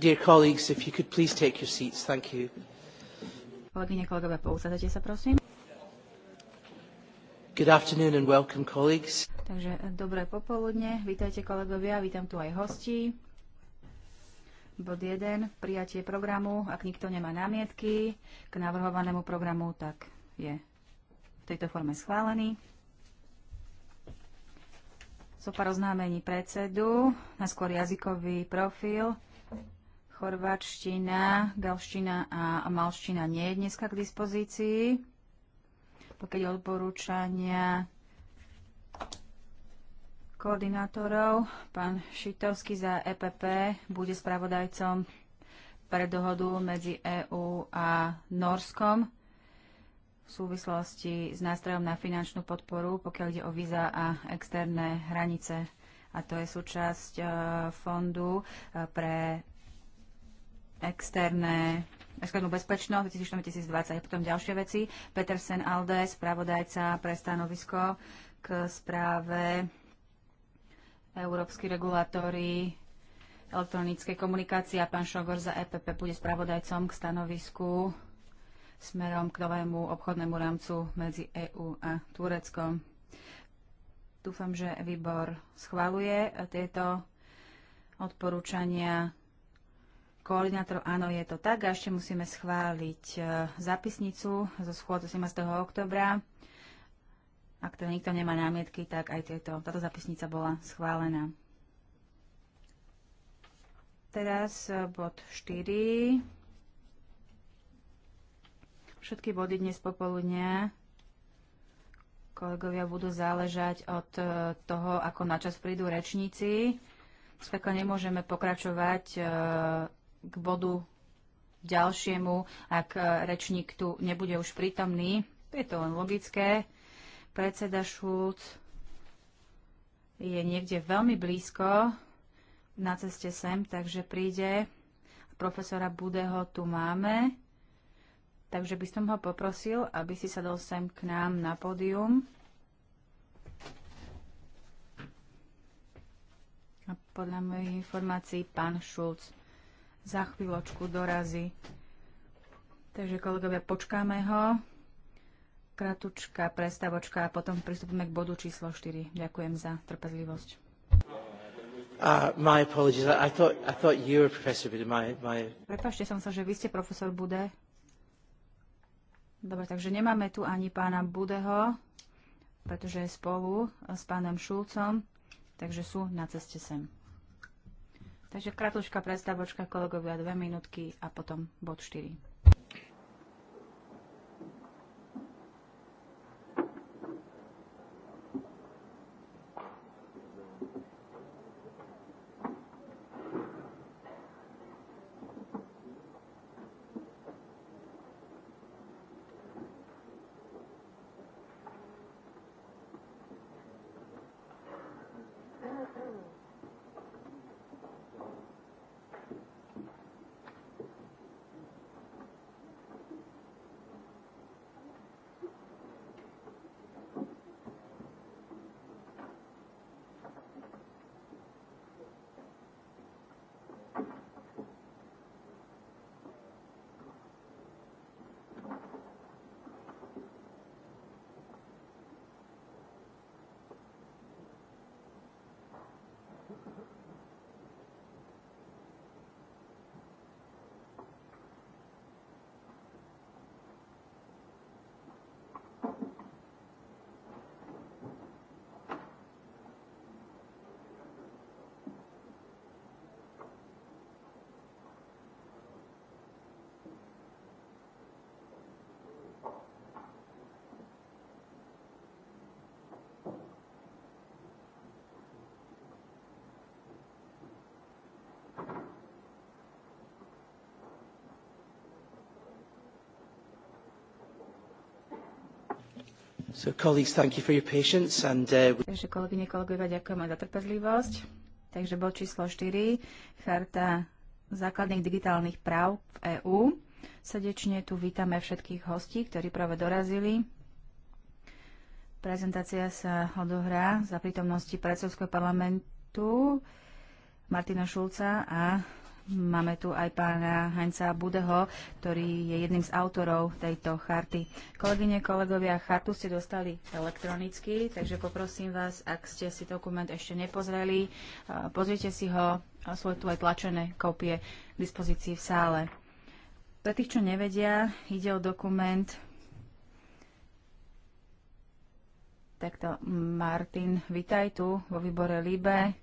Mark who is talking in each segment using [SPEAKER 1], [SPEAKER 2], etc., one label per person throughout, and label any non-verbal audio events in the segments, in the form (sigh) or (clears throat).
[SPEAKER 1] Dear colleagues, if you could please take your seats. Thank you.
[SPEAKER 2] Kolegyne, kolegové, pousadzajte sa, prosím.
[SPEAKER 1] Good afternoon and welcome, colleagues.
[SPEAKER 2] Takže eh, dobré popoludne. Vítajte, kolegovia. Vítam tu aj hostí. Bod 1. Prijatie programu. Ak nikto nemá námietky k navrhovanému programu, tak je v tejto forme schválený. Zo oznámení predsedu, najskôr jazykový profil Chorvačtina, galština a malština nie je dneska k dispozícii. Pokiaľ odporúčania koordinátorov, pán Šitovský za EPP bude spravodajcom pre dohodu medzi EÚ a Norskom v súvislosti s nástrojom na finančnú podporu, pokiaľ ide o víza a externé hranice a to je súčasť eh, fondu eh, pre externé externú bezpečnosť 2020 a potom ďalšie veci. Petersen Alde, spravodajca pre stanovisko k správe Európsky regulátory elektronickej komunikácie a pán Šogor za EPP bude spravodajcom k stanovisku smerom k novému obchodnému rámcu medzi EÚ a Tureckom. Dúfam, že výbor schváluje tieto odporúčania koordinátor, áno, je to tak. A ešte musíme schváliť e, zapisnicu zo schôdze 18. oktobra. Ak to teda nikto nemá námietky, tak aj tieto, táto zapisnica bola schválená. Teraz e, bod 4. Všetky body dnes popoludne kolegovia budú záležať od e, toho, ako načas prídu rečníci. Skrátka nemôžeme pokračovať k bodu ďalšiemu, ak e, rečník tu nebude už prítomný. Je to len logické. Predseda Šulc je niekde veľmi blízko na ceste sem, takže príde. Profesora Budeho tu máme, takže by som ho poprosil, aby si sadol sem k nám na pódium. A podľa mojich informácií pán Šulc za chvíľočku dorazí. Takže kolegovia, počkáme ho. Kratučka prestavočka a potom pristúpime k bodu číslo 4. Ďakujem za trpezlivosť.
[SPEAKER 1] Uh, my apologies. I thought, I thought you were Professor Bude. My, my...
[SPEAKER 2] Prepašte som sa, že vy ste profesor Bude. Dobre, takže nemáme tu ani pána Budeho, pretože je spolu s pánom Šulcom, takže sú na ceste sem. Takže kratučka predstavočka, kolegovia, dve minútky a potom bod 4. So, colleagues, thank you for your patience and, uh... Takže kolegyne, kolegovia, ďakujem za trpezlivosť. Takže bod číslo 4, charta základných digitálnych práv v EÚ. Srdečne tu vítame všetkých hostí, ktorí práve dorazili. Prezentácia sa odohrá za prítomnosti predsedského parlamentu Martina Šulca a Máme tu aj pána Heinza Budeho, ktorý je jedným z autorov tejto charty. Kolegyne, kolegovia, chartu ste dostali elektronicky, takže poprosím vás, ak ste si dokument ešte nepozreli, eh, pozrite si ho, sú tu aj tlačené kópie k dispozícii v sále. Pre tých, čo nevedia, ide o dokument Takto, Martin, vitaj tu vo výbore Libe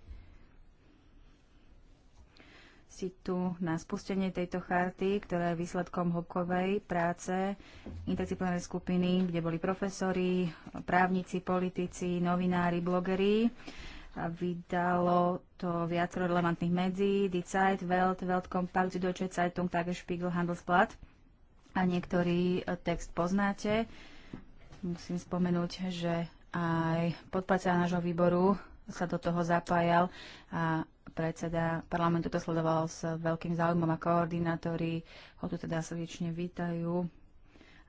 [SPEAKER 2] si tu na spustenie tejto charty, ktorá je výsledkom hĺbkovej práce interdisciplinárnej skupiny, kde boli profesori, právnici, politici, novinári, blogeri. A vydalo to viacero relevantných médií, Die Zeit, Welt, Weltkompakt, Deutsche Zeitung, Spiegel, Handelsblatt. A niektorý e, text poznáte. Musím spomenúť, že aj podpáca nášho výboru sa do toho zapájal a predseda parlamentu to sledoval s veľkým záujmom a koordinátori ho tu teda srdečne vítajú,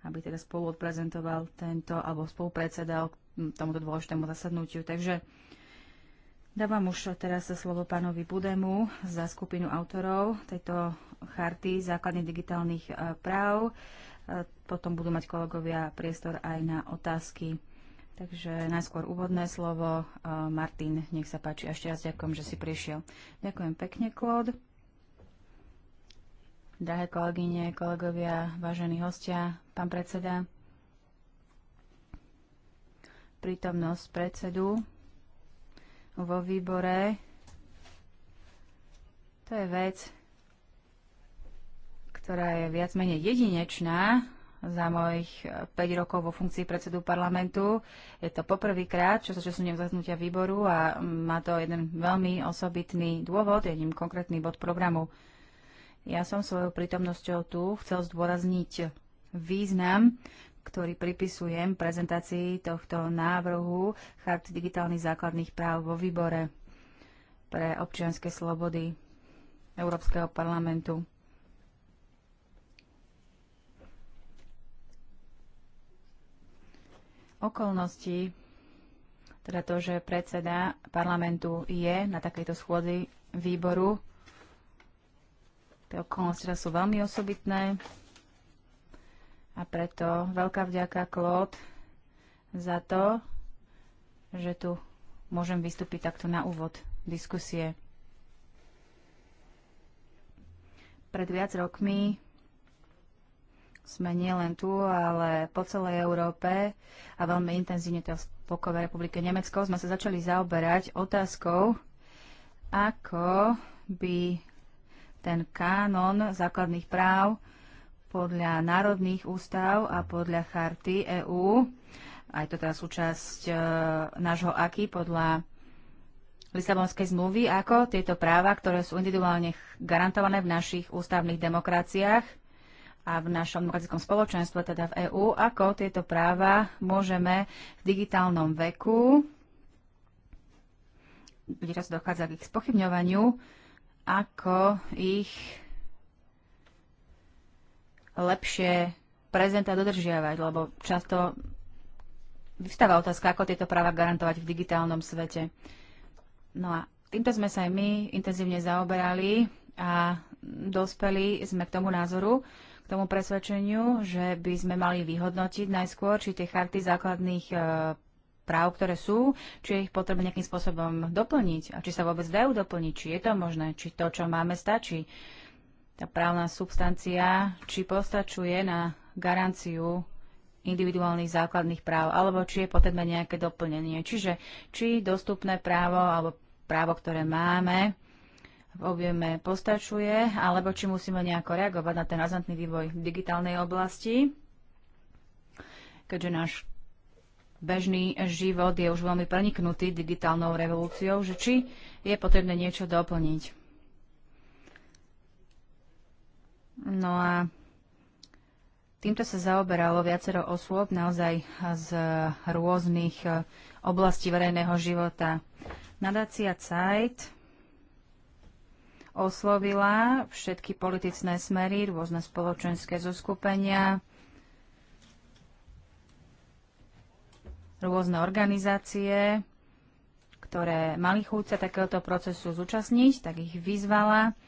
[SPEAKER 2] aby teda spolu odprezentoval tento alebo spolupredsedal tomuto dôležitému zasadnutiu. Takže dávam už teraz slovo pánovi Budemu za skupinu autorov tejto charty základných digitálnych eh, práv. Eh, potom budú mať kolegovia priestor aj na otázky. Takže najskôr úvodné slovo. Eh, Martin, nech sa páči. Ešte raz ďakujem, že si prišiel. Ďakujem pekne, Klod. Drahé kolegyne, kolegovia, vážení hostia, pán predseda, prítomnosť predsedu vo výbore, to je vec, ktorá je viac menej jedinečná za mojich 5 e, rokov vo funkcii predsedu parlamentu. Je to poprvýkrát, čo sa česuniem zaznutia výboru a má to jeden veľmi osobitný dôvod, jedným konkrétny bod programu. Ja som svojou prítomnosťou tu chcel zdôrazniť význam, ktorý pripisujem prezentácii tohto návrhu Chart digitálnych základných práv vo výbore pre občianske slobody Európskeho parlamentu. okolnosti, teda to, že predseda parlamentu je na takejto schôdzi výboru, tie okolnosti teda sú veľmi osobitné a preto veľká vďaka Klód za to, že tu môžem vystúpiť takto na úvod diskusie. Pred viac rokmi sme nielen tu, ale po celej Európe a veľmi intenzívne to v Spolkovej republike Nemecko sme sa začali zaoberať otázkou, ako by ten kánon základných práv podľa národných ústav a podľa charty EÚ, aj to teda súčasť e, nášho AKI podľa Lisabonskej zmluvy, ako tieto práva, ktoré sú individuálne garantované v našich ústavných demokraciách, a v našom demokratickom spoločenstve, teda v EÚ, ako tieto práva môžeme v digitálnom veku, kde sa dochádza k ich spochybňovaniu, ako ich lepšie prezentovať a dodržiavať, lebo často vystáva otázka, ako tieto práva garantovať v digitálnom svete. No a týmto sme sa aj my intenzívne zaoberali a dospeli sme k tomu názoru, tomu presvedčeniu, že by sme mali vyhodnotiť najskôr, či tie charty základných e, práv, ktoré sú, či je ich potrebné nejakým spôsobom doplniť a či sa vôbec dajú doplniť, či je to možné, či to, čo máme, stačí. Tá právna substancia, či postačuje na garanciu individuálnych základných práv, alebo či je potrebné nejaké doplnenie. Čiže či dostupné právo alebo právo, ktoré máme, v objeme postačuje, alebo či musíme nejako reagovať na ten razantný vývoj v digitálnej oblasti, keďže náš bežný život je už veľmi preniknutý digitálnou revolúciou, že či je potrebné niečo doplniť. No a týmto sa zaoberalo viacero osôb naozaj z rôznych eh, oblastí verejného života. Nadácia Zeit oslovila všetky politické smery, rôzne spoločenské zoskupenia, rôzne organizácie, ktoré mali chuť sa takéhoto procesu zúčastniť, tak ich vyzvala,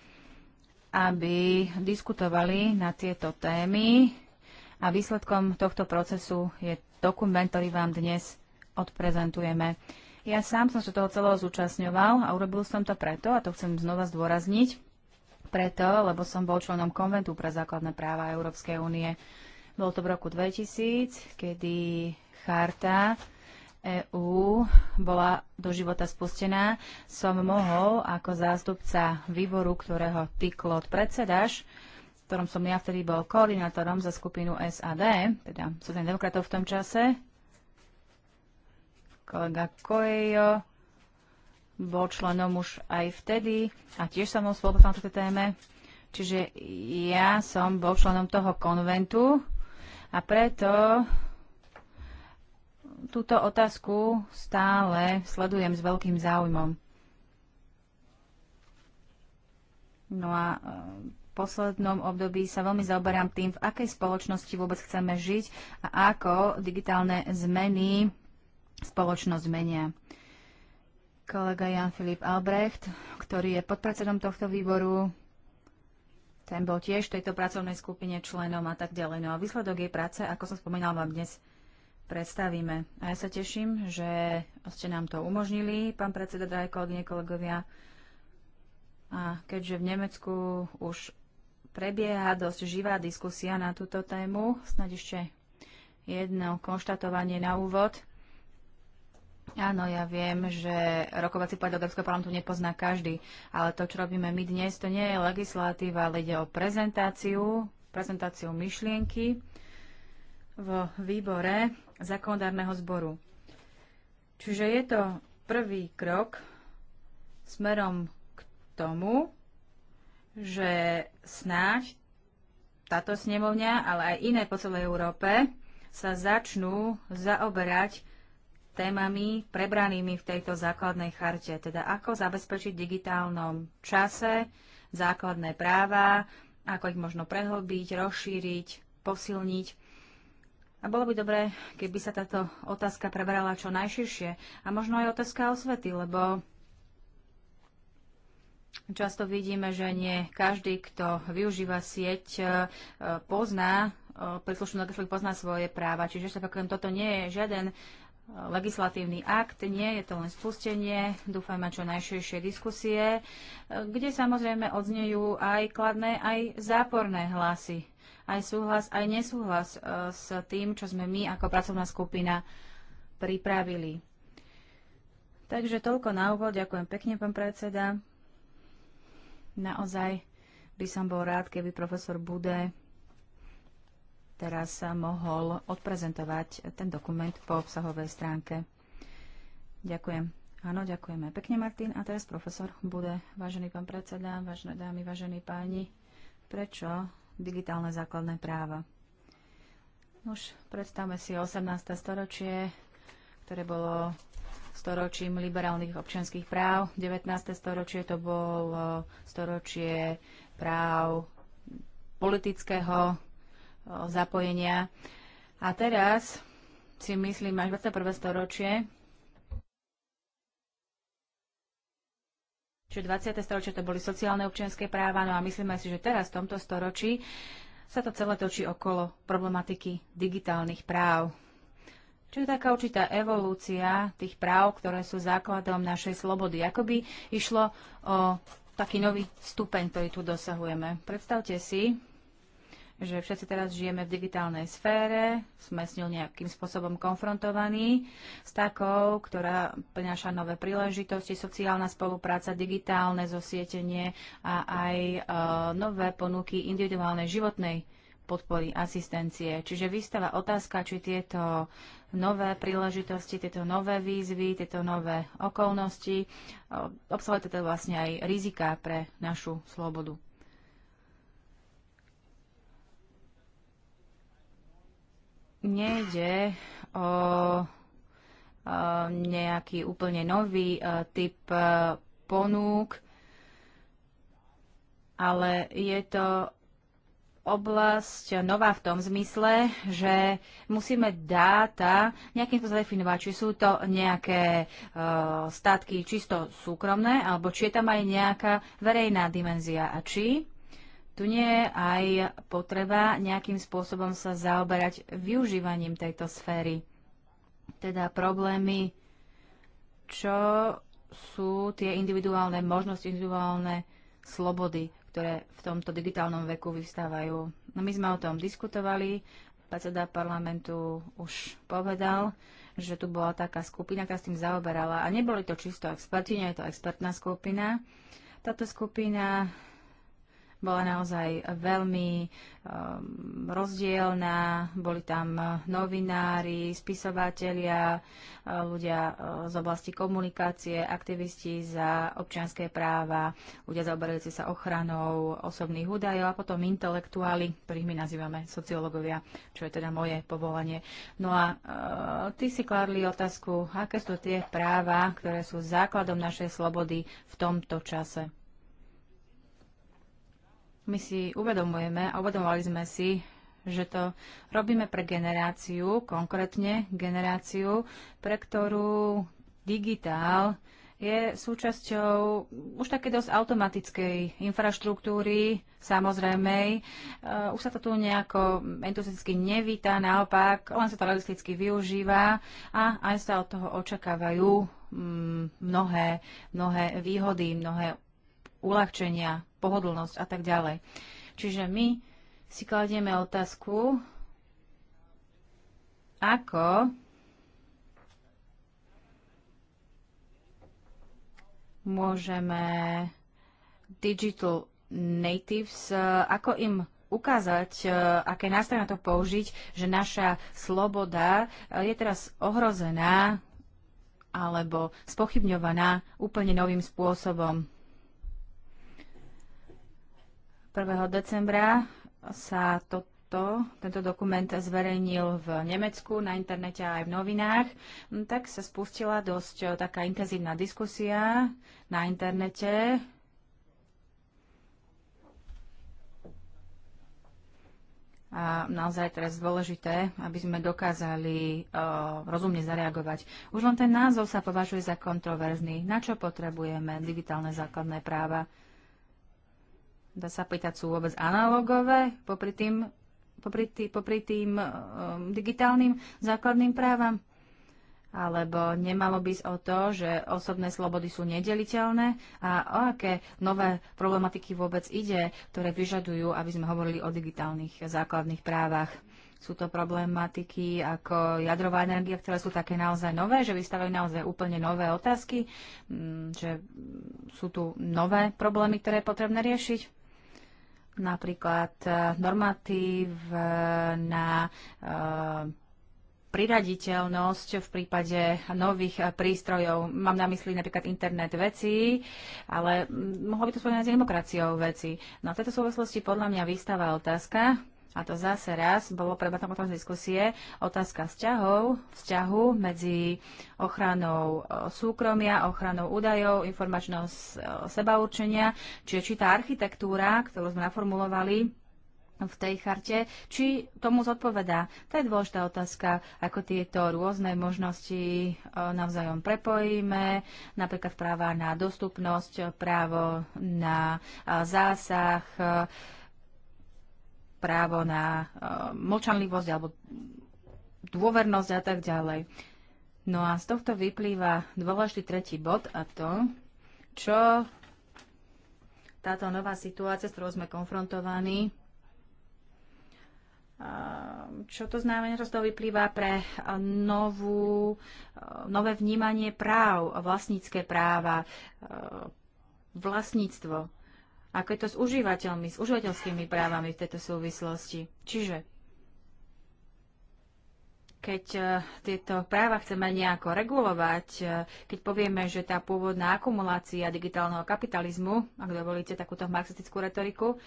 [SPEAKER 2] aby diskutovali na tieto témy. A výsledkom tohto procesu je dokument, ktorý vám dnes odprezentujeme. Ja sám som sa toho celého zúčastňoval a urobil som to preto, a to chcem znova zdôrazniť, preto, lebo som bol členom konventu pre základné práva Európskej únie. Bol to v roku 2000, kedy charta EÚ bola do života spustená, som mohol ako zástupca výboru, ktorého ty, Klod, predsedaš, ktorom som ja vtedy bol koordinátorom za skupinu SAD, teda sociálnych demokratov v tom čase, kolega Koejo bol členom už aj vtedy a tiež sa mnou spolupracoval na tejto téme. Čiže ja som bol členom toho konventu a preto túto otázku stále sledujem s veľkým záujmom. No a e, v poslednom období sa veľmi zaoberám tým, v akej spoločnosti vôbec chceme žiť a ako digitálne zmeny spoločnosť menia. Kolega Jan Filip Albrecht, ktorý je podpredsedom tohto výboru, ten bol tiež v tejto pracovnej skupine členom a tak ďalej. No a výsledok jej práce, ako som spomínal, vám dnes predstavíme. A ja sa teším, že ste nám to umožnili, pán predseda, drahé kolegyne, kolegovia. A keďže v Nemecku už prebieha dosť živá diskusia na túto tému, snad ešte jedno konštatovanie na úvod – Áno, ja viem, že rokovací poriadok Európskeho parlamentu nepozná každý, ale to, čo robíme my dnes, to nie je legislatíva, ale ide o prezentáciu, prezentáciu myšlienky v výbore zákonodárneho zboru. Čiže je to prvý krok smerom k tomu, že snáď táto snemovňa, ale aj iné po celej Európe sa začnú zaoberať témami prebranými v tejto základnej charte, teda ako zabezpečiť v digitálnom čase základné práva, ako ich možno prehlbiť, rozšíriť, posilniť. A bolo by dobré, keby sa táto otázka prebrala čo najširšie. A možno aj otázka osvety, lebo Často vidíme, že nie každý, kto využíva sieť, e, pozná e, príslušnú legislatívu pozná svoje práva. Čiže ešte opakujem, toto nie je žiaden legislatívny akt, nie je to len spustenie, dúfajme čo najširšie diskusie, eh, kde samozrejme odznejú aj kladné, aj záporné hlasy, aj súhlas, aj nesúhlas eh, s tým, čo sme my ako pracovná skupina pripravili. Takže toľko na úvod, ďakujem pekne, pán predseda. Naozaj by som bol rád, keby profesor Bude teraz sa mohol odprezentovať ten dokument po obsahovej stránke. Ďakujem. Áno, ďakujeme. Pekne, Martin. A teraz profesor bude, vážený pán predseda, vážené dámy, vážení páni, prečo digitálne základné práva? Už predstavme si 18. storočie, ktoré bolo storočím liberálnych občianských práv. 19. storočie to bolo storočie práv politického zapojenia. A teraz si myslím, až 21. storočie, Čiže 20. storočie to boli sociálne občianské práva, no a myslíme si, že teraz v tomto storočí sa to celé točí okolo problematiky digitálnych práv. Čiže taká určitá evolúcia tých práv, ktoré sú základom našej slobody. Ako by išlo o taký nový stupeň, ktorý tu dosahujeme. Predstavte si, že všetci teraz žijeme v digitálnej sfére, sme s ňou nejakým spôsobom konfrontovaní, s takou, ktorá prináša nové príležitosti, sociálna spolupráca, digitálne zosietenie a aj e, nové ponuky individuálnej životnej podpory, asistencie. Čiže vystáva otázka, či tieto nové príležitosti, tieto nové výzvy, tieto nové okolnosti, e, obsahujú to vlastne aj rizika pre našu slobodu. nejde o nejaký úplne nový e, typ e, ponúk, ale je to oblasť nová v tom zmysle, že musíme dáta nejakým spôsobom definovať, či sú to nejaké e, statky čisto súkromné, alebo či je tam aj nejaká verejná dimenzia a či tu nie je aj potreba nejakým spôsobom sa zaoberať využívaním tejto sféry. Teda problémy, čo sú tie individuálne možnosti, individuálne slobody, ktoré v tomto digitálnom veku vyvstávajú. No my sme o tom diskutovali, predseda parlamentu už povedal, že tu bola taká skupina, ktorá s tým zaoberala a neboli to čisto experti, nie je to expertná skupina. Táto skupina bola naozaj veľmi um, rozdielná. Boli tam novinári, spisovatelia, uh, ľudia uh, z oblasti komunikácie, aktivisti za občianské práva, ľudia zaoberajúci sa ochranou osobných údajov a potom intelektuáli, ktorých my nazývame sociológovia, čo je teda moje povolanie. No a uh, ty si kladli otázku, aké sú tie práva, ktoré sú základom našej slobody v tomto čase. My si uvedomujeme a uvedomovali sme si, že to robíme pre generáciu, konkrétne generáciu, pre ktorú digitál je súčasťou už také dosť automatickej infraštruktúry, samozrejme, e, už sa to tu nejako entuzicky nevíta, naopak, len sa to realisticky využíva a aj sa od toho očakávajú mm, mnohé, mnohé výhody, mnohé uľahčenia, pohodlnosť a tak ďalej. Čiže my si kladieme otázku, ako môžeme digital natives, ako im ukázať, aké nástroje na to použiť, že naša sloboda eh, je teraz ohrozená alebo spochybňovaná úplne novým spôsobom. 1. decembra sa toto, tento dokument zverejnil v Nemecku na internete a aj v novinách, no, tak sa spustila dosť eh, taká intenzívna diskusia na internete. A naozaj teraz dôležité, aby sme dokázali uh, rozumne zareagovať. Už len ten názov sa považuje za kontroverzný. Na čo potrebujeme digitálne základné práva? Dá sa pýtať, sú vôbec analogové popri tým, popri tý, popri tým um, digitálnym základným právam? Alebo nemalo by o to, že osobné slobody sú nedeliteľné a o aké nové problematiky vôbec ide, ktoré vyžadujú, aby sme hovorili o digitálnych základných právach. Sú to problematiky ako jadrová energia, ktoré sú také naozaj nové, že vystavajú naozaj úplne nové otázky, mm, že sú tu nové problémy, ktoré je potrebné riešiť napríklad e, normatív e, na e, priraditeľnosť v prípade nových prístrojov. Mám na mysli napríklad internet veci, ale mohlo by to spomenúť s demokraciou veci. No v tejto súvislosti podľa mňa vystáva otázka, a to zase raz bolo tam potom diskusie, otázka vzťahov, vzťahu medzi ochranou e, súkromia, ochranou údajov, informačného e, sebaurčenia, čiže či tá architektúra, ktorú sme naformulovali, v tej charte, či tomu zodpovedá. To je dôležitá otázka, ako tieto rôzne možnosti e, navzájom prepojíme, napríklad práva na dostupnosť, právo na zásah, právo na eh, mlčanlivosť alebo dôvernosť a tak ďalej. No a z tohto vyplýva dôležitý tretí bod a to, čo táto nová situácia, s ktorou sme konfrontovaní, eh, čo to znamená, že z toho vyplýva pre eh, novú, nové vnímanie práv, vlastnícke práva, vlastníctvo, ako je to s užívateľmi, s užívateľskými právami v tejto súvislosti? Čiže keď e, tieto práva chceme nejako regulovať, e, keď povieme, že tá pôvodná akumulácia digitálneho kapitalizmu, ak dovolíte takúto marxistickú retoriku,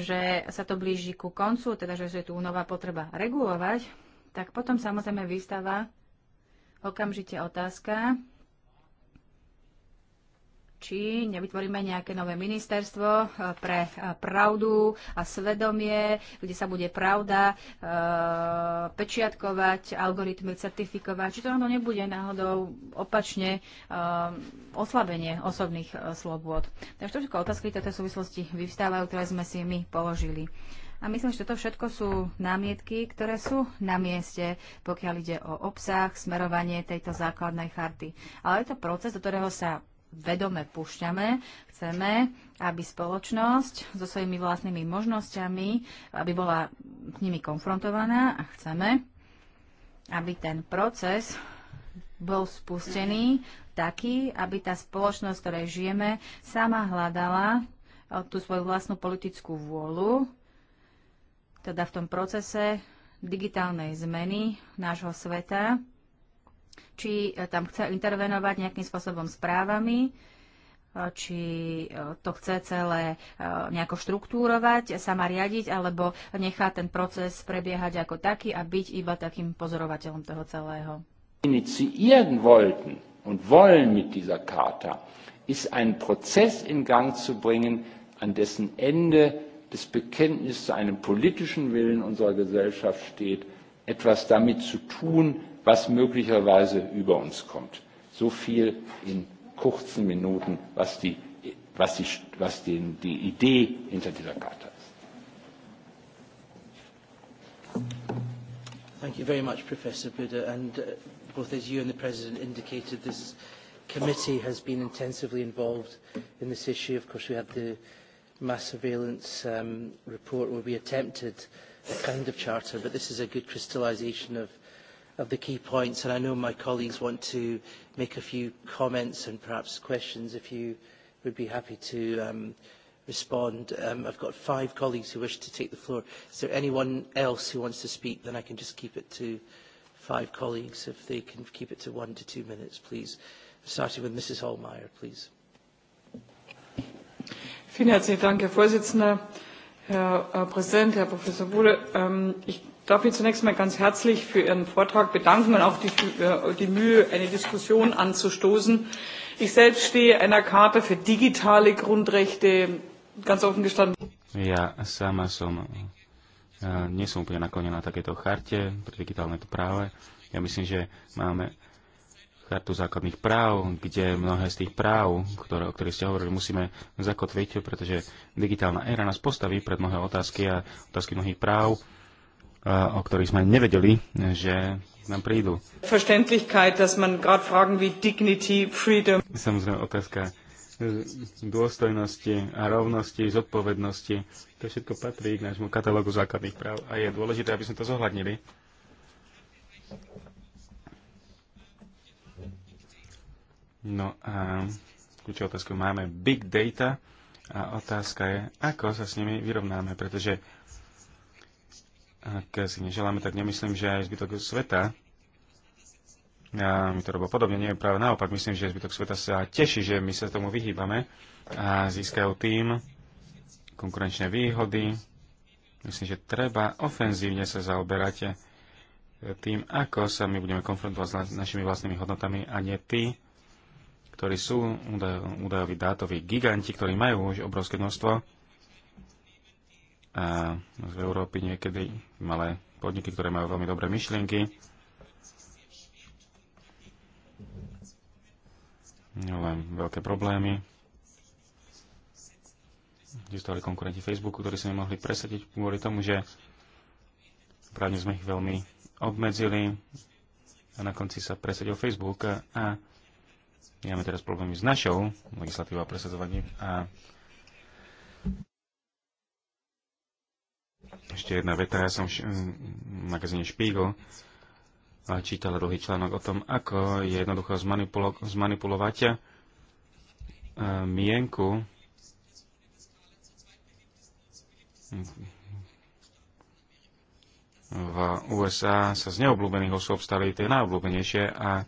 [SPEAKER 2] že sa to blíži ku koncu, teda že je tu nová potreba regulovať, tak potom samozrejme vystáva okamžite otázka, či nevytvoríme nejaké nové ministerstvo eh, pre eh, pravdu a svedomie, kde sa bude pravda eh, pečiatkovať, algoritmy certifikovať, či to ono nebude náhodou opačne oslabenie osobných slobôd. Takže to všetko otázky tejto súvislosti vyvstávajú, ktoré sme si my položili. A myslím, že toto všetko sú námietky, ktoré sú na mieste, pokiaľ ide o obsah, smerovanie tejto základnej charty. Ale je to proces, do ktorého sa vedome púšťame. Chceme, aby spoločnosť so svojimi vlastnými možnosťami, aby bola s nimi konfrontovaná a chceme, aby ten proces bol spustený taký, aby tá spoločnosť, v ktorej žijeme, sama hľadala eh, tú svoju vlastnú politickú vôľu, teda v tom procese digitálnej zmeny nášho sveta, či e, tam chce intervenovať nejakým spôsobom správami, e, či e, to chce celé nejako štruktúrovať, sama riadiť, alebo nechá ten proces prebiehať ako taký a byť iba takým pozorovateľom toho celého.
[SPEAKER 3] Iniciieren wollten und wollen mit dieser Charta ist ein Prozess in Gang zu bringen, an dessen Ende das Bekenntnis zu einem politischen Willen unserer Gesellschaft steht, etwas damit zu tun, was möglicherweise über uns kommt. So viel in kurzen Minuten, was die, was die, was den, die Idee hinter dieser Charta ist.
[SPEAKER 1] Thank you very much, Professor Buda. And uh, both as you and the President indicated, this committee has been intensively involved in this issue. Of course, we had the mass surveillance um, report where we attempted a kind of charter, but this is a good crystallisation of of the key points, and I know my colleagues want to make a few comments and perhaps questions if you would be happy to um, respond. Um, I've got five colleagues who wish to take the floor. Is there anyone else who wants to speak? Then I can just keep it to five colleagues if they can keep it to one to two minutes, please. Starting with Mrs. Hallmeyer, please.
[SPEAKER 4] Vielen herzlichen Dank, Herr Vorsitzender, Herr Präsident, Herr Professor Bude. Ähm, ich ich darf mich zunächst einmal ganz herzlich für Ihren Vortrag bedanken und auch die, äh, die Mühe, eine Diskussion anzustoßen. Ich selbst stehe einer Karte für digitale Grundrechte ganz offen gestanden.
[SPEAKER 3] Ja sama som, ja äh, nie som úplne naklonená takéto charte pre digitálne práve. Ja myslím, že máme chartu základných práv, kde mnohé z tých práv, ktoré, o ktorých ste hovorili, musíme zakotviť, pretože digitálna éra nás postaví pred mnohé otázky a otázky mnohých práv o ktorých sme nevedeli, že nám prídu. Samozrejme otázka e, dôstojnosti a rovnosti, zodpovednosti. To všetko patrí k nášmu katalógu základných práv a je dôležité, aby sme to zohľadnili. No a kľúčovú otázku máme big data a otázka je, ako sa s nimi vyrovnáme, pretože ak si neželáme, tak nemyslím, že aj zbytok sveta a my to robí podobne, nie práve naopak. Myslím, že zbytok sveta sa teší, že my sa tomu vyhýbame a získajú tým konkurenčné výhody. Myslím, že treba ofenzívne sa zaoberať tým, ako sa my budeme konfrontovať s našimi vlastnými hodnotami a nie tí, ktorí sú údajoví dátoví giganti, ktorí majú už obrovské množstvo a z Európy niekedy malé podniky, ktoré majú veľmi dobré myšlienky, len veľké problémy. Existovali konkurenti Facebooku, ktorí sa nemohli presadiť kvôli tomu, že právne sme ich veľmi obmedzili a na konci sa presadil Facebook a máme teraz problémy s našou legislatívou a presadzovaním a ešte jedna veta, ja som v magazíne Spiegel čítal druhý článok o tom, ako je jednoducho zmanipulo- zmanipulovať e, mienku v USA sa z neobľúbených osôb stali tie najobľúbenejšie a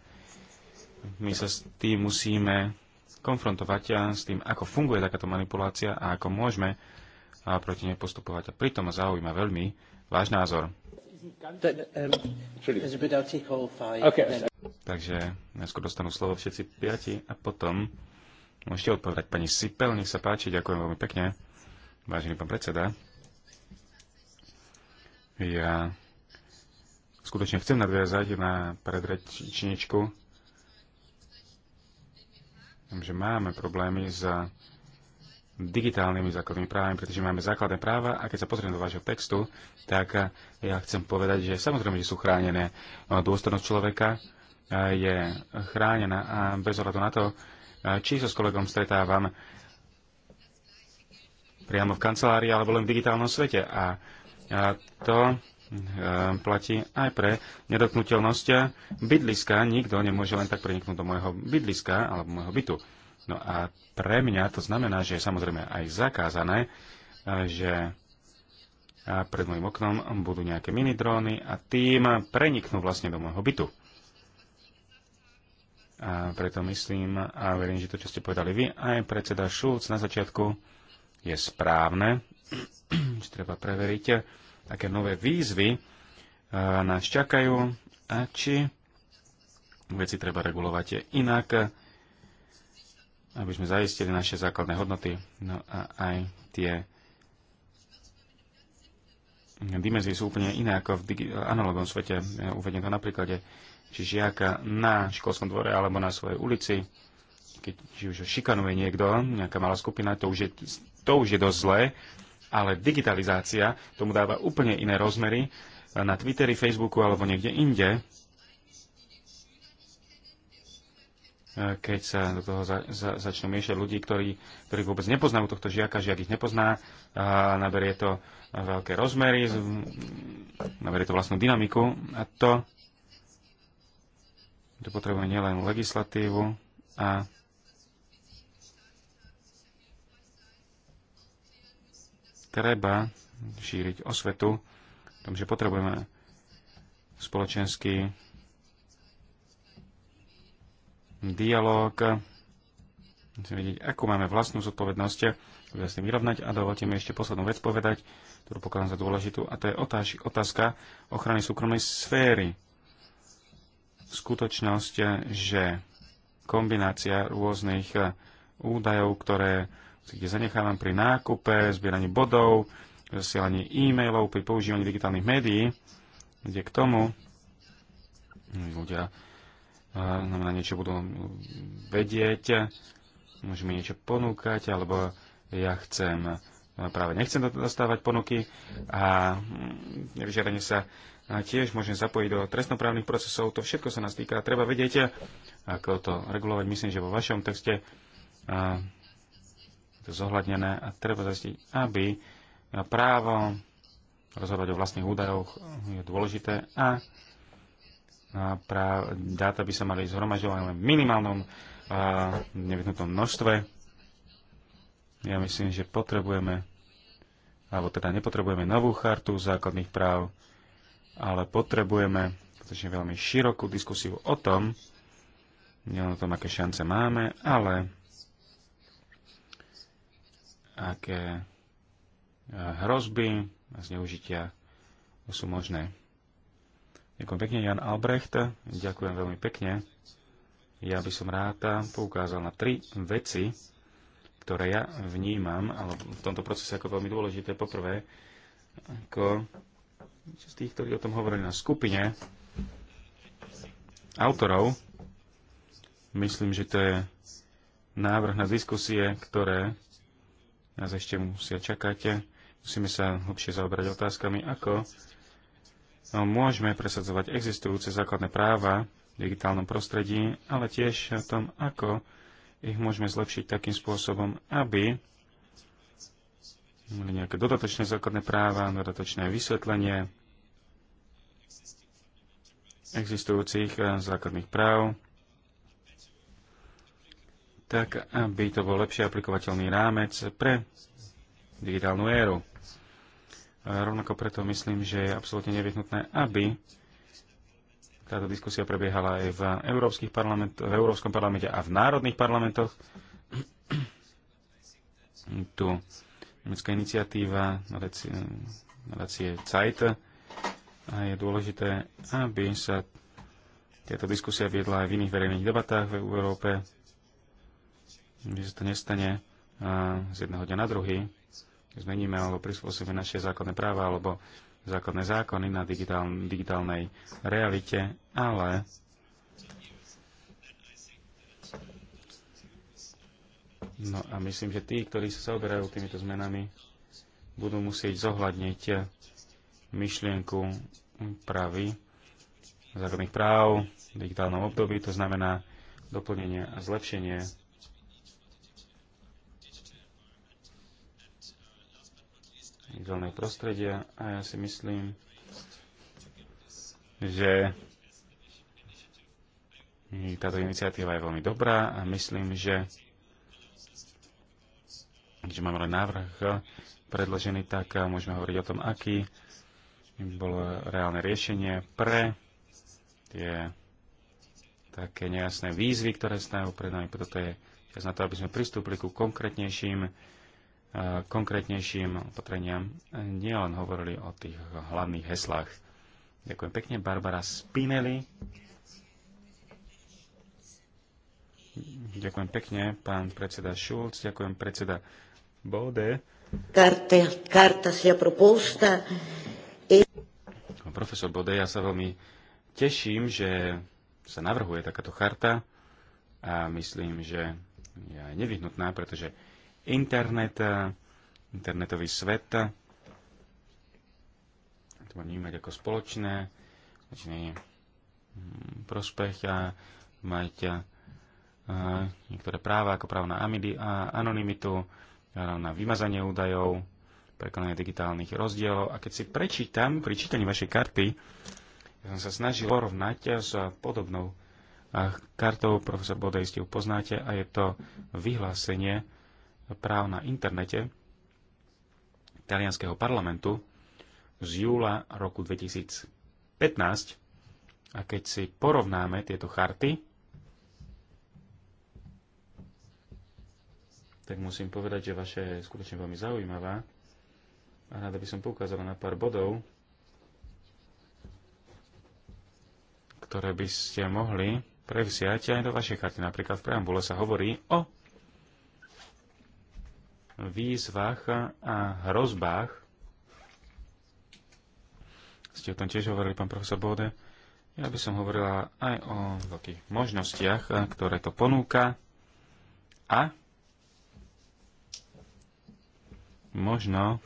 [SPEAKER 3] my sa s tým musíme konfrontovať a s tým, ako funguje takáto manipulácia a ako môžeme a proti nej postupovať. A pritom ma zaujíma veľmi váš názor. Um, Takže najskôr dostanú slovo všetci piati a potom môžete odpovedať pani Sipel, nech sa páči, ďakujem veľmi pekne. Vážený pán predseda, ja skutočne chcem nadviazať na predrečničku, že máme problémy s digitálnymi základnými právami, pretože máme základné práva a keď sa pozriem do vášho textu, tak eh, ja chcem povedať, že samozrejme, že sú chránené. Eh, dôstojnosť človeka eh, je chránená a bez ohľadu na to, či sa so s kolegom stretávam priamo v kancelárii alebo len v digitálnom svete. A to platí aj pre nedotknutelnosť bydliska. Nikto nemôže len tak preniknúť do môjho bydliska alebo môjho bytu. No a pre mňa to znamená, že je samozrejme aj zakázané, e, že e, pred môjim oknom budú nejaké mini dróny a tým preniknú vlastne do môjho bytu. A preto myslím a verím, že to, čo ste povedali vy, aj predseda Šulc na začiatku je správne, (clears throat) že treba preveriť, e, aké nové výzvy nás čakajú a či veci treba regulovať inak, aby sme zaistili naše základné hodnoty, no a aj tie dimenzie sú úplne iné ako v analogom svete. Ja uvediem to na príklade, či žiaka na školskom dvore alebo na svojej ulici, keď či už šikanuje niekto, nejaká malá skupina, to už je, to už je dosť zlé, ale digitalizácia tomu dáva úplne iné rozmery na Twitteri, Facebooku alebo niekde inde. keď sa do toho za, za, začnú miešať ľudí, ktorí, ktorí vôbec nepoznajú tohto žiaka, žiak ich nepozná, a naberie to veľké rozmery, naberie to vlastnú dynamiku a to, to potrebuje nielen legislatívu a treba šíriť osvetu, tom, že potrebujeme spoločenský dialog, musíme vedieť, akú máme vlastnú zodpovednosť, ktorú sa s tým vyrovnať. A dovolte mi ešte poslednú vec povedať, ktorú pokladám za dôležitú, a to je otáž, otázka ochrany súkromnej sféry. Skutočnosť, že kombinácia rôznych eh, údajov, ktoré kde zanechávam pri nákupe, zbieraní bodov, zasielaní e-mailov, pri používaní digitálnych médií, kde k tomu ľudia znamená niečo budú vedieť, môžu mi niečo ponúkať, alebo ja chcem, no, práve nechcem dostávať ponuky a mm, nevyžiadanie sa tiež môžem zapojiť do trestnoprávnych procesov, to všetko sa nás týka. Treba vedieť, ako to regulovať. Myslím, že vo vašom texte je to zohľadnené a treba zistiť, aby právo rozhodovať o vlastných údajoch je dôležité a práv, dáta by sa mali zhromažovať len v minimálnom a nevyhnutom množstve. Ja myslím, že potrebujeme, alebo teda nepotrebujeme novú chartu základných práv, ale potrebujeme skutočne veľmi širokú diskusiu o tom, nielen o tom, aké šance máme, ale aké e, hrozby a zneužitia sú možné. Ďakujem pekne, Jan Albrecht. Ďakujem veľmi pekne. Ja by som rád poukázal na tri veci, ktoré ja vnímam, ale v tomto procese ako veľmi dôležité. Poprvé, ako z tých, ktorí o tom hovorili na skupine autorov, myslím, že to je návrh na diskusie, ktoré nás ešte musia čakať. Musíme sa hlbšie zaobrať otázkami, ako No, môžeme presadzovať existujúce základné práva v digitálnom prostredí, ale tiež o tom, ako ich môžeme zlepšiť takým spôsobom, aby mali nejaké dodatočné základné práva, dodatočné vysvetlenie existujúcich eh, základných práv, tak aby to bol lepšie aplikovateľný rámec pre digitálnu éru. Rovnako preto myslím, že je absolútne nevyhnutné, aby táto diskusia prebiehala aj v, európskych v Európskom parlamente a v národných parlamentoch. Tu nemecká iniciatíva na nadácie Zeit a je dôležité, aby sa tieto diskusia viedla aj v iných verejných debatách v Európe, že sa to nestane z jedného dňa na druhý zmeníme alebo prispôsobíme naše základné práva alebo základné zákony na digitál, digitálnej realite, ale No a myslím, že tí, ktorí sa zaoberajú týmito zmenami, budú musieť zohľadniť myšlienku pravy základných práv v digitálnom období, to znamená doplnenie a zlepšenie živelného prostredia a ja si myslím, že táto iniciatíva je veľmi dobrá a myslím, že keďže máme len návrh predložený, tak môžeme hovoriť o tom, aký bolo reálne riešenie pre tie také nejasné výzvy, ktoré stajú pred nami. Preto je čas na to, aby sme pristúpili ku konkrétnejším konkrétnejším opatreniam, e, nielen hovorili o tých hlavných heslách. Ďakujem pekne. Barbara Spinelli. Ďakujem pekne, pán predseda Šulc, ďakujem predseda Bode. Karte, karta si proposta. E- profesor Bode, ja sa veľmi teším, že sa navrhuje takáto charta a myslím, že je nevyhnutná, pretože internet, e, internetový svet. To mám vnímať ako spoločné, spoločný mm, prospech a mať e, niektoré práva ako právo na anonymitu, na vymazanie údajov, prekonanie digitálnych rozdielov. A keď si prečítam pri čítaní vašej karty, ja som sa snažil porovnať s podobnou e, kartou, profesor Bodej ste ju poznáte, a je to vyhlásenie práv na internete talianského parlamentu z júla roku 2015. A keď si porovnáme tieto charty, tak musím povedať, že vaše je skutočne veľmi zaujímavá. A rada by som poukázala na pár bodov, ktoré by ste mohli prevziať aj do vašej charty. Napríklad v preambule sa hovorí o výzvach a hrozbách. Ste o tom tiež hovorili, pán profesor Bode. Ja by som hovorila aj o veľkých možnostiach, ktoré to ponúka a možno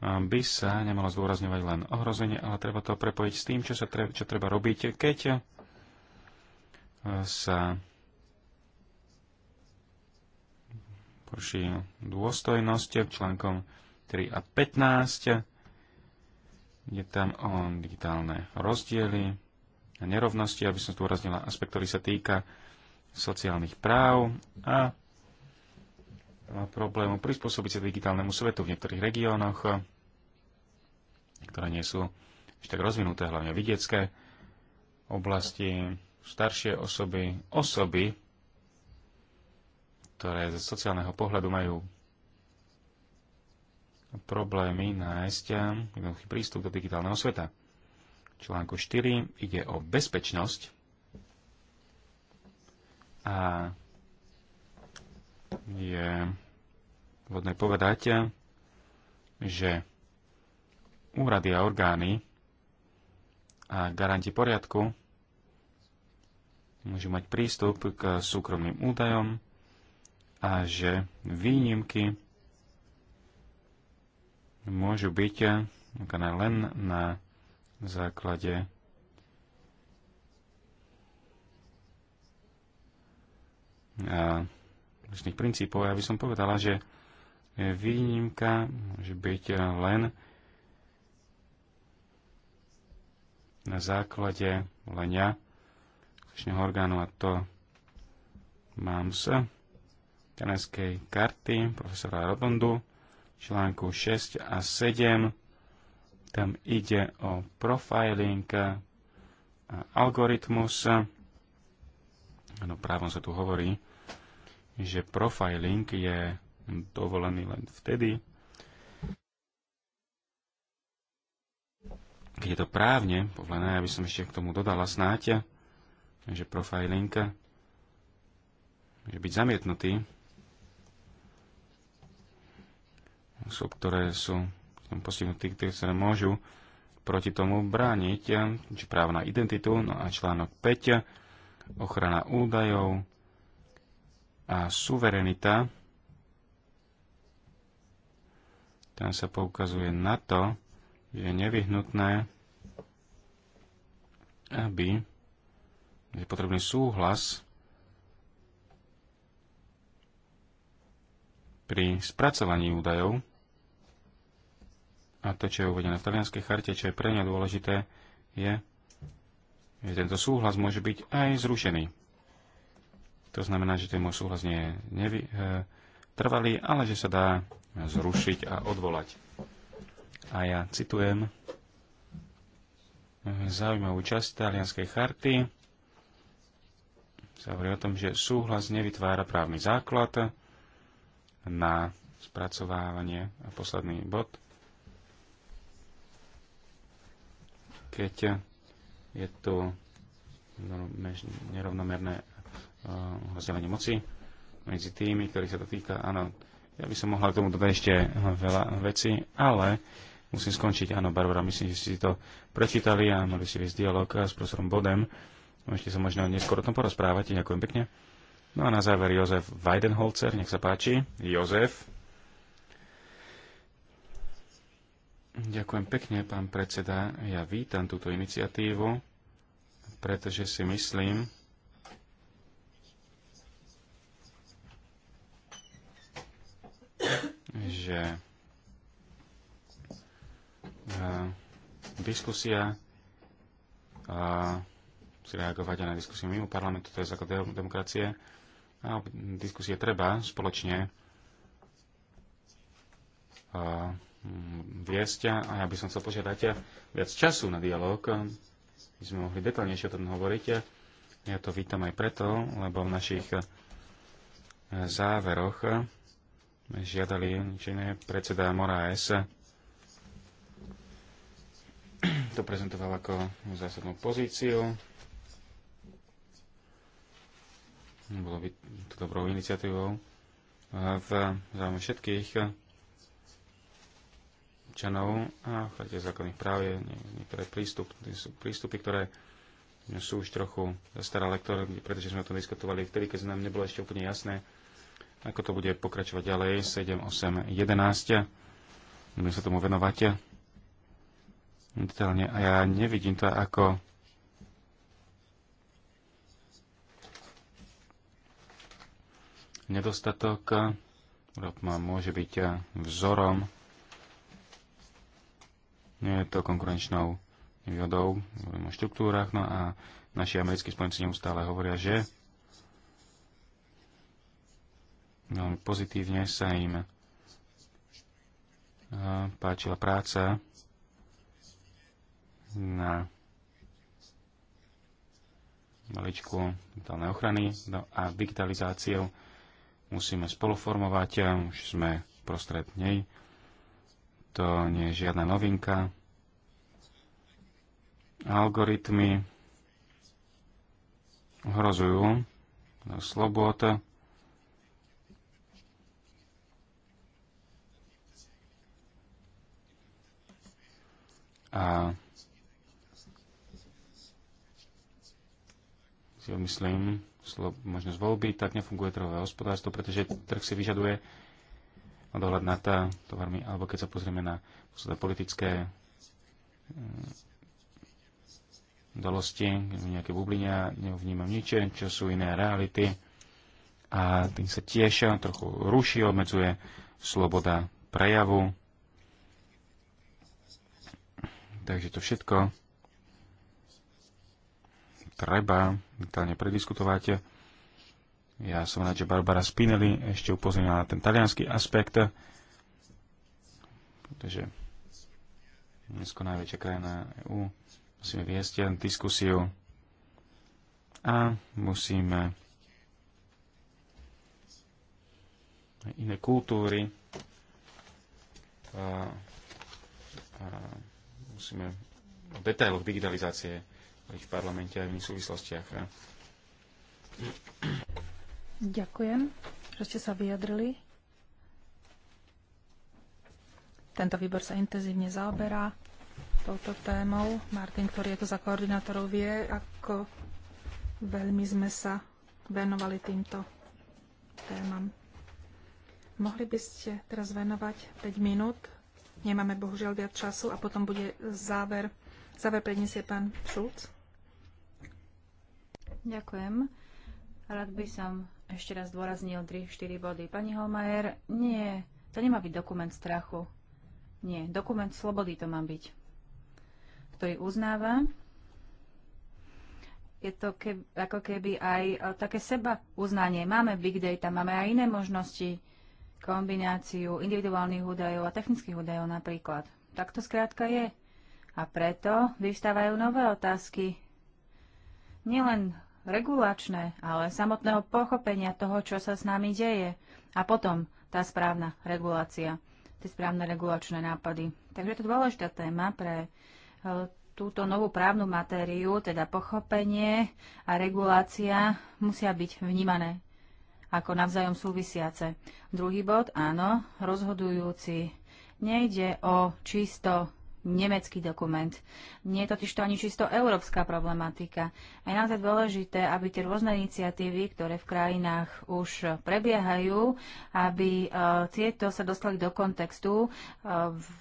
[SPEAKER 3] by sa nemalo zdôrazňovať len ohrozenie, ale treba to prepojiť s tým, čo, sa tre- čo treba robiť, keď sa poruší dôstojnosť článkom 3 a 15. Je tam o digitálne rozdiely a nerovnosti, aby som zdôraznila aspekt, ktorý sa týka sociálnych práv a problému prispôsobiť sa digitálnemu svetu v niektorých regiónoch, ktoré nie sú ešte tak rozvinuté, hlavne vidiecké oblasti, staršie osoby, osoby ktoré zo sociálneho pohľadu majú problémy nájsť eh, jednoduchý prístup do digitálneho sveta. Článku 4 ide o bezpečnosť a je vhodné povedať, eh, že úrady a orgány a garanti poriadku môžu mať prístup k súkromným údajom, a že výnimky môžu byť len na základe rôznych princípov. Ja by som povedala, že výnimka môže byť len na základe lenia orgánu a to mám sa kanadskej karty profesora Rotondu, článku 6 a 7. Tam ide o profiling a algoritmus. No právom sa tu hovorí, že profiling je dovolený len vtedy, keď je to právne povolené, aby som ešte k tomu dodala snáď, že profiling, že byť zamietnutý sú, ktoré sú postihnutí, ktorí sa môžu proti tomu brániť, eh, či právo na identitu, no a článok 5, ochrana údajov a suverenita. Tam sa poukazuje na to, že je nevyhnutné, aby je potrebný súhlas pri spracovaní údajov a to, čo je uvedené v talianskej charte, čo je pre mňa dôležité, je, že tento súhlas môže byť aj zrušený. To znamená, že ten môj súhlas nie je nevy, e, trvalý, ale že sa dá zrušiť a odvolať. A ja citujem e, zaujímavú časť talianskej charty. Sa hovorí o tom, že súhlas nevytvára právny základ na spracovávanie a posledný bod – keď je tu nerovnomerné eh, rozdelenie moci medzi tými, ktorí sa to týka. Áno, ja by som mohla k tomu dodať ešte veľa veci, ale musím skončiť. Áno, Barbara, myslím, že si to prečítali a mali si viesť dialog s profesorom Bodem. Môžete sa možno neskôr o tom porozprávať. Ďakujem pekne. No a na záver Jozef Weidenholzer, nech sa páči. Jozef. Ďakujem pekne, pán predseda. Ja vítam túto iniciatívu, pretože si myslím, že diskusia si reagovať aj na diskusiu mimo parlamentu, to je základ demokracie. A diskusie treba spoločne Mm, viesť a ja by som chcel požiadať viac času na dialog. aby sme mohli detaľnejšie o tom hovoriť. Ja to vítam aj preto, lebo v našich e, záveroch žiadali činné predseda Moraes to prezentoval ako zásadnú pozíciu. Bolo by to dobrou iniciatívou e, v záujme všetkých občanov a v chrate základných práv je niektoré prístup, sú prístupy, ktoré sú už trochu zastaralé, ktoré, pretože sme o tom diskutovali vtedy, keď nám nebolo ešte úplne jasné, ako to bude pokračovať ďalej, 7, 8, 11. Budeme sa tomu venovať. A ja nevidím to ako nedostatok. Európa môže byť vzorom nie je to konkurenčnou výhodou, hovorím o štruktúrach, no a naši americkí spojenci neustále hovoria, že veľmi pozitívne sa im e, páčila práca na maličku digitálnej ochrany no a digitalizáciou musíme spoluformovať, už sme prostred nej to nie je žiadna novinka. Algoritmy ohrozujú slobodu. A si myslím, možnosť voľby, tak nefunguje trhové hospodárstvo, pretože trh si vyžaduje dohľad na tá eh, tovarmi, alebo keď sa pozrieme na politické eh, udalosti, nejaké bubline, nevnímam nič, čo sú iné reality a tým sa tiež trochu ruší, obmedzuje sloboda prejavu. Takže to všetko treba mentálne prediskutovať ja som rád, že Barbara Spinelli ešte upozornila na ten talianský aspekt, pretože Dnesko najväčšia krajina EÚ musíme viesť diskusiu a musíme iné kultúry a, a musíme o detailoch digitalizácie v parlamente aj v iných súvislostiach.
[SPEAKER 4] Ďakujem, že ste sa vyjadrili. Tento výbor sa intenzívne zaoberá touto témou. Martin, ktorý je tu za koordinátorov, vie, ako veľmi sme sa venovali týmto témam. Mohli by ste teraz venovať 5 minút. Nemáme bohužiaľ viac času a potom
[SPEAKER 2] bude záver. Záver predniesie pán Šulc. Ďakujem. Rád by som ešte raz dôraznil 3-4 body. Pani Holmajer, nie, to nemá byť dokument strachu. Nie, dokument slobody to má byť, ktorý uznáva. Je to keb, ako keby aj o, e, také seba uznanie. Máme big data, máme aj iné možnosti, kombináciu individuálnych údajov a technických údajov napríklad. Tak to skrátka je. A preto vyvstávajú nové otázky. Nielen regulačné, ale samotného pochopenia toho, čo sa s nami deje. A potom tá správna regulácia, tie správne regulačné nápady. Takže to je dôležitá téma pre e, túto novú právnu matériu, teda pochopenie a regulácia musia byť vnímané ako navzájom súvisiace. Druhý bod, áno, rozhodujúci. Nejde o čisto nemecký dokument. Nie je totiž to ani čisto európska problematika. A je naozaj dôležité, aby tie rôzne iniciatívy, ktoré v krajinách už prebiehajú, aby e, tieto sa dostali do kontextu e,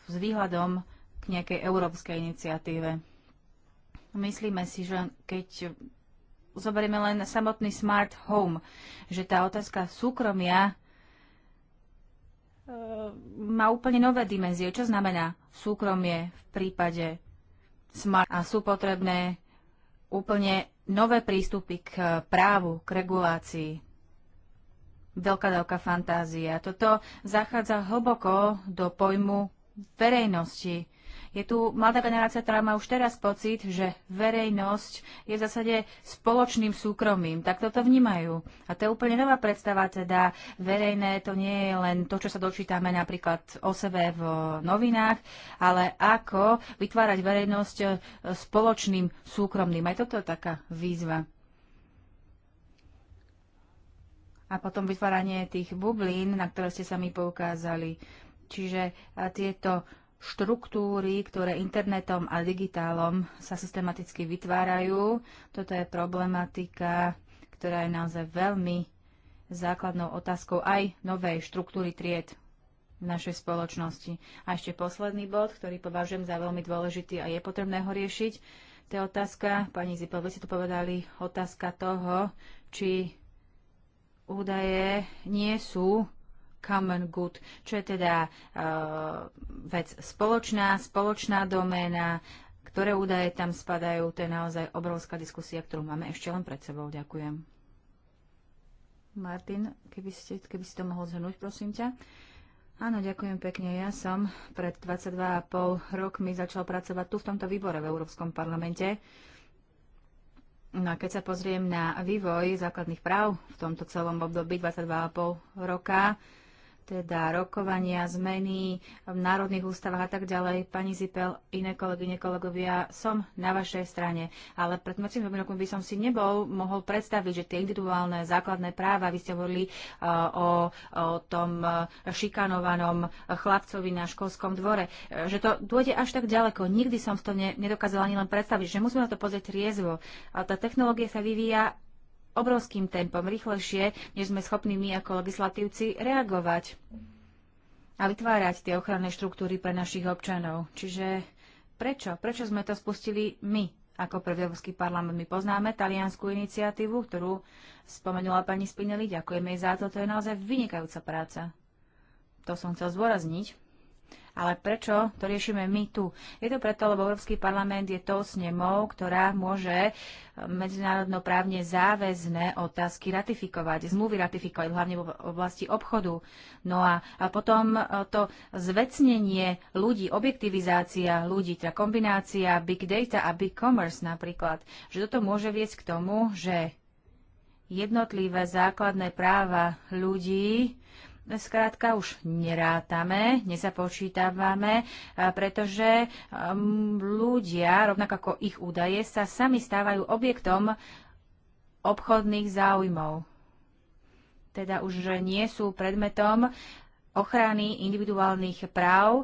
[SPEAKER 2] s výhľadom k nejakej európskej iniciatíve. Myslíme si, že keď zoberieme len samotný smart home, že tá otázka súkromia Ehm, má úplne nové dimenzie. Čo znamená súkromie v prípade smart a sú potrebné úplne nové prístupy k právu, k regulácii. Veľká dávka fantázia. Toto zachádza hlboko do pojmu verejnosti, je tu mladá generácia, ktorá má už teraz pocit, že verejnosť je v zásade spoločným súkromím. Tak toto vnímajú. A to je úplne nová predstava, teda verejné to nie je len to, čo sa dočítame napríklad o sebe v novinách, ale ako vytvárať verejnosť e, spoločným súkromným. Aj toto je taká výzva a potom vytváranie tých bublín, na ktoré ste mi poukázali. Čiže e, tieto štruktúry, ktoré internetom a digitálom sa systematicky vytvárajú. Toto je problematika, ktorá je naozaj veľmi základnou otázkou aj novej štruktúry tried v našej spoločnosti. A ešte posledný bod, ktorý považujem za veľmi dôležitý a je potrebné ho riešiť, to je otázka, pani Zipel, vy ste tu povedali, otázka toho, či údaje nie sú common good, čo je teda e, vec spoločná, spoločná doména, ktoré údaje tam spadajú, to je naozaj obrovská diskusia, ktorú máme ešte len pred sebou. Ďakujem. Martin, keby, ste, keby si to mohol zhrnúť, prosím ťa. Áno, ďakujem pekne. Ja som pred 22,5 rokmi začal pracovať tu v tomto výbore v Európskom parlamente. No a keď sa pozriem na vývoj základných práv v tomto celom období 22,5 roka, teda rokovania, zmeny v národných ústavách a tak ďalej. Pani Zipel, iné kolegyne, kolegovia, som na vašej strane, ale pred mocím rokom by som si nebol mohol predstaviť, že tie individuálne základné práva, vy ste hovorili uh, o, o tom e, šikanovanom chlapcovi na školskom dvore, e, že to dôjde až tak ďaleko. Nikdy som to ne, nedokázala ani len predstaviť, že musíme na to pozrieť riezvo. A tá technológia sa vyvíja obrovským tempom, rýchlejšie, než sme schopní my ako legislatívci reagovať a vytvárať tie ochranné štruktúry pre našich občanov. Čiže prečo? Prečo sme to spustili my ako prvý Európsky parlament? My poznáme taliansku iniciatívu, ktorú spomenula pani Spinelli. Ďakujeme jej za to. To je naozaj vynikajúca práca. To som chcel zdôrazniť. Ale prečo to riešime my tu? Je to preto, lebo Európsky parlament je tou snemou, ktorá môže e, medzinárodnoprávne záväzné otázky ratifikovať, zmluvy ratifikovať, hlavne v oblasti obchodu. No a, a potom e, to zvecnenie ľudí, objektivizácia ľudí, teda kombinácia big data a big commerce napríklad, že toto môže viesť k tomu, že jednotlivé základné práva ľudí Skrátka už nerátame, nezapočítavame, pretože um, ľudia, rovnako ako ich údaje, sa sami stávajú objektom obchodných záujmov. Teda už nie sú predmetom ochrany individuálnych práv,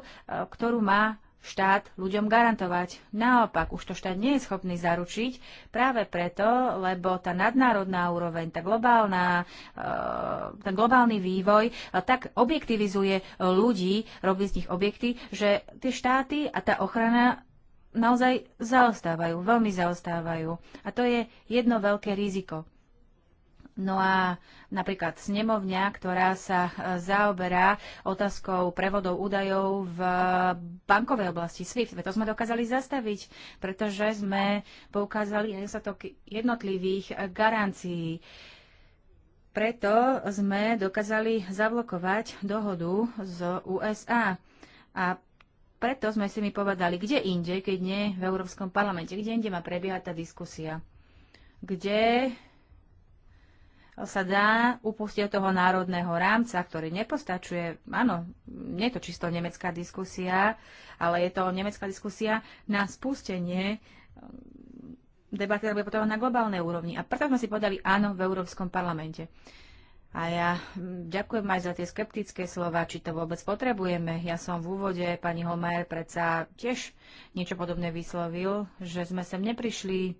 [SPEAKER 2] ktorú má štát ľuďom garantovať. Naopak, už to štát nie je schopný zaručiť práve preto, lebo tá nadnárodná úroveň, tá globálna, eh, ten globálny vývoj eh, tak objektivizuje eh, ľudí, robí z nich objekty, že tie štáty a tá ochrana naozaj zaostávajú, veľmi zaostávajú. A to je jedno veľké riziko. No a napríklad snemovňa, ktorá sa e, zaoberá otázkou prevodov údajov v bankovej oblasti SWIFT. To sme dokázali zastaviť, pretože sme poukázali nedostatok jednotlivých e, garancií. Preto sme dokázali zablokovať dohodu z USA. A preto sme si mi povedali, kde inde, keď nie v Európskom parlamente, kde inde má prebiehať tá diskusia kde sa dá upustiť od toho národného rámca, ktorý nepostačuje. Áno, nie je to čisto nemecká diskusia, ale je to nemecká diskusia na spustenie eh, debaty, ktorá bude potom na globálnej úrovni. A preto sme si povedali áno v Európskom parlamente. A ja hm, ďakujem aj za tie skeptické slova, či to vôbec potrebujeme. Ja som v úvode, pani Holmajer predsa tiež niečo podobné vyslovil, že sme sem neprišli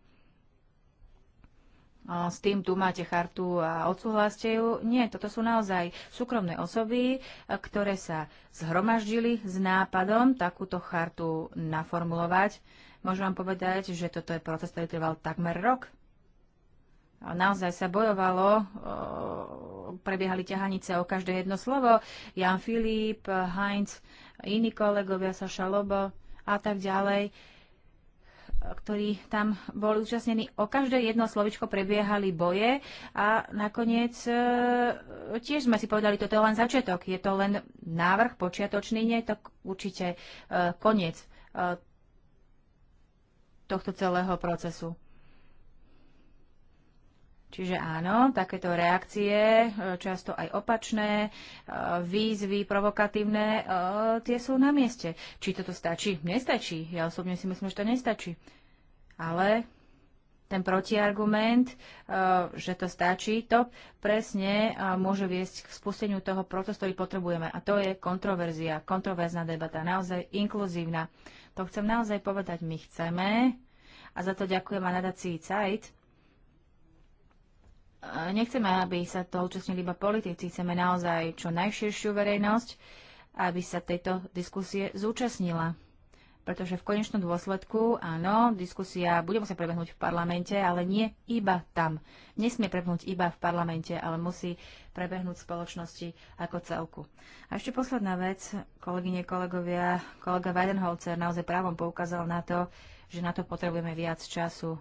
[SPEAKER 2] s tým tu máte chartu a odsúhlaste ju. Nie, toto sú naozaj súkromné osoby, e, ktoré sa zhromaždili s nápadom takúto chartu naformulovať. Môžem vám povedať, že toto je proces, ktorý trval takmer rok. Naozaj sa bojovalo, e, prebiehali ťahanice o každé jedno slovo. Jan Filip, Heinz, iní kolegovia, Saša Lobo a tak ďalej ktorí tam boli účastnení, o každé jedno slovičko prebiehali boje a nakoniec e, tiež sme si povedali, toto je len začiatok, je to len návrh počiatočný, nie je to určite e, koniec e, tohto celého procesu. Čiže áno, takéto reakcie, e, často aj opačné, e, výzvy provokatívne, e, tie sú na mieste. Či toto stačí? Nestačí. Ja osobne si myslím, že to nestačí. Ale ten protiargument, že to stačí, to presne môže viesť k spusteniu toho procesu, ktorý potrebujeme. A to je kontroverzia, kontroverzná debata, naozaj inkluzívna. To chcem naozaj povedať, my chceme, a za to ďakujem a nadací CAIT, nechceme, aby sa to účastnili iba politici, chceme naozaj čo najširšiu verejnosť, aby sa tejto diskusie zúčastnila. Pretože v konečnom dôsledku, áno, diskusia bude musieť prebehnúť v parlamente, ale nie iba tam. Nesmie prebehnúť iba v parlamente, ale musí prebehnúť v spoločnosti ako celku. A ešte posledná vec, kolegyne, kolegovia, kolega Weidenholzer naozaj právom poukázal na to, že na to potrebujeme viac času,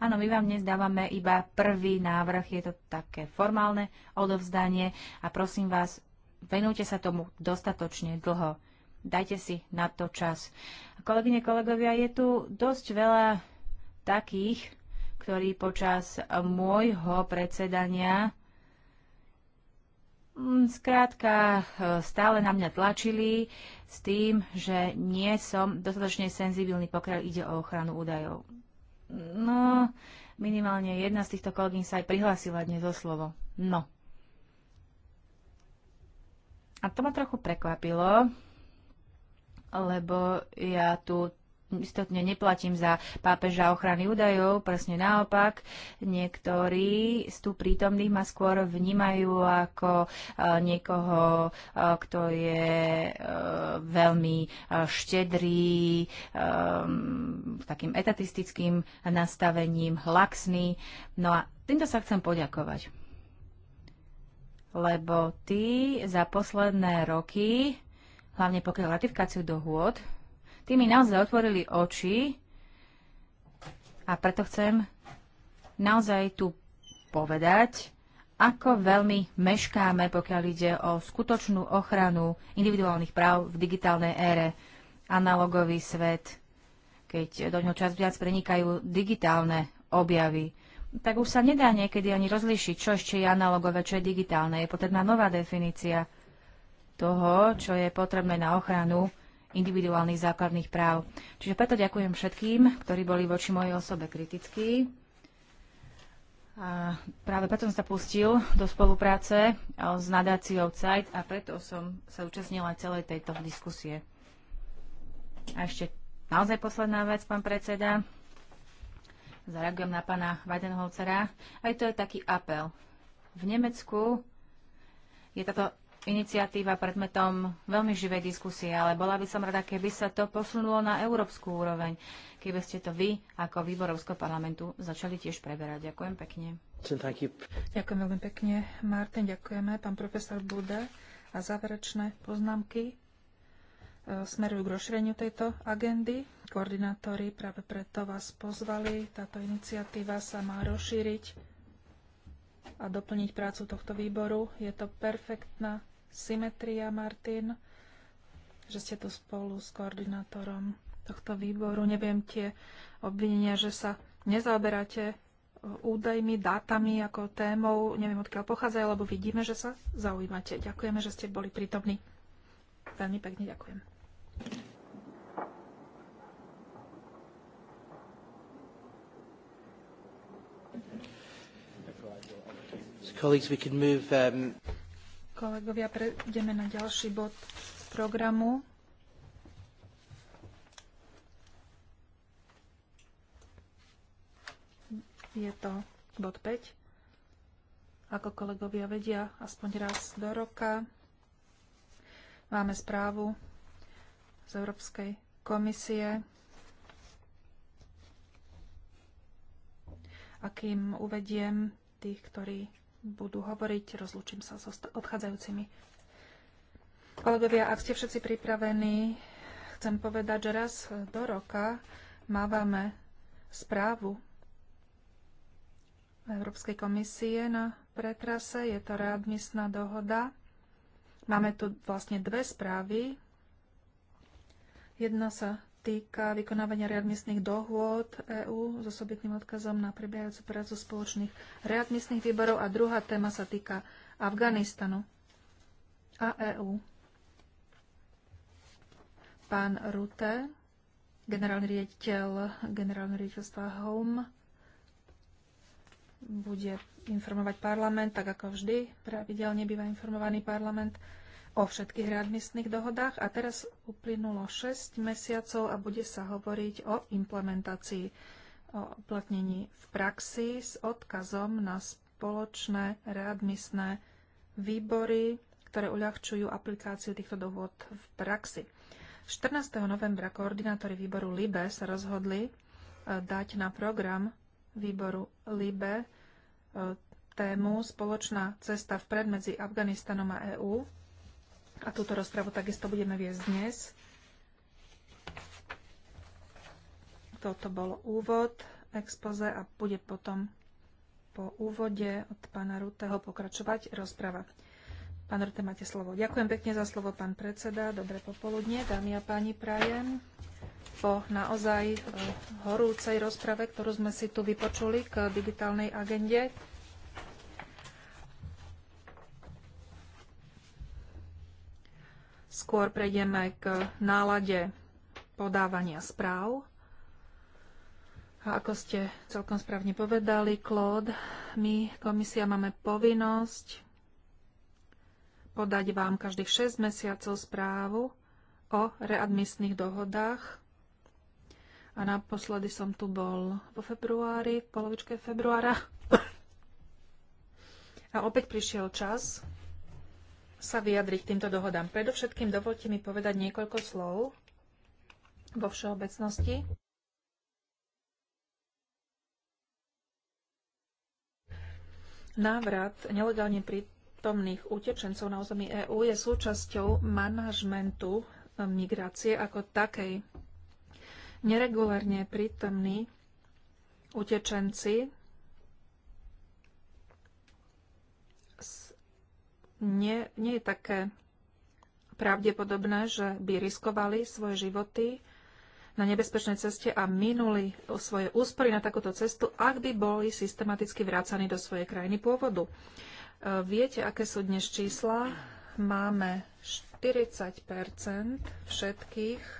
[SPEAKER 2] Áno, my vám dnes dávame iba prvý návrh, je to také formálne odovzdanie a prosím vás, venujte sa tomu dostatočne dlho. Dajte si na to čas. Kolegyne, kolegovia, je tu dosť veľa takých, ktorí počas môjho predsedania mm, Skrátka, stále na mňa tlačili s tým, že nie som dostatočne senzibilný, pokiaľ ide o ochranu údajov. No, minimálne jedna z týchto kolegyň sa aj prihlásila dnes o slovo. No. A to ma trochu prekvapilo, lebo ja tu istotne neplatím za pápeža ochrany údajov, presne naopak. Niektorí z tu prítomných ma skôr vnímajú ako e, niekoho, e, kto je e, veľmi štedrý, takým etatistickým nastavením, laxný. No a týmto sa chcem poďakovať lebo ty za posledné roky, hlavne pokiaľ ratifikáciu dohôd, Ty mi naozaj otvorili oči a preto chcem naozaj tu povedať, ako veľmi meškáme, pokiaľ ide o skutočnú ochranu individuálnych práv v digitálnej ére, analogový svet, keď do ňoho čas viac prenikajú digitálne objavy. Tak už sa nedá niekedy ani rozlíšiť, čo ešte je analogové, čo je digitálne. Je potrebná nová definícia toho, čo je potrebné na ochranu individuálnych základných práv. Čiže preto ďakujem všetkým, ktorí boli voči mojej osobe kritickí. A práve preto som sa pustil do spolupráce e, s nadáciou CITE a preto som sa účastnila celej tejto diskusie. A ešte naozaj posledná vec, pán predseda. Zareagujem na pána Weidenholzera. Aj to je taký apel. V Nemecku je táto iniciatíva predmetom veľmi živej diskusie, ale bola by som rada, keby sa to posunulo na európsku úroveň, keby ste to vy ako výbor Európskeho parlamentu začali tiež preberať. Ďakujem pekne. Ďakujem veľmi pekne, Martin. Ďakujeme, pán profesor Bude. A
[SPEAKER 4] záverečné poznámky e, smerujú k rozšíreniu tejto agendy. Koordinátori práve preto vás pozvali. Táto iniciatíva sa má rozšíriť a doplniť prácu tohto výboru. Je to perfektná symetria, Martin, že ste tu spolu s koordinátorom tohto výboru. Neviem tie obvinenia, že sa nezaoberáte e, údajmi, dátami ako témou, neviem odkiaľ pochádzajú, lebo vidíme, že sa zaujímate. Ďakujeme, že ste boli prítomní. Veľmi pekne ďakujem.
[SPEAKER 1] Colleagues, we can move, um...
[SPEAKER 4] Kolegovia, prejdeme na ďalší bod programu. Je to bod 5. Ako kolegovia vedia, aspoň raz do roka máme správu z Európskej komisie, akým uvediem tých, ktorí budú hovoriť, rozlúčim sa so odchádzajúcimi. Kolegovia, ak ste všetci pripravení, chcem povedať, že raz do roka mávame správu Európskej komisie na pretrase. Je to readmisná dohoda. Máme tu vlastne dve správy. Jedna sa týka vykonávania readmisných dohôd EÚ s osobitným odkazom na prebiehajúcu prácu spoločných readmisných výborov a druhá téma sa týka Afganistanu a EÚ. Pán Rute, generálny riaditeľ generálneho riaditeľstva HOME, bude informovať parlament, tak ako vždy, pravidelne býva informovaný parlament o všetkých readmisných dohodách a teraz uplynulo 6 mesiacov a bude sa hovoriť o implementácii, o uplatnení v praxi s odkazom na spoločné readmisné výbory, ktoré uľahčujú aplikáciu týchto dohod v praxi. 14. novembra koordinátori výboru LIBE sa rozhodli e, dať na program výboru LIBE e, tému Spoločná cesta vpred medzi Afganistanom a EÚ a túto rozpravu takisto budeme viesť dnes. Toto bol úvod, expoze a bude potom po úvode od pána Ruteho pokračovať rozprava. Pán Rute, máte slovo. Ďakujem pekne za slovo, pán predseda. Dobré popoludne, dámy a páni, prajem. Po naozaj eh, horúcej rozprave, ktorú sme si tu vypočuli k digitálnej agende, Skôr prejdeme k nálade podávania správ. A ako ste celkom správne povedali, Claude, my, komisia, máme povinnosť podať vám každých 6 mesiacov správu o readmisných dohodách. A naposledy som tu bol vo februári, v polovičke februára. A opäť prišiel čas, sa vyjadriť k týmto dohodám. Predovšetkým dovolte mi povedať niekoľko slov vo všeobecnosti. Návrat nelegálne prítomných utečencov na území EÚ je súčasťou manažmentu e, migrácie ako takej. Neregulárne prítomní utečenci nie, nie je také pravdepodobné, že by riskovali svoje životy na nebezpečnej ceste a minuli svoje úspory na takúto cestu, ak by boli systematicky vrácaní do svojej krajiny pôvodu. E, viete, aké sú dnes čísla? Máme 40 všetkých e,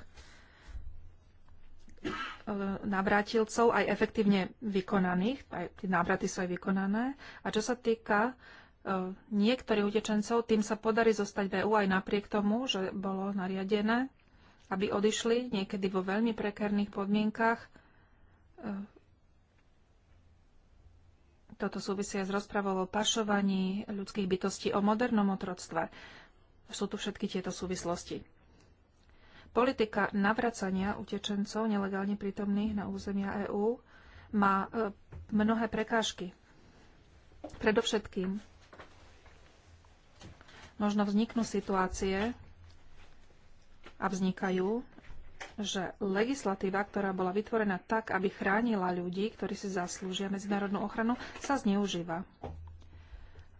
[SPEAKER 4] navrátilcov aj efektívne vykonaných, aj tie návraty sú aj vykonané. A čo sa týka E, niektorých utečencov, tým sa podarí zostať v EU aj napriek tomu, že bolo nariadené, aby odišli niekedy vo veľmi prekérnych podmienkach. E, toto súvisia s rozprávou o pašovaní ľudských bytostí, o modernom otroctve. Sú tu všetky tieto súvislosti. Politika navracania utečencov nelegálne prítomných na územia EÚ má e, mnohé prekážky. Predovšetkým Možno vzniknú situácie, a vznikajú, že legislatíva, ktorá bola vytvorená tak, aby chránila ľudí, ktorí si zaslúžia medzinárodnú ochranu, sa zneužíva.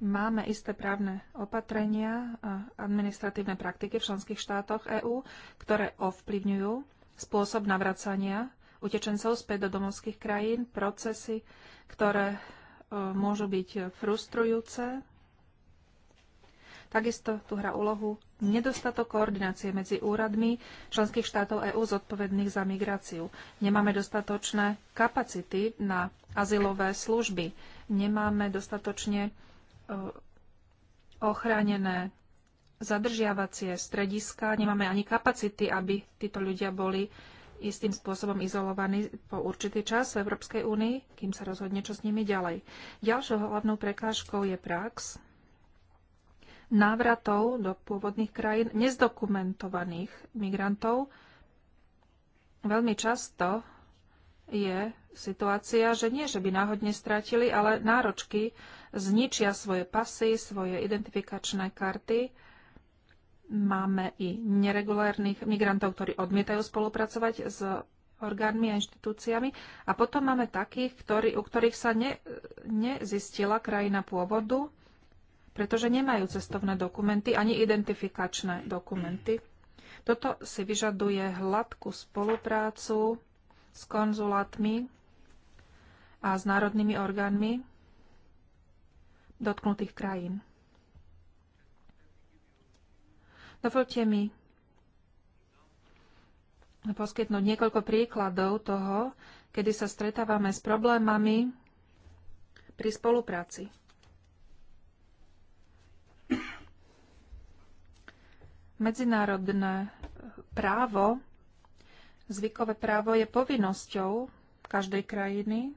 [SPEAKER 4] Máme isté právne opatrenia a administratívne praktiky v členských štátoch EÚ, ktoré ovplyvňujú spôsob navracania utečencov späť do domovských krajín, procesy, ktoré e, môžu byť frustrujúce Takisto tu hrá úlohu nedostatok koordinácie medzi úradmi členských štátov EÚ zodpovedných za migráciu. Nemáme dostatočné kapacity na azylové služby. Nemáme dostatočne e, ochránené zadržiavacie strediska, nemáme ani kapacity, aby títo ľudia boli istým spôsobom izolovaní po určitý čas v Európskej únii, kým sa rozhodne, čo s nimi ďalej. Ďalšou hlavnou prekážkou je prax, návratov do pôvodných krajín nezdokumentovaných migrantov. Veľmi často je situácia, že nie, že by náhodne stratili, ale náročky zničia svoje pasy, svoje identifikačné karty. Máme i neregulárnych migrantov, ktorí odmietajú spolupracovať s orgánmi a inštitúciami. A potom máme takých, ktorí, u ktorých sa ne, nezistila krajina pôvodu pretože nemajú cestovné dokumenty ani identifikačné dokumenty. Toto si vyžaduje hladkú spoluprácu s konzulátmi a s národnými orgánmi dotknutých krajín. Dovolte mi poskytnúť niekoľko príkladov toho, kedy sa stretávame s problémami pri spolupráci. Medzinárodné právo, zvykové právo je povinnosťou každej krajiny,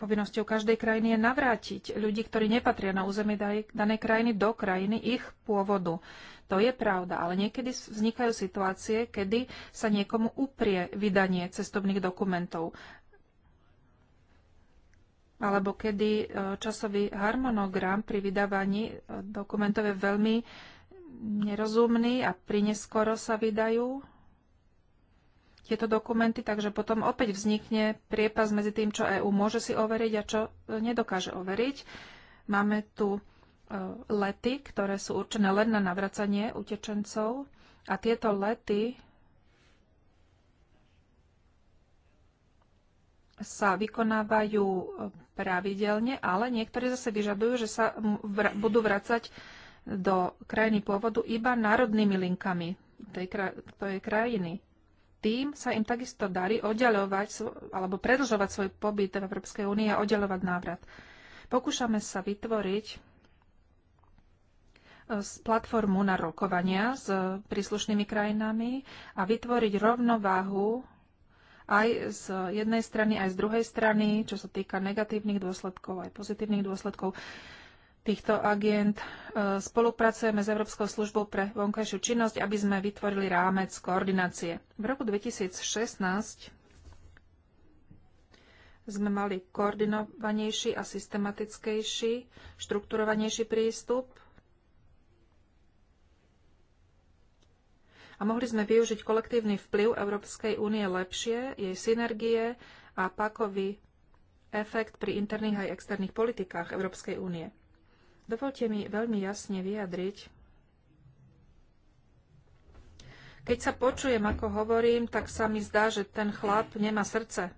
[SPEAKER 4] povinnosťou každej krajiny je navrátiť ľudí, ktorí nepatria na územie danej krajiny do krajiny ich pôvodu. To je pravda, ale niekedy vznikajú situácie, kedy sa niekomu uprie vydanie cestovných dokumentov alebo kedy e, časový harmonogram pri vydávaní e, dokumentov je veľmi nerozumný a neskoro sa vydajú tieto dokumenty, takže potom opäť vznikne priepas medzi tým, čo EÚ môže si overiť a čo e, nedokáže overiť. Máme tu lety, ktoré sú určené len na navracanie utečencov a tieto lety sa vykonávajú eh, pravidelne, ale niektorí zase vyžadujú, že sa vr- budú vracať do krajiny pôvodu iba národnými linkami tej, tej krajiny. Tým sa im takisto darí oddelovať alebo predlžovať svoj pobyt v Európskej únii a oddelovať návrat. Pokúšame sa vytvoriť eh, platformu na rokovania s eh, príslušnými krajinami a vytvoriť rovnováhu aj z jednej strany, aj z druhej strany, čo sa týka negatívnych dôsledkov, aj pozitívnych dôsledkov týchto agent. E, spolupracujeme s Európskou službou pre vonkajšiu činnosť, aby sme vytvorili rámec koordinácie. V roku 2016 sme mali koordinovanejší a systematickejší, štrukturovanejší prístup a mohli sme využiť kolektívny vplyv Európskej únie lepšie, jej synergie a pakový efekt pri interných aj externých politikách Európskej únie. Dovolte mi veľmi jasne vyjadriť, keď sa počujem, ako hovorím, tak sa mi zdá, že ten chlap nemá srdce.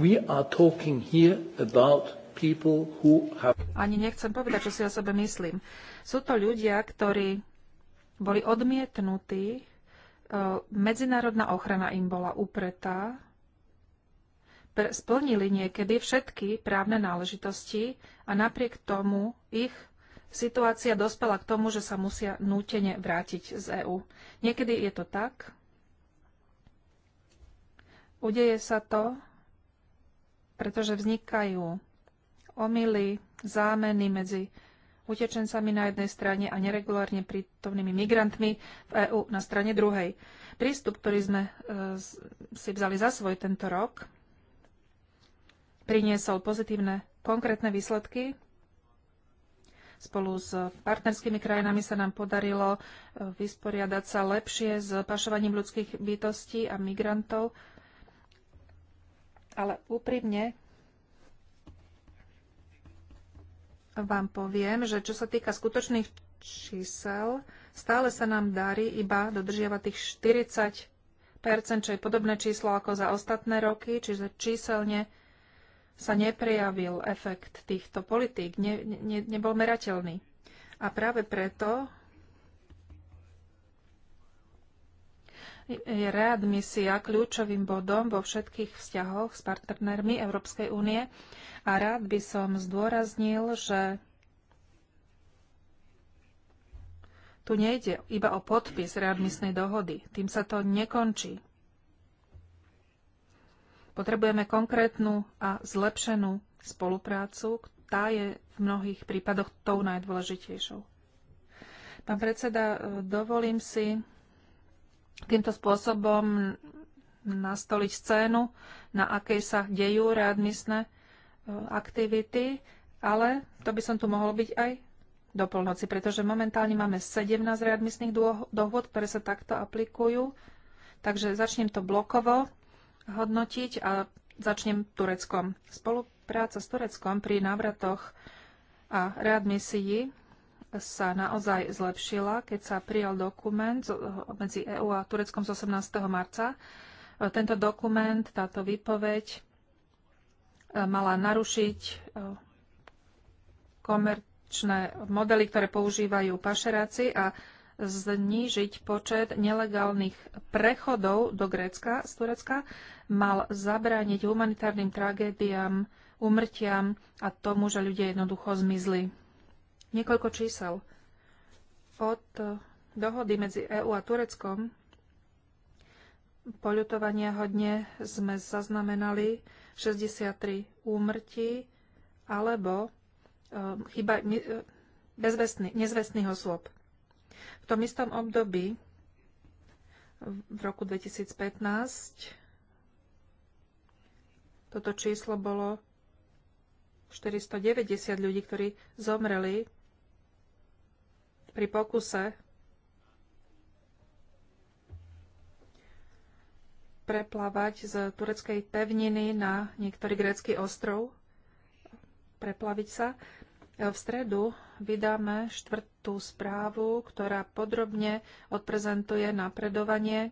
[SPEAKER 1] We are talking here about
[SPEAKER 4] ani nechcem povedať, čo si o sebe myslím. Sú to ľudia, ktorí boli odmietnutí, e, medzinárodná ochrana im bola upretá, splnili niekedy všetky právne náležitosti a napriek tomu ich situácia dospela k tomu, že sa musia nútene vrátiť z EÚ. Niekedy je to tak, udeje sa to, pretože vznikajú omily, zámeny medzi utečencami na jednej strane a neregulárne prítomnými migrantmi v EÚ na strane druhej. Prístup, ktorý sme e, si vzali za svoj tento rok, priniesol pozitívne konkrétne výsledky. Spolu s partnerskými krajinami sa nám podarilo e, vysporiadať sa lepšie s pašovaním ľudských bytostí a migrantov. Ale úprimne vám poviem, že čo sa týka skutočných čísel, stále sa nám darí iba dodržiavať tých 40 čo je podobné číslo ako za ostatné roky, čiže číselne sa neprejavil efekt týchto politík, ne, ne, nebol merateľný. A práve preto je readmisia kľúčovým bodom vo všetkých vzťahoch s partnermi Európskej únie a rád by som zdôraznil, že tu nejde iba o podpis readmisnej dohody. Tým sa to nekončí. Potrebujeme konkrétnu a zlepšenú spoluprácu. Tá je v mnohých prípadoch tou najdôležitejšou. Pán predseda, dovolím si týmto spôsobom nastoliť scénu, na akej sa dejú readmisné e, aktivity, ale to by som tu mohol byť aj do polnoci, pretože momentálne máme 17 readmisných dohôd, ktoré sa takto aplikujú. Takže začnem to blokovo hodnotiť a začnem Tureckom. Spolupráca s Tureckom pri návratoch a readmisii sa naozaj zlepšila, keď sa prijal dokument medzi EÚ a Tureckom z 18. marca. E, tento dokument, táto výpoveď e, mala narušiť e, komerčné modely, ktoré používajú pašeráci a znížiť počet nelegálnych prechodov do Grécka z Turecka, mal zabrániť humanitárnym tragédiám, umrtiam a tomu, že ľudia jednoducho zmizli. Niekoľko čísel. Od e, dohody medzi EÚ a Tureckom poľutovania hodne sme zaznamenali 63 úmrtí alebo e, chyba, e, nezvestných osôb. V tom istom období v roku 2015 toto číslo bolo 490 ľudí, ktorí zomreli pri pokuse preplavať z tureckej pevniny na niektorý grécky ostrov, preplaviť sa. V stredu vydáme štvrtú správu, ktorá podrobne odprezentuje napredovanie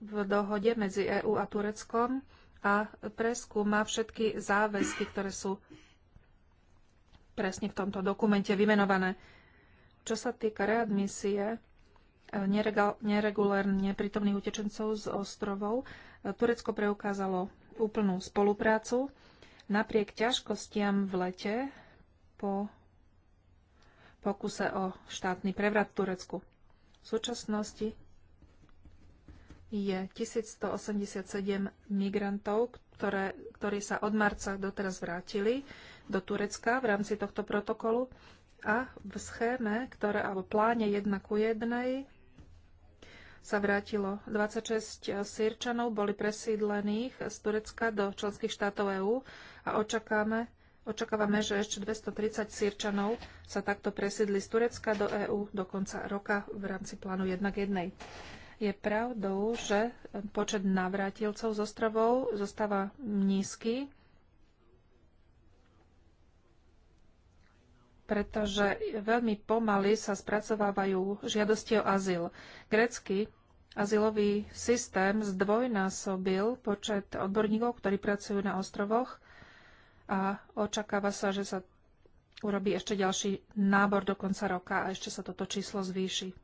[SPEAKER 4] v dohode medzi EÚ a Tureckom a preskúma všetky záväzky, ktoré sú presne v tomto dokumente vymenované. Čo sa týka readmisie e, neregulárne prítomných utečencov z ostrovov, e, Turecko preukázalo úplnú spoluprácu. Napriek ťažkostiam v lete po pokuse o štátny prevrat v Turecku. V súčasnosti je 1187 migrantov, ktoré, ktorí sa od marca doteraz vrátili do Turecka v rámci tohto protokolu a v schéme, ktoré, alebo pláne 1 ku 1 sa vrátilo 26 sírčanov, boli presídlených z Turecka do členských štátov EÚ a očakáme, očakávame, že ešte 230 sírčanov sa takto presídli z Turecka do EÚ do konca roka v rámci plánu 1 k 1. Je pravdou, že počet navrátilcov z ostrovov zostáva nízky. pretože veľmi pomaly sa spracovávajú žiadosti o azyl. Grécky azylový systém zdvojnásobil počet odborníkov, ktorí pracujú na ostrovoch a očakáva sa, že sa urobí ešte ďalší nábor do konca roka a ešte sa toto číslo zvýši.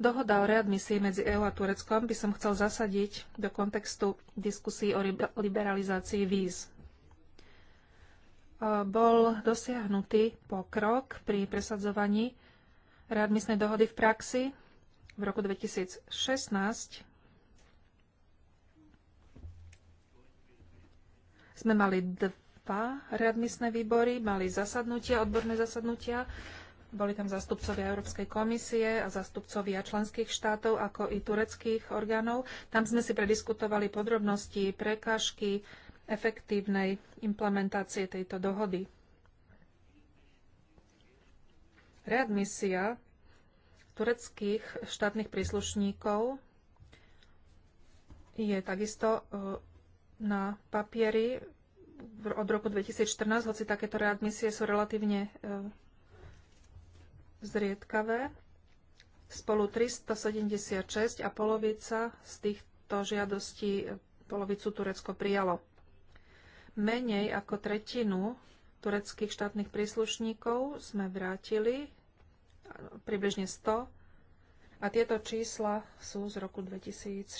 [SPEAKER 4] Dohoda o readmisii medzi EÚ a Tureckom by som chcel zasadiť do kontextu diskusí o liberalizácii víz bol dosiahnutý pokrok pri presadzovaní readmisnej dohody v praxi. V roku 2016 sme mali dva readmisné výbory, mali zasadnutia, odborné zasadnutia. Boli tam zastupcovia Európskej komisie a zastupcovia členských štátov, ako i tureckých orgánov. Tam sme si prediskutovali podrobnosti, prekážky, efektívnej implementácie tejto dohody. Readmisia tureckých štátnych príslušníkov je takisto e, na papieri od roku 2014, hoci takéto readmisie sú relatívne e, zriedkavé. Spolu 376 a polovica z týchto žiadostí polovicu Turecko prijalo. Menej ako tretinu tureckých štátnych príslušníkov sme vrátili, približne 100. A tieto čísla sú z roku 2016.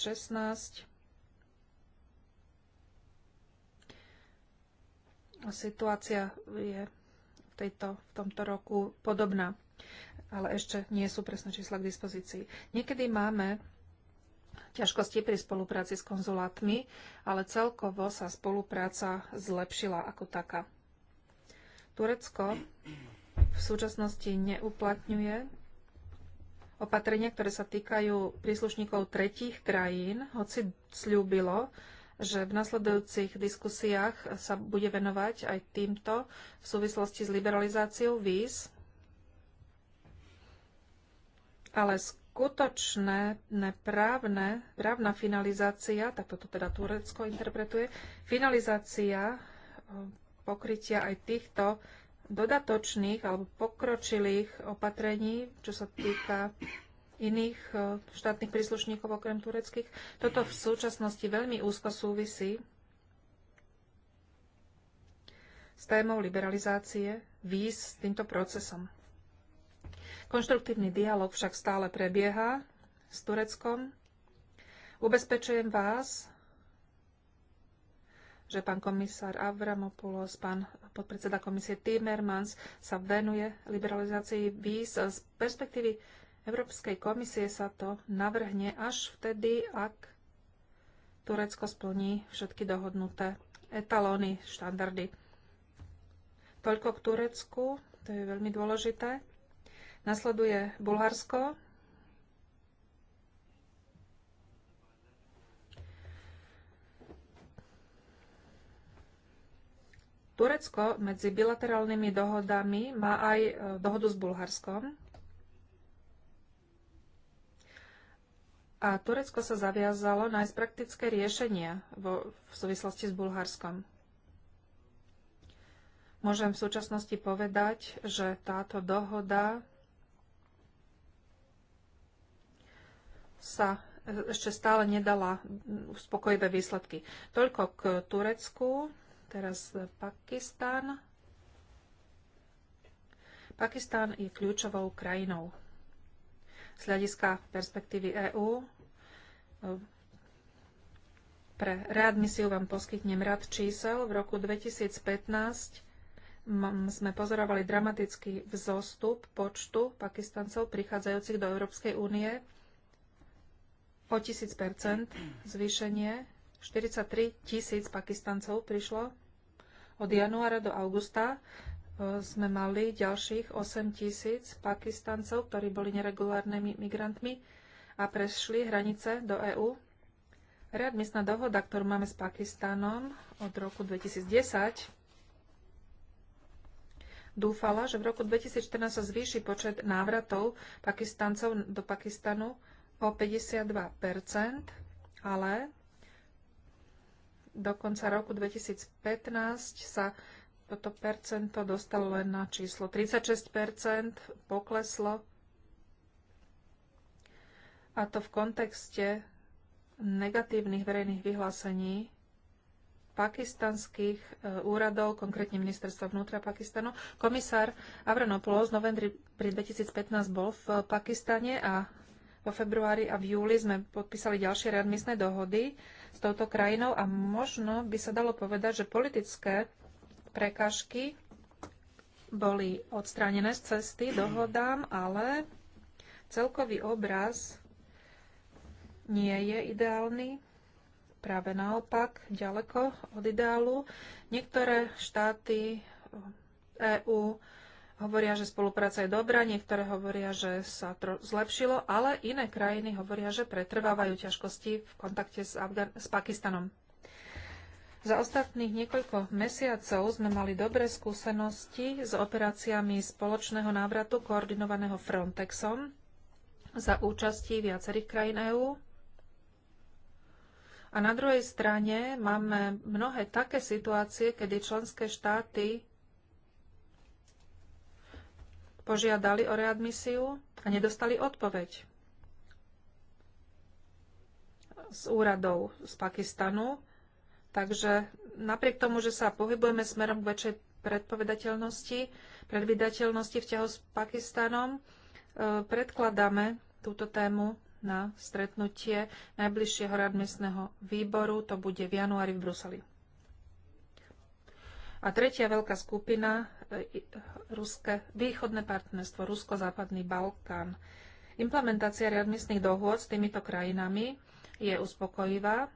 [SPEAKER 4] Situácia je v, tejto, v tomto roku podobná, ale ešte nie sú presné čísla k dispozícii. Niekedy máme ťažkosti pri spolupráci s konzulátmi, ale celkovo sa spolupráca zlepšila ako taká. Turecko v súčasnosti neuplatňuje opatrenia, ktoré sa týkajú príslušníkov tretích krajín, hoci slúbilo, že v nasledujúcich diskusiách sa bude venovať aj týmto v súvislosti s liberalizáciou víz, ale skutočné právne, právna finalizácia, takto to teda Turecko interpretuje, finalizácia e, pokrytia aj týchto dodatočných alebo pokročilých opatrení, čo sa týka iných e, štátnych príslušníkov okrem tureckých. Toto v súčasnosti veľmi úzko súvisí s témou liberalizácie víz s týmto procesom. Konštruktívny dialog však stále prebieha s Tureckom. Ubezpečujem vás, že pán komisár Avramopoulos, pán podpredseda komisie Timmermans sa venuje liberalizácii víz. Z perspektívy Európskej komisie sa to navrhne až vtedy, ak Turecko splní všetky dohodnuté etalóny, štandardy. Toľko k Turecku, to je veľmi dôležité. Nasleduje Bulharsko. Turecko medzi bilaterálnymi dohodami má aj e, dohodu s Bulharskom. A Turecko sa zaviazalo nájsť praktické riešenia vo, v súvislosti s Bulharskom. Môžem v súčasnosti povedať, že táto dohoda sa ešte stále nedala uspokojivé výsledky. Toľko k Turecku, teraz Pakistan. Pakistan je kľúčovou krajinou. Z hľadiska perspektívy EÚ pre readmisiu vám poskytnem rad čísel. V roku 2015 sme pozorovali dramatický vzostup počtu Pakistancov prichádzajúcich do Európskej únie O 1000% zvýšenie. 43 tisíc Pakistancov prišlo. Od januára do augusta e, sme mali ďalších 8 tisíc Pakistancov, ktorí boli neregulárnymi migrantmi a prešli hranice do EÚ. Readmisná dohoda, ktorú máme s Pakistanom od roku 2010, dúfala, že v roku 2014 sa zvýši počet návratov Pakistancov do Pakistanu o 52 ale do konca roku 2015 sa toto percento dostalo len na číslo 36 pokleslo a to v kontexte negatívnych verejných vyhlásení pakistanských e, úradov, konkrétne ministerstva vnútra Pakistanu. Komisár Avranopoulos v novembri pri 2015 bol v Pakistane a vo februári a v júli sme podpísali ďalšie readmisné dohody s touto krajinou a možno by sa dalo povedať, že politické prekažky boli odstránené z cesty dohodám, ale celkový obraz nie je ideálny. Práve naopak, ďaleko od ideálu. Niektoré štáty EÚ eh, e hovoria, že spolupráca je dobrá, niektoré hovoria, že sa to zlepšilo, ale iné krajiny hovoria, že pretrvávajú ťažkosti v kontakte s, Afgan- s Pakistanom. Za ostatných niekoľko mesiacov sme mali dobré skúsenosti s operáciami spoločného návratu koordinovaného Frontexom za účasti viacerých krajín EÚ. A na druhej strane máme mnohé také situácie, kedy členské štáty požiadali o readmisiu a nedostali odpoveď z úradov z Pakistanu. Takže napriek tomu, že sa pohybujeme smerom k väčšej predpovedateľnosti, predvydateľnosti vzťahov s Pakistanom, e, predkladáme túto tému na stretnutie najbližšieho radmestného výboru. To bude v januári v Bruseli. A tretia veľká skupina E, Ruske, východné partnerstvo, Rusko-Západný Balkán. Implementácia readmisných dohôd s týmito krajinami je uspokojivá,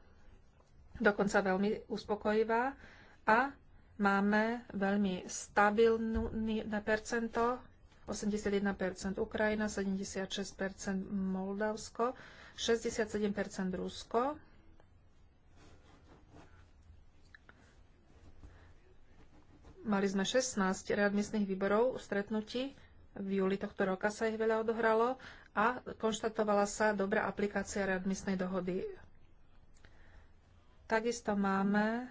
[SPEAKER 4] dokonca veľmi uspokojivá a máme veľmi stabilné percento, 81% Ukrajina, 76% Moldavsko, 67% Rusko, Mali sme 16 readmisných výborov stretnutí. V júli tohto roka sa ich veľa odohralo a konštatovala sa dobrá aplikácia miestnej dohody. Takisto máme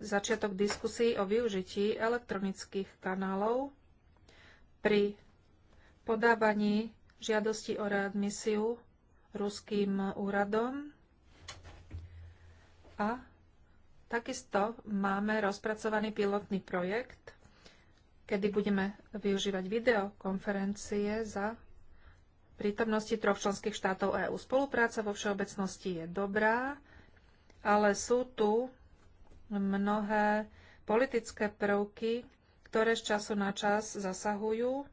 [SPEAKER 4] začiatok diskusí o využití elektronických kanálov pri podávaní žiadosti o readmisiu ruským úradom a Takisto máme rozpracovaný pilotný projekt, kedy budeme využívať videokonferencie za prítomnosti troch členských štátov EÚ. Spolupráca vo všeobecnosti je dobrá, ale sú tu mnohé politické prvky, ktoré z času na čas zasahujú.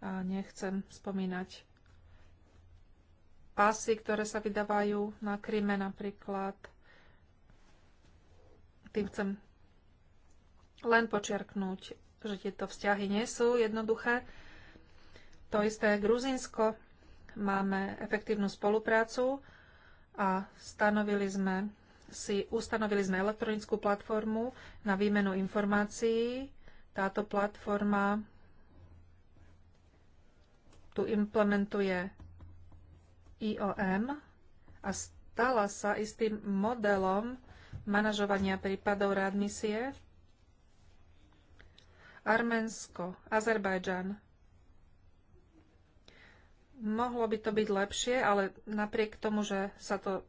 [SPEAKER 4] A nechcem spomínať pasy, ktoré sa vydávajú na Kryme napríklad – tým chcem len počiarknúť, že tieto vzťahy nie sú jednoduché. To isté Gruzinsko. Máme efektívnu spoluprácu a stanovili sme si ustanovili sme elektronickú platformu na výmenu informácií. Táto platforma tu implementuje IOM a stala sa istým modelom manažovania prípadov readmisie. Arménsko, Azerbajdžan. Mohlo by to byť lepšie, ale napriek tomu, že sa to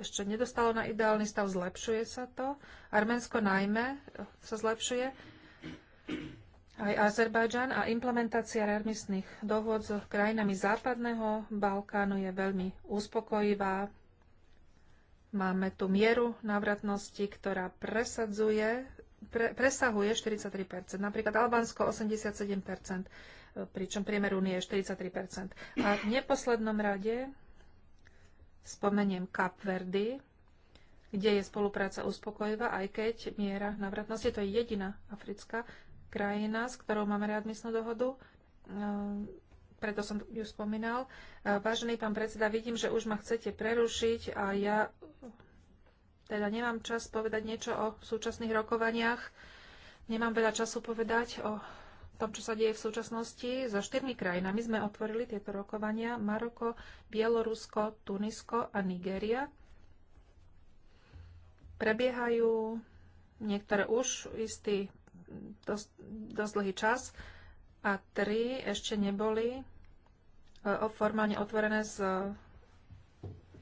[SPEAKER 4] ešte nedostalo na ideálny stav, zlepšuje sa to. Arménsko najmä sa zlepšuje. Aj Azerbajdžan a implementácia readmisných dohôd s krajinami západného Balkánu je veľmi uspokojivá. Máme tu mieru návratnosti, ktorá presadzuje, pre, presahuje 43%. Napríklad Albánsko 87%, pričom priemer Únie je 43%. A v neposlednom rade spomeniem Kapverdy, kde je spolupráca uspokojivá, aj keď miera návratnosti, to je jediná africká krajina, s ktorou máme readmisnú dohodu, ehm, preto som ju spomínal. Vážený pán predseda, vidím, že už ma chcete prerušiť a ja teda nemám čas povedať niečo o súčasných rokovaniach. Nemám veľa času povedať o tom, čo sa deje v súčasnosti. So štyrmi krajinami sme otvorili tieto rokovania. Maroko, Bielorusko, Tunisko a Nigéria. Prebiehajú niektoré už istý dosť, dosť dlhý čas a 3 ešte neboli e, formálne otvorené s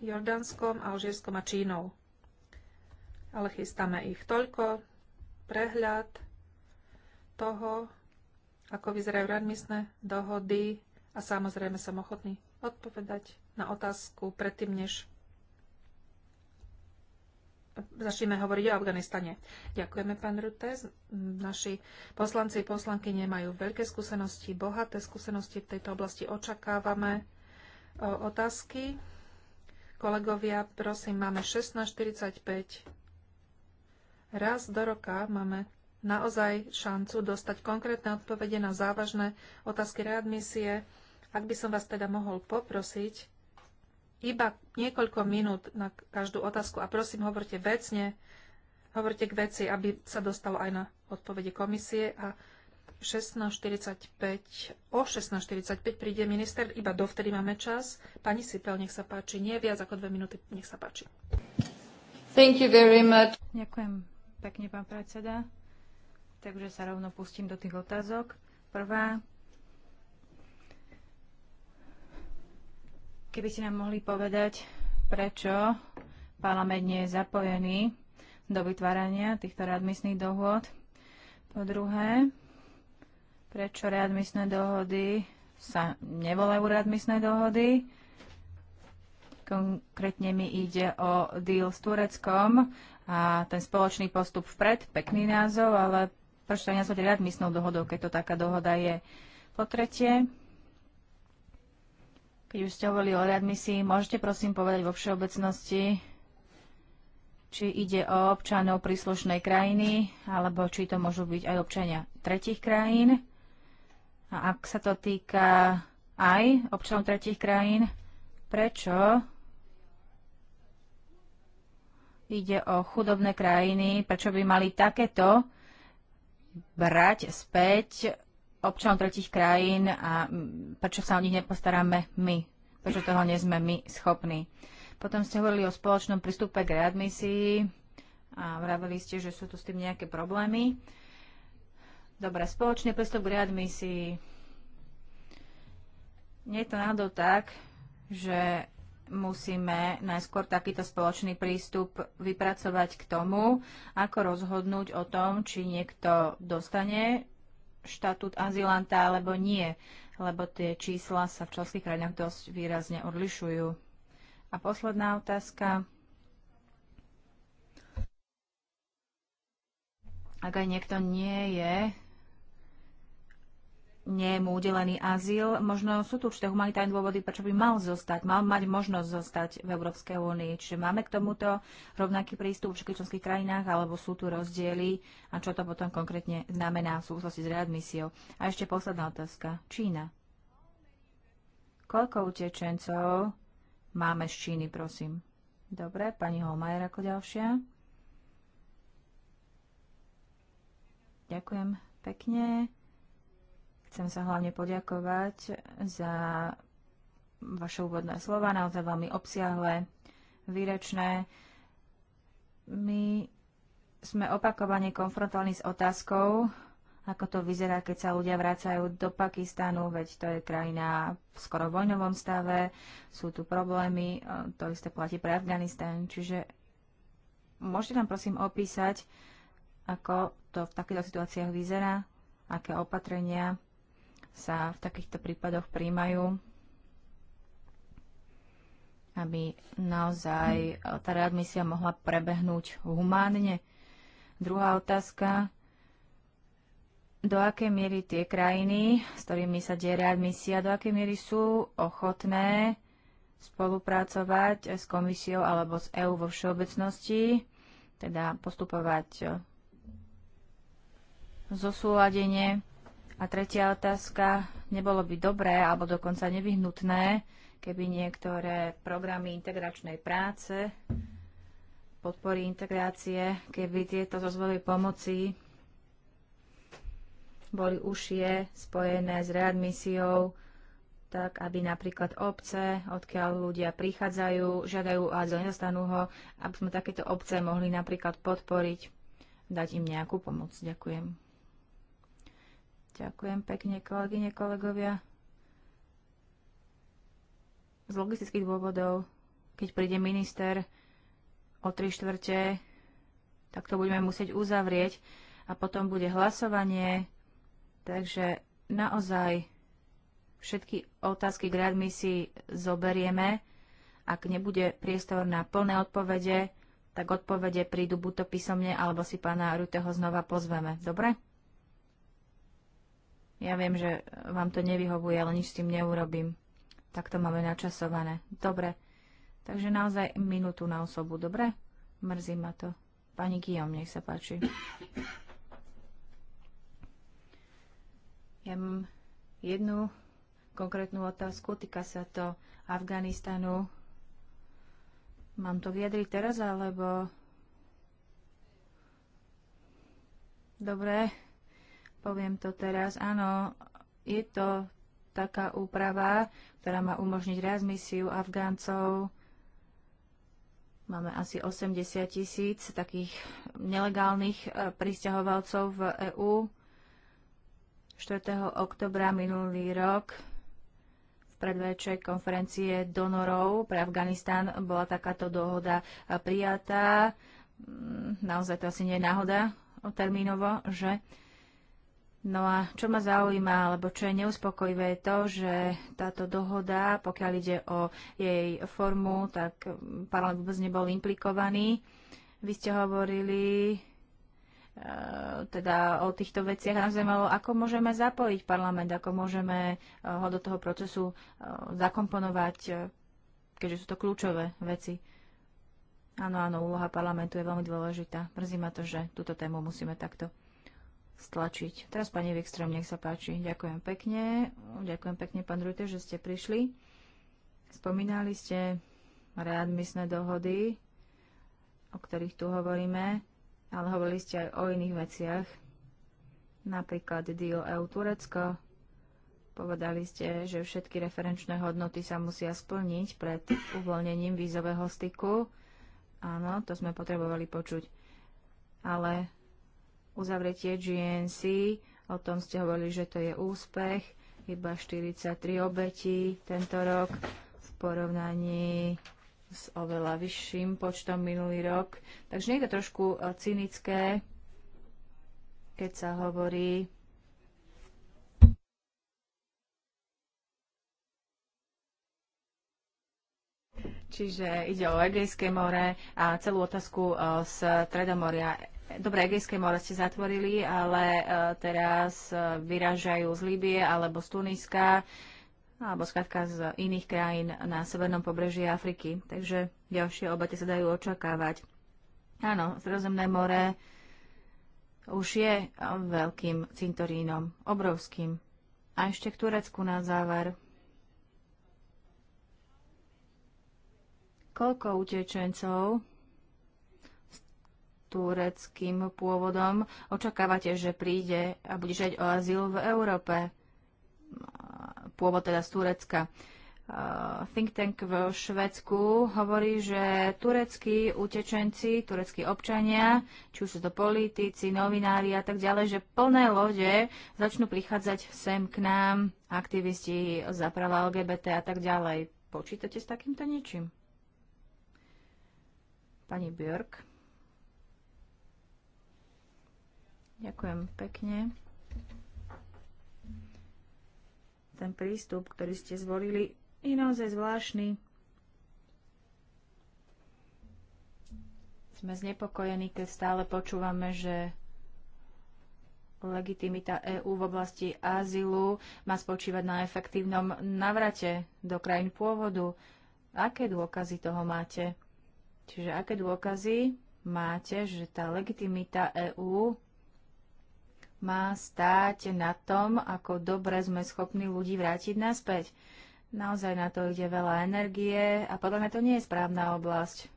[SPEAKER 4] Jordánskom, Alžírskom a Čínou. Ale chystáme ich. Toľko prehľad toho, ako vyzerajú readmisné dohody a samozrejme som ochotný odpovedať na otázku predtým, než začneme hovoriť o Afganistane. Ďakujeme, pán Rutes. Naši poslanci a poslanky nemajú veľké skúsenosti, bohaté skúsenosti v tejto oblasti. Očakávame e, otázky. Kolegovia, prosím, máme 16.45. Raz do roka máme naozaj šancu dostať konkrétne odpovede na závažné otázky readmisie. Ak by som vás teda mohol poprosiť, iba niekoľko minút na každú otázku a prosím, hovorte vecne, hovorte k veci, aby sa dostalo aj na odpovede komisie a 16.45, o 16.45 príde minister, iba dovtedy máme čas. Pani Sipel, nech sa páči, nie viac ako dve
[SPEAKER 2] minúty, nech sa páči.
[SPEAKER 4] Thank you very much.
[SPEAKER 2] Ďakujem pekne, pán predseda. Takže sa rovno pustím do tých otázok. Prvá, Keby ste nám mohli povedať, prečo parlament nie je zapojený do vytvárania týchto readmisných dohôd. Po druhé, prečo readmisné dohody sa nevolajú readmisné dohody. Konkrétne mi ide o deal s Tureckom a ten spoločný postup vpred, pekný názov, ale prečo to nazvať readmisnou dohodou, keď to taká dohoda je. Po tretie, keď už ste hovorili o readmisii, môžete prosím povedať vo všeobecnosti, či ide o občanov príslušnej krajiny, alebo či to môžu byť aj občania tretich krajín. A ak sa to týka aj občanov tretich krajín, prečo ide o chudobné krajiny, prečo by mali takéto brať späť občanov tretich krajín a prečo sa o nich nepostaráme my, prečo toho nie sme my schopní. Potom ste hovorili o spoločnom prístupe k readmisii a vravili ste, že sú tu s tým nejaké problémy. Dobre, spoločný prístup k readmisii. Nie je to náhodou tak, že musíme najskôr takýto spoločný prístup vypracovať k tomu, ako rozhodnúť o tom, či niekto dostane štatút azilanta alebo nie, lebo tie čísla sa v členských krajinách dosť výrazne odlišujú. A posledná otázka. Ak aj niekto nie je nie mu udelený azyl. Možno sú tu určité humanitárne dôvody, prečo by mal zostať, mal mať možnosť zostať v Európskej únii. Čiže máme k tomuto rovnaký prístup v všetkých členských krajinách, alebo sú tu rozdiely a čo to potom konkrétne znamená v súvislosti s readmisiou. A ešte posledná otázka. Čína. Koľko utečencov máme z Číny, prosím? Dobre, pani Holmajer ako ďalšia. Ďakujem pekne. Chcem sa hlavne poďakovať za vaše úvodné slova, naozaj veľmi obsiahle, výrečné. My sme opakovane konfrontovaní s otázkou, ako to vyzerá, keď sa ľudia vracajú do Pakistanu, veď to je krajina v skoro vojnovom stave, sú tu problémy, e, to isté platí pre Afganistan. Čiže môžete nám prosím opísať, ako to v takýchto situáciách vyzerá, aké opatrenia sa v takýchto prípadoch príjmajú, aby naozaj e, tá readmisia mohla prebehnúť humánne. Druhá otázka, do akej miery tie krajiny, s ktorými sa deje readmisia, do akej miery sú ochotné spolupracovať s komisiou alebo s EÚ vo všeobecnosti, teda postupovať e, zosúladenie a tretia otázka, nebolo by dobré alebo dokonca nevyhnutné, keby niektoré programy integračnej práce, podpory integrácie, keby tieto rozvojové pomoci boli užšie spojené s readmisiou, tak aby napríklad obce, odkiaľ ľudia prichádzajú, žiadajú a nedostanú ho, aby sme takéto obce mohli napríklad podporiť, dať im nejakú pomoc. Ďakujem. Ďakujem pekne, kolegyne, kolegovia. Z logistických dôvodov, keď príde minister o tri štvrte, tak to budeme musieť uzavrieť a potom bude hlasovanie. Takže naozaj všetky otázky k my si zoberieme. Ak nebude priestor na plné odpovede, tak odpovede prídu buď to písomne, alebo si pána Ruteho znova pozveme. Dobre? Ja viem, že vám to nevyhovuje, ale nič s tým neurobím. Tak to máme načasované. Dobre. Takže naozaj minútu na osobu, dobre? Mrzí ma to. Pani Kijom, nech sa páči. Ja mám jednu konkrétnu otázku, týka sa to Afganistanu. Mám to vyjadriť teraz, alebo... Dobre, Poviem to teraz, áno, je to taká úprava, ktorá má umožniť readmisiu Afgáncov. Máme asi 80 tisíc takých nelegálnych e, pristahovalcov v EÚ. 4. oktobra minulý rok v predvečer konferencie donorov pre Afganistan bola takáto dohoda e, prijatá. Mm, naozaj to asi nie je náhoda termínovo, že? No a čo ma zaujíma, alebo čo je neuspokojivé, je to, že táto dohoda, pokiaľ ide o jej formu, tak parlament vôbec nebol implikovaný. Vy ste hovorili e, teda o týchto veciach. Nám zaujímalo, ako môžeme zapojiť parlament, ako môžeme e, ho do toho procesu e, zakomponovať, e, keďže sú to kľúčové veci. Áno, áno, úloha parlamentu je veľmi dôležitá. Mrzí ma to, že túto tému musíme takto stlačiť. Teraz pani Vikström, nech sa páči. Ďakujem pekne. Ďakujem pekne, pán Rujte, že ste prišli. Spomínali ste readmisné dohody, o ktorých tu hovoríme, ale hovorili ste aj o iných veciach. Napríklad deal EU Turecko. Povedali ste, že všetky referenčné hodnoty sa musia splniť pred uvoľnením vízového styku. Áno, to sme potrebovali počuť. Ale Uzavretie GNC, o tom ste hovorili, že to je úspech, iba 43 obetí tento rok v porovnaní s oveľa vyšším počtom minulý rok. Takže nie je to trošku eh, cynické, keď sa hovorí, Čiže ide o Egejské more a celú otázku eh, z Tredomoria. Dobre, Egejské more ste zatvorili, ale e, teraz e, vyražajú z Líbie alebo z Tuniska alebo skrátka z iných krajín na severnom pobreží Afriky. Takže ďalšie obete sa dajú očakávať. Áno, Stredozemné more už je veľkým cintorínom, obrovským. A ešte k Turecku na záver. Koľko utečencov tureckým pôvodom, očakávate, že príde a bude žiať o azyl v Európe? Pôvod teda z Turecka. Think tank v Švedsku hovorí, že tureckí utečenci, tureckí občania, či už sú to politici, novinári a tak ďalej, že plné lode začnú prichádzať sem k nám, aktivisti za práva LGBT a tak ďalej. Počítate s takýmto niečím? Pani Björk. Ďakujem pekne. Ten prístup, ktorý ste zvolili, je naozaj zvláštny. Sme znepokojení, keď stále počúvame, že legitimita EÚ v oblasti azylu má spočívať na efektívnom navrate do krajín pôvodu. Aké dôkazy toho máte? Čiže aké dôkazy máte, že tá legitimita EÚ má stáť na tom, ako dobre sme schopní ľudí vrátiť naspäť. Naozaj na to ide veľa energie a podľa mňa to nie je správna oblasť.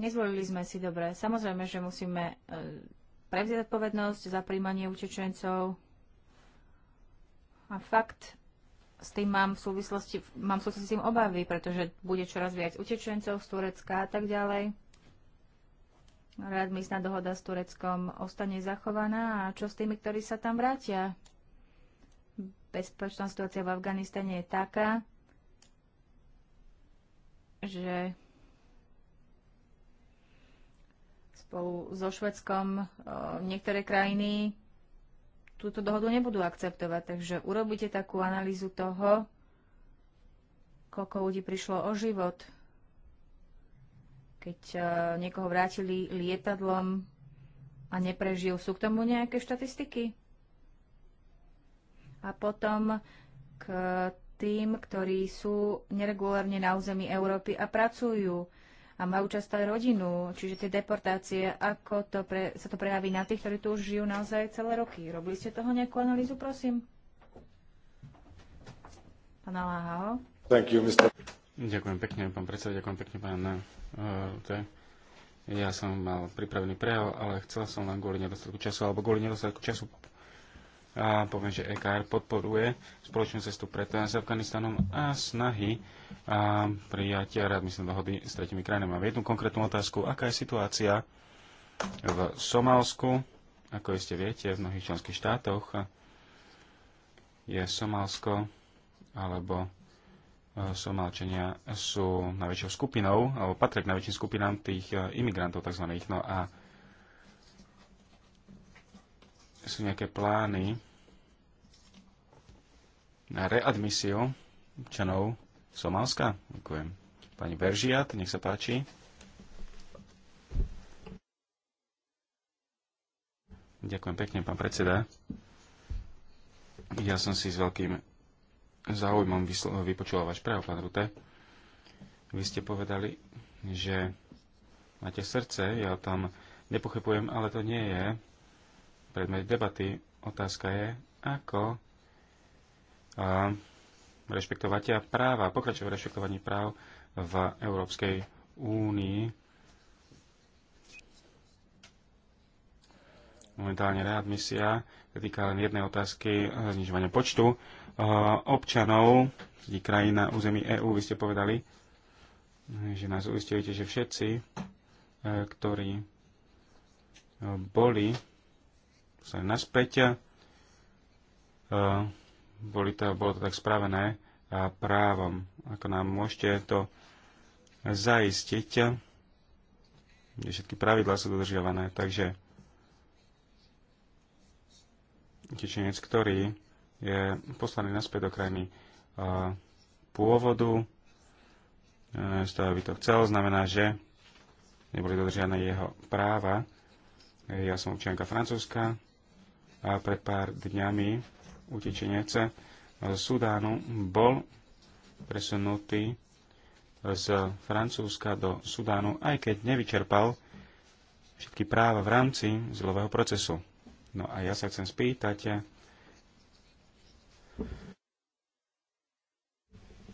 [SPEAKER 2] Nezvolili sme si dobre. Samozrejme, že musíme e, prevziať odpovednosť za príjmanie utečencov. A fakt, s tým mám v súvislosti, mám súvislosti s tým obavy, pretože bude čoraz viac utečencov z Turecka a tak ďalej readmisná dohoda s Tureckom ostane zachovaná a čo s tými, ktorí sa tam vrátia? Bezpečná situácia v Afganistane je taká, že spolu so Švedskom e, niektoré krajiny túto dohodu nebudú akceptovať. Takže urobíte takú analýzu toho, koľko ľudí prišlo o život keď e, niekoho vrátili lietadlom a neprežil. Sú k tomu nejaké štatistiky? A potom k tým, ktorí sú neregulárne na území Európy a pracujú a majú často aj rodinu, čiže tie deportácie, ako to pre, sa to prejaví na tých, ktorí tu už žijú naozaj celé roky. Robili ste toho nejakú analýzu, prosím? Pána Láhao.
[SPEAKER 3] Thank you, Mr. Ďakujem pekne, pán predseda, ďakujem pekne, pán uh, Ja som mal pripravený prejav, ale chcel som len kvôli nedostatku času, alebo kvôli nedostatku času a poviem, že EKR podporuje spoločnú cestu pred eh, s Afganistanom a snahy a eh, prijatia rád myslím dohody s tretimi krajinami. Mám jednu konkrétnu otázku. Aká je situácia v Somálsku? Ako iste viete, v mnohých členských štátoch je Somálsko alebo Somálčania sú najväčšou skupinou, alebo patria k najväčším skupinám tých e, imigrantov tzv. No a sú nejaké plány na readmisiu občanov Somálska? Ďakujem. Pani Beržiat, nech sa páči. Ďakujem pekne, pán predseda. Ja som si s veľkým záujmom vypočula váš prejav, pán Rute. Vy ste povedali, že máte srdce, ja tam nepochybujem, ale to nie je predmet debaty. Otázka je, ako a, rešpektovať práva, pokračovať rešpektovaní práv v Európskej únii. Momentálne readmisia týka len jednej otázky znižovania počtu občanov krajín na území EÚ. Vy ste povedali, že nás uistujete, že všetci, e, ktorí e, boli sa naspäť, e, boli to, bolo to tak spravené právom. Ako nám môžete to zaistiť, kde všetky pravidlá sú dodržiavané. Takže tečenec, ktorý je poslaný naspäť do krajiny pôvodu. E, toho by to chcel, znamená, že neboli dodržiané jeho práva. E, ja som občianka francúzska a pred pár dňami utečenec e, z Sudánu bol presunutý z Francúzska do Sudánu, aj keď nevyčerpal všetky práva v rámci zlového procesu. No a ja sa chcem spýtať,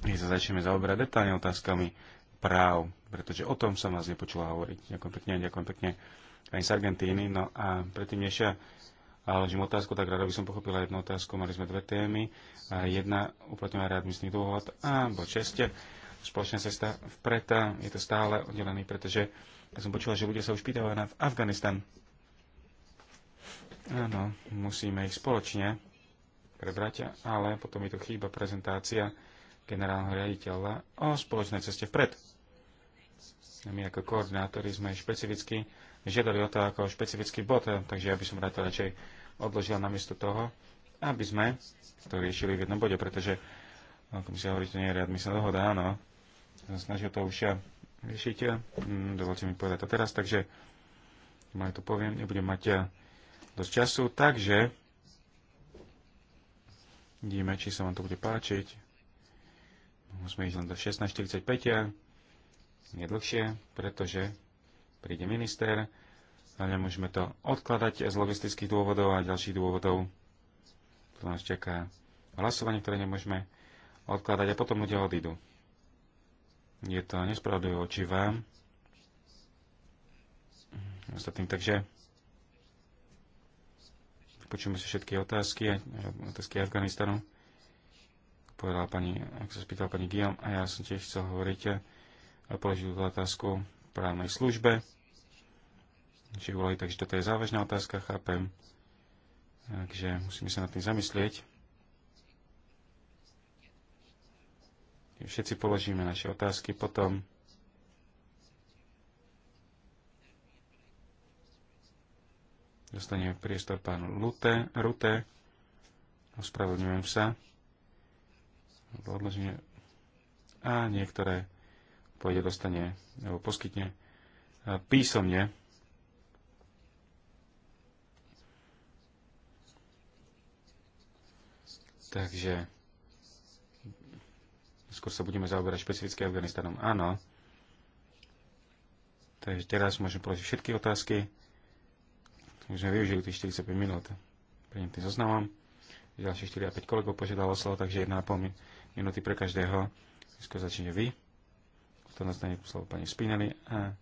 [SPEAKER 3] my sa začneme zaoberať detálne otázkami práv, pretože o tom som vás nepočula hovoriť. Ďakujem pekne, ďakujem pekne aj z Argentíny. No a predtým, než ja ležím otázku, tak rada by som pochopila jednu otázku. Mali sme dve témy. Jedna uplatňová readmisný dôvod a bod 6. Spoločná cesta vpred. Je to stále oddelený, pretože ja som počula, že ľudia sa už pýtajú na Afganistan. Áno, musíme ich spoločne prebrať, ale potom mi to chýba prezentácia generálneho riaditeľa o spoločnej ceste vpred. My ako koordinátori sme špecificky žiadali o to ako špecifický bod, eh, takže ja by som rád to radšej odložil namiesto toho, aby sme to riešili v jednom bode, pretože no, komisia hovorí, to nie je sa dohoda, áno. snažil to už ja eh, riešiť. Eh, hm, dovolte mi povedať to teraz, takže mali to poviem, nebudem mať ja dosť času, takže vidíme, či sa vám to bude páčiť musíme ísť len do 16.45, nie dlhšie, pretože príde minister a nemôžeme to odkladať z logistických dôvodov a ďalších dôvodov. Tu nás čaká hlasovanie, ktoré nemôžeme odkladať a potom ľudia odídu. Je to nespravodlivé oči vám. Ostatným, takže počujeme si všetky otázky, otázky Afganistanu povedala pani, ak sa spýtala pani Giam, a ja som tiež chcel hovoriť, a e, položil tú otázku právnej službe, či volali, takže toto je závažná otázka, chápem. Takže musíme sa nad tým zamyslieť. Všetci položíme naše otázky potom. Dostane priestor pán Lute, Rute. Ospravedlňujem sa odloženie a niektoré pôjde dostane alebo poskytne e, písomne Takže skôr sa budeme zaoberať špecificky Afganistanom. Áno. Takže teraz môžem položiť všetky otázky. Už sme využili tých 45 minút. Prejdem tým zoznamom ďalšie 4 a 5 kolegov požiadalo slovo, takže 1,5 minúty pre každého. Skôr začne vy. To nastane slovo pani Spinelli a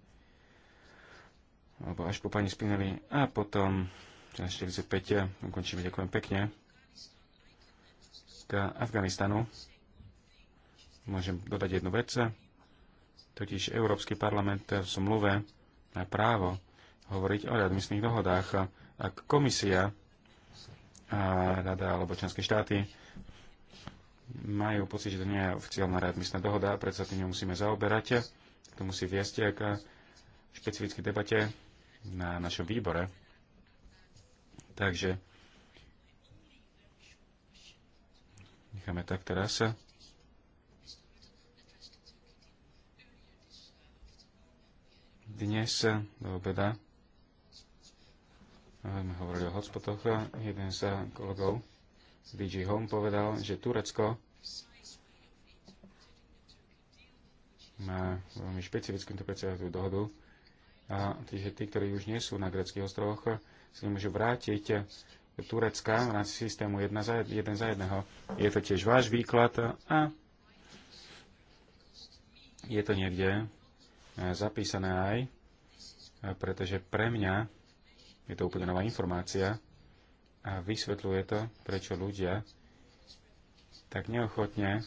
[SPEAKER 3] alebo až po pani Spinelli a potom na 45 ukončíme. Ďakujem pekne. K Afganistanu môžem dodať jednu vec. Totiž Európsky parlament v zmluve na právo hovoriť o readmisných dohodách. Ak komisia a rada alebo členské štáty majú pocit, že to nie je oficiálna readmisná dohoda, predsa tým musíme zaoberať. To musí viesť k špecifické debate na našom výbore. Takže necháme tak teraz. Dnes do obeda sme hovorili o hotspotoch, jeden z kolegov z DG Home povedal, že Turecko má veľmi špecifickú interpretáciu dohodu, a čiže tí, ktorí už nie sú na greckých ostrovoch, si nemôžu vrátiť do Turecka v rámci systému jedna za, jeden za jedného. Je to tiež váš výklad a je to niekde zapísané aj, pretože pre mňa je to úplne nová informácia a vysvetľuje to, prečo ľudia tak neochotne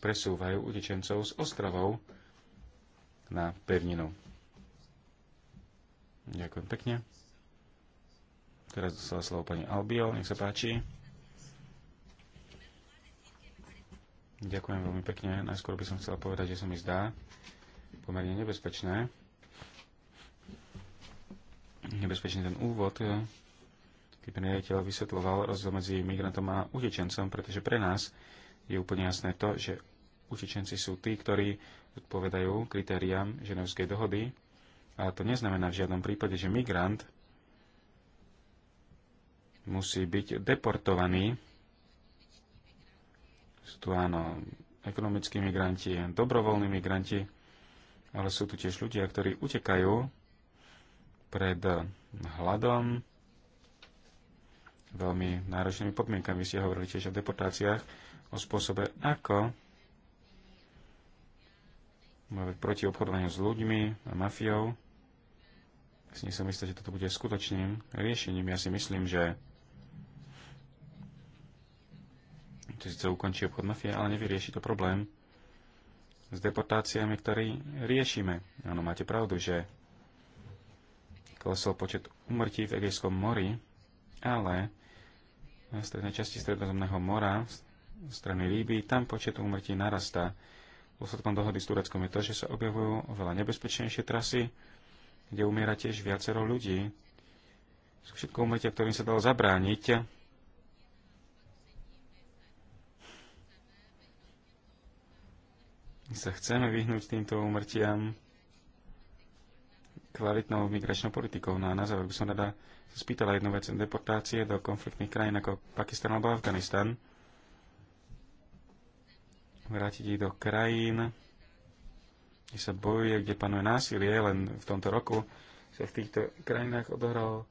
[SPEAKER 3] presúvajú utečencov z ostrovov na pevninu. Ďakujem pekne. Teraz dostala slovo pani Albio, nech sa páči. Ďakujem veľmi pekne. Najskôr by som chcela povedať, že sa mi zdá pomerne nebezpečné, nebezpečný ten úvod, eh, keď ten riaditeľ vysvetloval rozdiel medzi migrantom a utečencom, pretože pre nás je úplne jasné to, že utečenci sú tí, ktorí odpovedajú kritériám ženevskej dohody, ale to neznamená v žiadnom prípade, že migrant musí byť deportovaný. Sú tu áno ekonomickí migranti, dobrovoľní migranti, ale sú tu tiež ľudia, ktorí utekajú pred hladom, veľmi náročnými podmienkami. Vy ste hovorili tiež o deportáciách, o spôsobe, ako proti obchodovaniu s ľuďmi a mafiou. S nie som istý, že toto bude skutočným riešením. Ja si myslím, že to síce ukončí obchod mafie, ale nevyrieši to problém s deportáciami, ktorý riešime. Áno, máte pravdu, že klesol počet umrtí v Egejskom mori, ale v strednej časti Stredozemného mora, v strany Líby, tam počet úmrtí narastá. Dôsledkom dohody s Tureckom je to, že sa objavujú oveľa nebezpečnejšie trasy, kde umiera tiež viacero ľudí. Sú všetko umrtia, ktorým sa dalo zabrániť. Sa chceme vyhnúť týmto umrtiam kvalitnou migračnou politikou. No a na záver by som rada sa spýtala jednu vec. Deportácie do konfliktných krajín ako Pakistan alebo Afganistan. Vrátiť ich do krajín, kde sa bojuje, kde panuje násilie, len v tomto roku sa v týchto krajinách odohral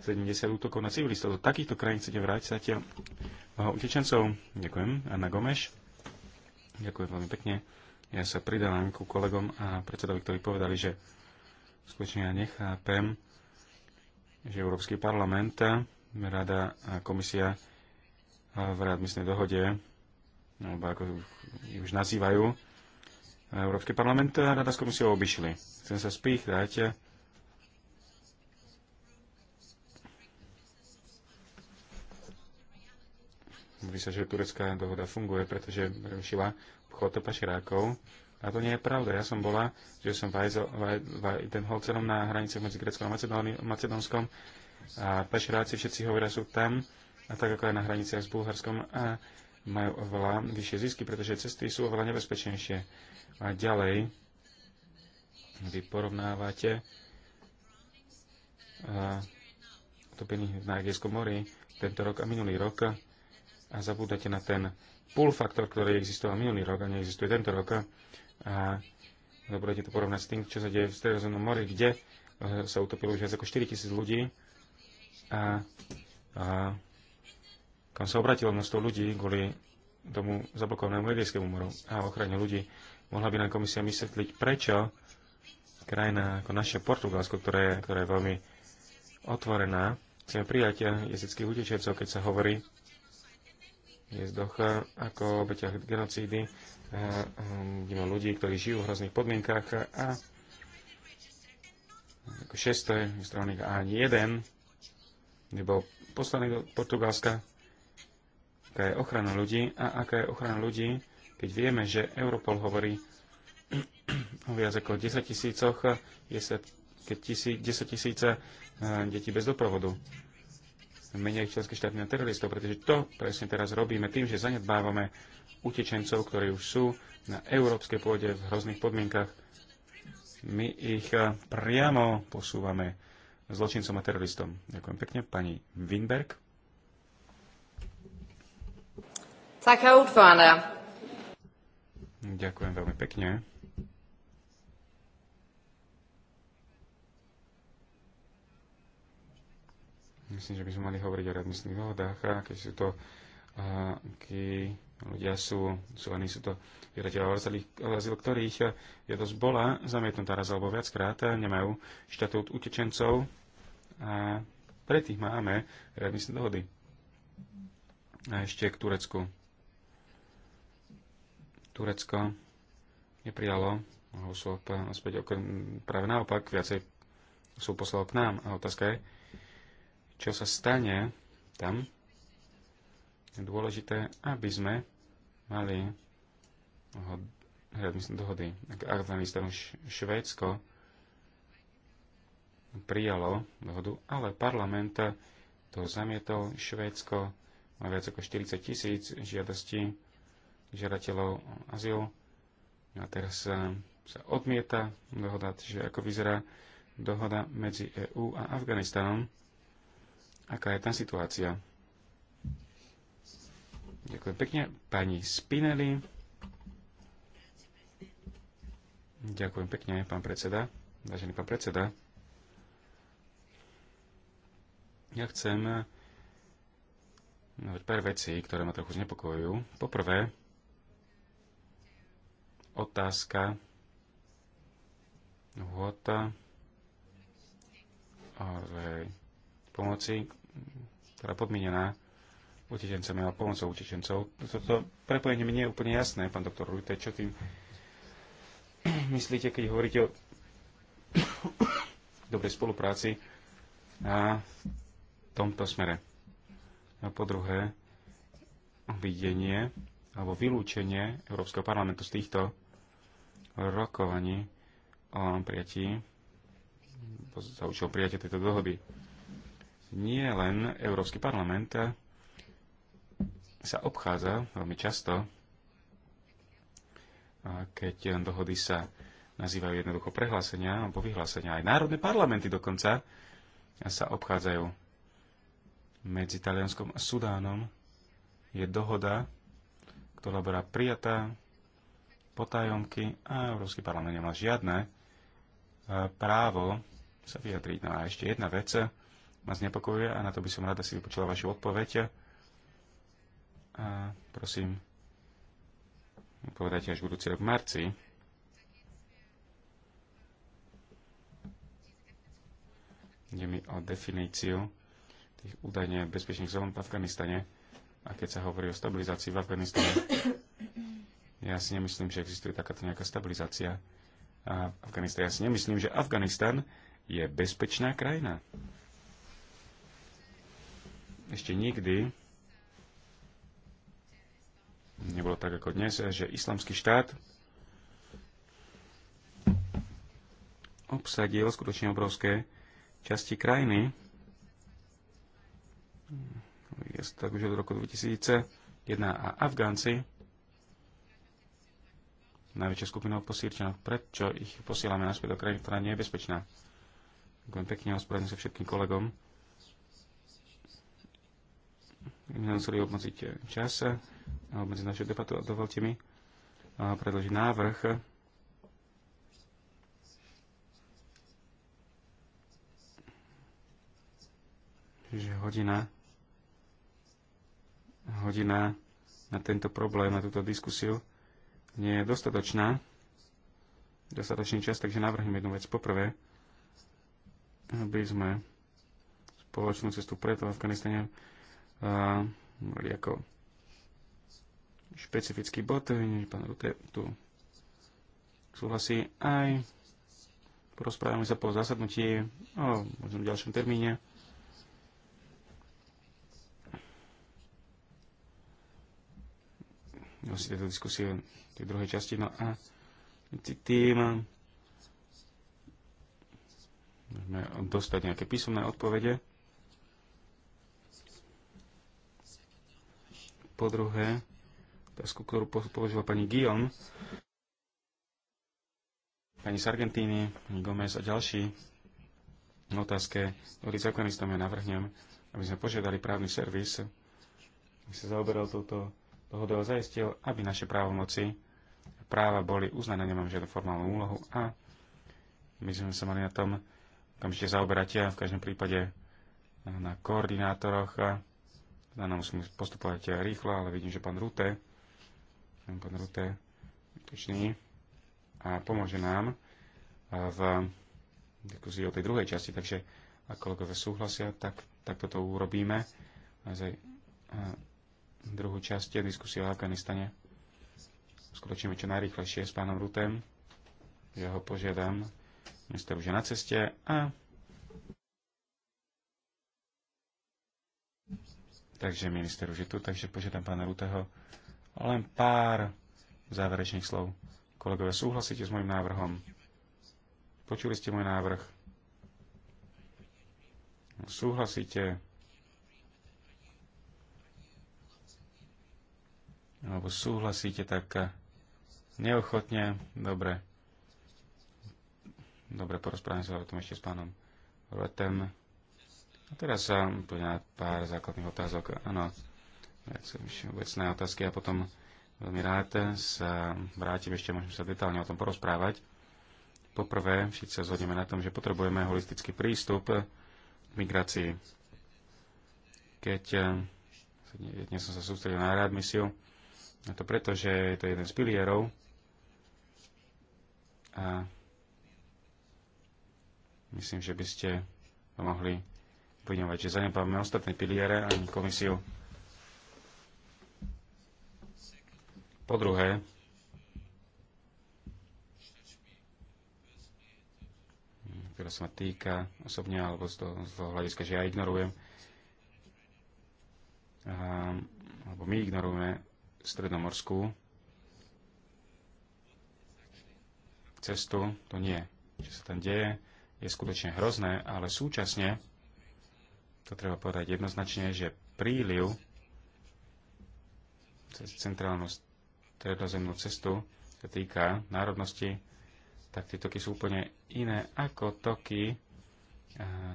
[SPEAKER 3] 70 útokov na civilistov. Do takýchto krajín chcete vrátiť sa mnoho utečencov. Ďakujem. Anna Gomeš. Ďakujem veľmi pekne. Ja sa pridávam ku kolegom a predsedovi, ktorí povedali, že skutočne ja nechápem, že Európsky parlament, rada a komisia v readmisnej dohode, alebo ako ju už nazývajú, Európsky parlament a rada s komisiou obišli. Chcem sa spýtať, Hovorí sa, že turecká dohoda funguje, pretože rušila obchod pašerákov. A to nie je pravda. Ja som bola, že som Weidenholcerom na hranici medzi Greckom a Macedónskom a paširáci všetci hovoria sú tam a tak ako aj na hraniciach s Bulharskom a majú oveľa vyššie zisky, pretože cesty sú oveľa nebezpečnejšie. A ďalej vy porovnávate utopených na Egejskom mori tento rok a minulý rok a zabúdate na ten pull faktor, ktorý existoval minulý rok a neexistuje tento rok. A budete to porovnať s tým, čo sa deje v Stredozemnom mori, kde e, sa utopilo už viac ako 4000 ľudí a, a kam sa obratilo množstvo ľudí kvôli tomu zablokovanému Egejskému moru a ochrane ľudí. Mohla by nám komisia vysvetliť, prečo krajina ako naše Portugalsko, ktoré, ktoré je veľmi otvorená, chceme prijať jazyckých utečencov, keď sa hovorí Jezdoch ako obeťa genocídy, vidíme um, ľudí, ktorí žijú v hrozných podmienkách a ako šesté strany a 1 jeden, kde bol poslaný do Portugalska, aká je ochrana ľudí a aká je ochrana ľudí, keď vieme, že Europol hovorí o viac ako 10 tisícoch, 10 tisíce detí bez doprovodu menej členské štáty na teroristov, pretože to presne teraz robíme tým, že zanedbávame utečencov, ktorí už sú na európskej pôde v hrozných podmienkach. My ich eh, priamo posúvame zločincom a teroristom. Ďakujem pekne. Pani Winberg. Ďakujem veľmi pekne. Myslím, že by sme mali hovoriť o radnostných dohodách, keď sú to akí ľudia sú, sú ani sú to žiadateľa o azyl, ktorých dosť bola zamietnutá raz alebo viackrát, nemajú štatút utečencov a pre tých máme radnostné dohody. A ešte k Turecku. Turecko neprijalo osôb okrem práve naopak, viacej sú poslal k nám. A otázka je, čo sa stane tam, je dôležité, aby sme mali dohody. Ak Afganistan Švédsko prijalo dohodu, ale parlament to zamietol. Švédsko má viac ako 40 tisíc žiadostí žiadateľov azyl. A teraz sa, eh, sa odmieta dohoda, že ako vyzerá dohoda medzi EÚ a Afganistanom aká je tá situácia. Ďakujem pekne. Pani Spinelli. Ďakujem pekne, pán predseda. Vážený pán predseda. Ja chcem pár vecí, ktoré ma trochu znepokojujú. Poprvé, otázka hôta pomoci, ktorá podmienená utečencami a pomocou utečencov. Toto prepojenie mi nie je úplne jasné, pán doktor Rujte, čo tým (clears throat) myslíte, keď hovoríte o (coughs) dobrej spolupráci na tomto smere. A po druhé, videnie alebo vylúčenie Európskeho parlamentu z týchto rokovaní o prijatí za účel prijatia tejto dohody nie len Európsky parlament sa obchádza veľmi často, keď dohody sa nazývajú jednoducho prehlásenia alebo vyhlásenia. Aj národné parlamenty dokonca sa obchádzajú. Medzi Talianskom a Sudánom je dohoda, ktorá bola prijatá potajomky a Európsky parlament nemá žiadne e, právo sa vyjadriť. No a ešte jedna vec, ma znepokojuje a na to by som rada si vypočula vašu odpoveď. A prosím, povedajte až budúci rok v marci. Ide mi o definíciu tých údajne bezpečných zón v Afganistane. A keď sa hovorí o stabilizácii v Afganistane, ja si nemyslím, že existuje takáto nejaká stabilizácia. A Afganistan, ja si nemyslím, že Afganistan je bezpečná krajina ešte nikdy nebolo tak ako dnes, že islamský štát obsadil skutočne obrovské časti krajiny. Je to tak už od roku 2001 a Afgánci najväčšia skupina posírčanov. Prečo ich posielame naspäť do krajiny, ktorá nie je bezpečná? Ďakujem pekne, ospravedlňujem sa všetkým kolegom sme museli obmedziť čas a obmedziť našu debatu. A dovolte mi predložiť návrh. že hodina hodina na tento problém, na túto diskusiu nie je dostatočná, dostatočný čas, takže navrhnem jednu vec. Poprvé, aby sme spoločnú cestu preto v Afganistane mali ako špecifický bod, pán Rute tu súhlasí aj porozprávame sa po zasadnutí o možno v ďalšom termíne. si tieto diskusie v druhej časti. No a tým môžeme dostať nejaké písomné odpovede. Po druhé, otázku, ktorú položila pani Guillaume, pani Sargentini, pani Gomez a ďalší na otázke Lori Zakvanistom ja navrhnem, aby sme požiadali právny servis, aby sa zaoberal touto dohodou a zaistil, aby naše právomoci práva boli uznané, nemám žiadnu formálnu úlohu a my sme sa mali na tom okamžite zaoberať ja v každom prípade na koordinátoroch a teda musím postupovať rýchlo, ale vidím, že pán Rute, pán Rute, točný a pomôže nám v diskusii o tej druhej časti. Takže ak kolegové súhlasia, tak, tak toto urobíme. A druhú časť je diskusia o Afganistane. Skutočíme čo najrýchlejšie s pánom Rutem. Ja ho požiadam, dnes už je na ceste a Takže minister už je tu, takže požiadam pána Rutého len pár záverečných slov. Kolegovia, súhlasíte s môjim návrhom? Počuli ste môj návrh? Súhlasíte? Alebo súhlasíte tak neochotne? Dobre. Dobre, porozprávam sa o tom ešte s pánom Rotem. A teraz sa na pár základných otázok. Áno, obecné otázky a potom veľmi rád sa vrátim, ešte môžem sa detálne o tom porozprávať. Poprvé, všetci sa zhodneme na tom, že potrebujeme holistický prístup k migrácii. Keď eh, dnes som sa sústredil na rád misiu, a to preto, že je to jeden z pilierov a myslím, že by ste mohli obviňovať, že zanedbávame ostatné piliere ani komisiu. Po druhé, ktorá sa ma týka osobne alebo z toho, z toho hľadiska, že ja ignorujem, um, alebo my ignorujeme stredomorskú cestu, to nie. Čo sa tam deje, je skutočne hrozné, ale súčasne to treba povedať jednoznačne, že príliv cez centrálnu stredozemnú cestu sa týka národnosti, tak tie toky sú úplne iné ako toky eh,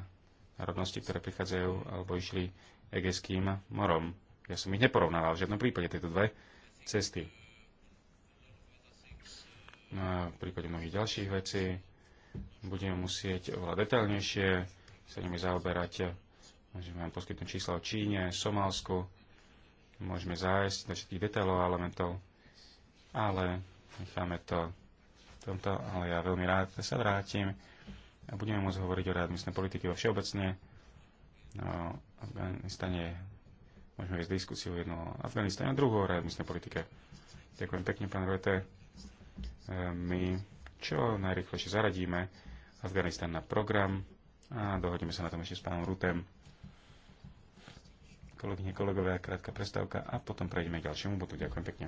[SPEAKER 3] národnosti, ktoré prichádzajú alebo išli Egeským morom. Ja som ich neporovnával v žiadnom prípade tieto dve cesty. No a v prípade mnohých ďalších vecí budeme musieť oveľa detaľnejšie sa nimi zaoberať Môžeme vám poskytnúť čísla o Číne, Somálsku. Môžeme zájsť do všetkých detailov a elementov. Ale necháme to v tomto, ale ja veľmi rád sa vrátim a budeme môcť hovoriť o readmisnej politike vo všeobecne. No, Afganistane môžeme viesť diskusiu jednu o Afganistane a druhú o readmisnej politike. Ďakujem pekne, pán Rojte. E, my čo najrychlejšie zaradíme Afganistan na program a dohodíme sa na tom ešte s pánom Rutem. Kolegyne, kolegovia, krátka prestávka a potom prejdeme k ďalšiemu bodu. Ďakujem pekne.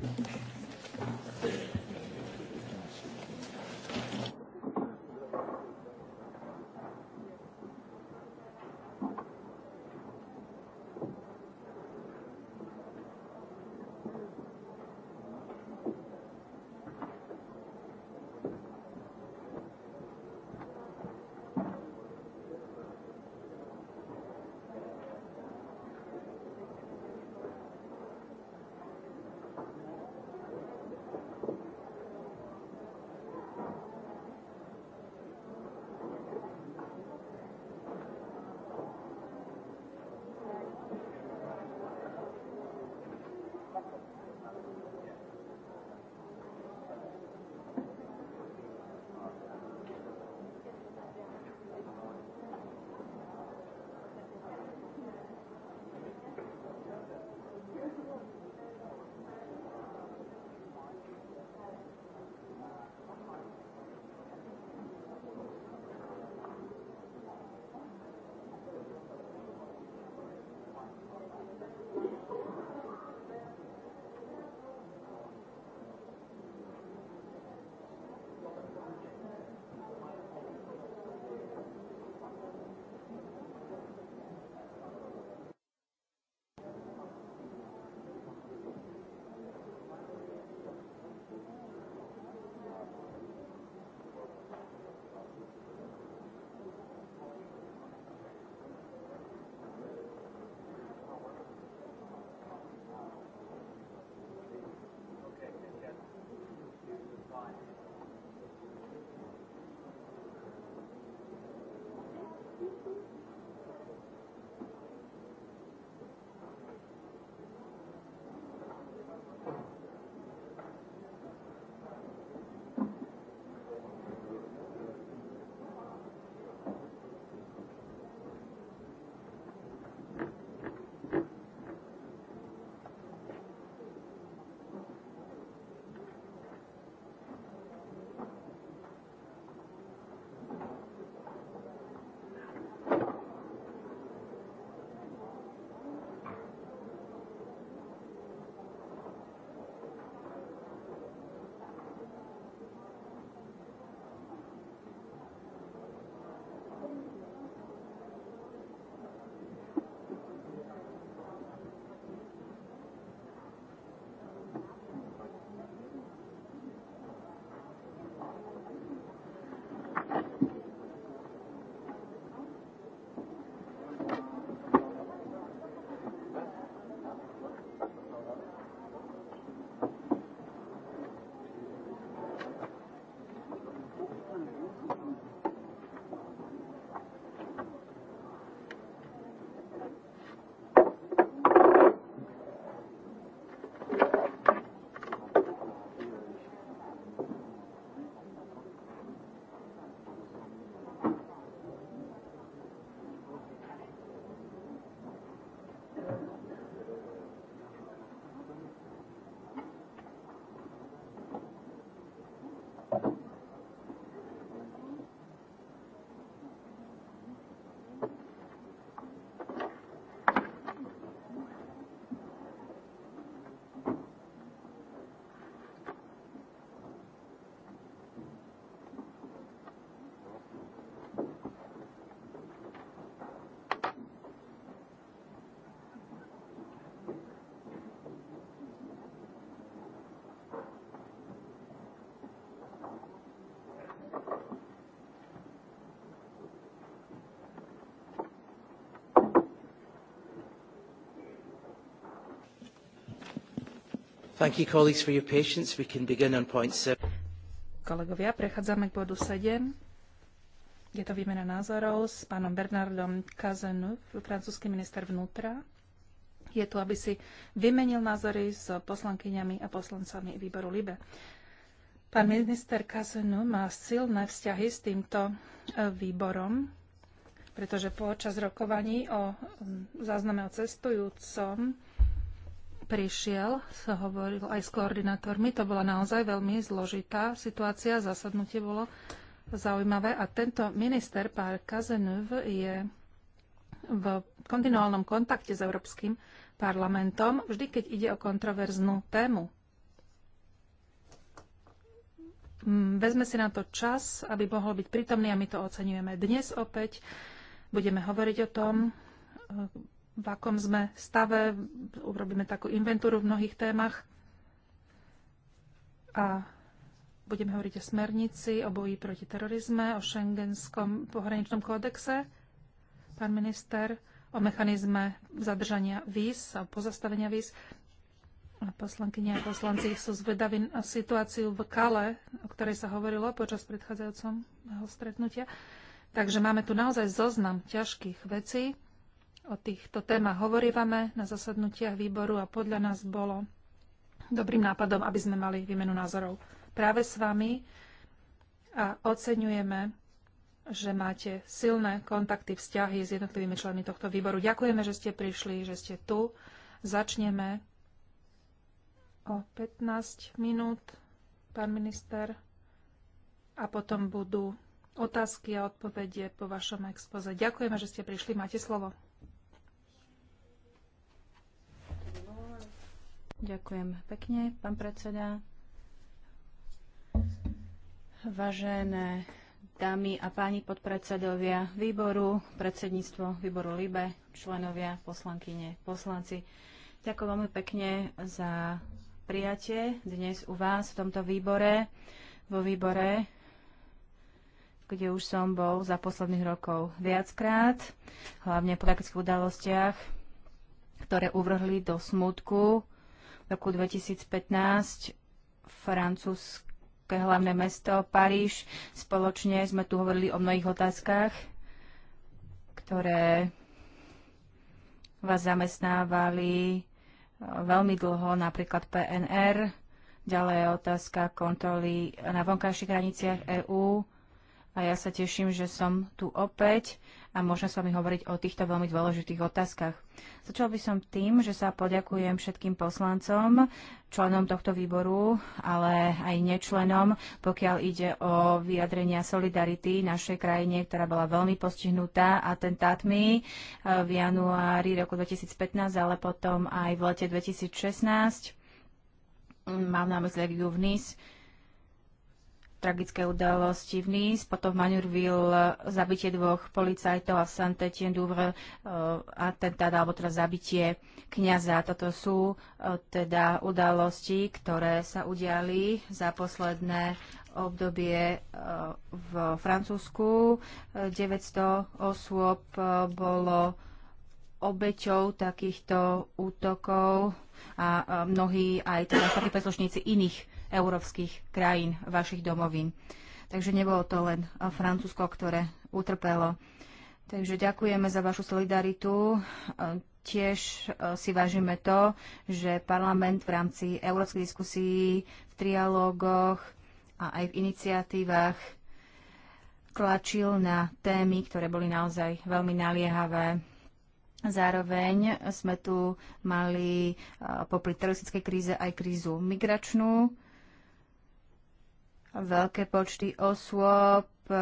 [SPEAKER 1] Thank you, colleagues, for your patience. We can begin on point
[SPEAKER 4] Kolegovia, prechádzame k bodu 7. Je to výmena názorov s pánom Bernardom Kazenu, francúzsky minister vnútra. Je tu, aby si vymenil názory s poslankyňami a poslancami výboru LIBE. Pán minister Kazenu má silné vzťahy s týmto e, výborom, pretože počas rokovaní o zázname o cestujúcom prišiel, sa hovoril aj s koordinátormi. To bola naozaj veľmi zložitá situácia, zasadnutie bolo zaujímavé a tento minister pár Kazenov je v kontinuálnom kontakte s Európskym parlamentom, vždy keď ide o kontroverznú tému. Mm, vezme si na to čas, aby mohol byť prítomný a my to oceňujeme. Dnes opäť budeme hovoriť o tom, v akom sme stave, urobíme takú inventúru v mnohých témach a budeme hovoriť o smernici, o boji proti terorizme, o šengenskom pohraničnom kódexe, pán minister, o mechanizme zadržania víz a pozastavenia víz. Poslankyne a poslanci sú zvedaví na situáciu v Kale, o ktorej sa hovorilo počas predchádzajúceho stretnutia. Takže máme tu naozaj zoznam ťažkých vecí, O týchto témach hovorívame na zasadnutiach výboru a podľa nás bolo dobrým nápadom, aby sme mali výmenu názorov práve s vami a oceňujeme, že máte silné kontakty, vzťahy s jednotlivými členmi tohto výboru. Ďakujeme, že ste prišli, že ste tu. Začneme o 15 minút, pán minister, a potom budú otázky a odpovede po vašom expoze. Ďakujeme, že ste prišli. Máte slovo.
[SPEAKER 2] Ďakujem pekne, pán predseda. Vážené dámy a páni podpredsedovia výboru, predsedníctvo výboru LIBE, členovia, poslankyne, poslanci. Ďakujem veľmi pekne za prijatie dnes u vás v tomto výbore, vo výbore, kde už som bol za posledných rokov viackrát, hlavne po takých udalostiach, ktoré uvrhli do smutku v roku 2015 francúzske hlavné mesto Paríž. Spoločne sme tu hovorili o mnohých otázkach, ktoré vás zamestnávali eh, veľmi dlho, napríklad PNR, ďalej otázka kontroly na vonkajších hraniciach EÚ, a ja sa teším, že som tu opäť a môžem s vami hovoriť o týchto veľmi dôležitých otázkach. Začal by som tým, že sa poďakujem všetkým poslancom, členom tohto výboru, ale aj nečlenom, pokiaľ ide o vyjadrenia solidarity našej krajine, ktorá bola veľmi postihnutá atentátmi eh, v januári roku 2015, ale potom aj v lete 2016. Mám na mysli regiu v Nice, tragické udalosti v Nice, potom v Manurville zabitie dvoch policajtov a v saint etienne douvre e, atentát alebo teda zabitie kniaza. Toto sú e, teda udalosti, ktoré sa udiali za posledné obdobie e, v Francúzsku. 900 osôb bolo obeťou takýchto útokov a mnohí aj teda príslušníci iných európskych krajín, vašich domovín. Takže nebolo to len eh, Francúzsko, ktoré utrpelo. Takže ďakujeme za vašu solidaritu. Eh, tiež eh, si vážime to, že parlament v rámci európskej diskusí, v trialógoch a aj v iniciatívach tlačil na témy, ktoré boli naozaj veľmi naliehavé. Zároveň sme tu mali popri teroristickej kríze aj krízu migračnú veľké počty osôb, 100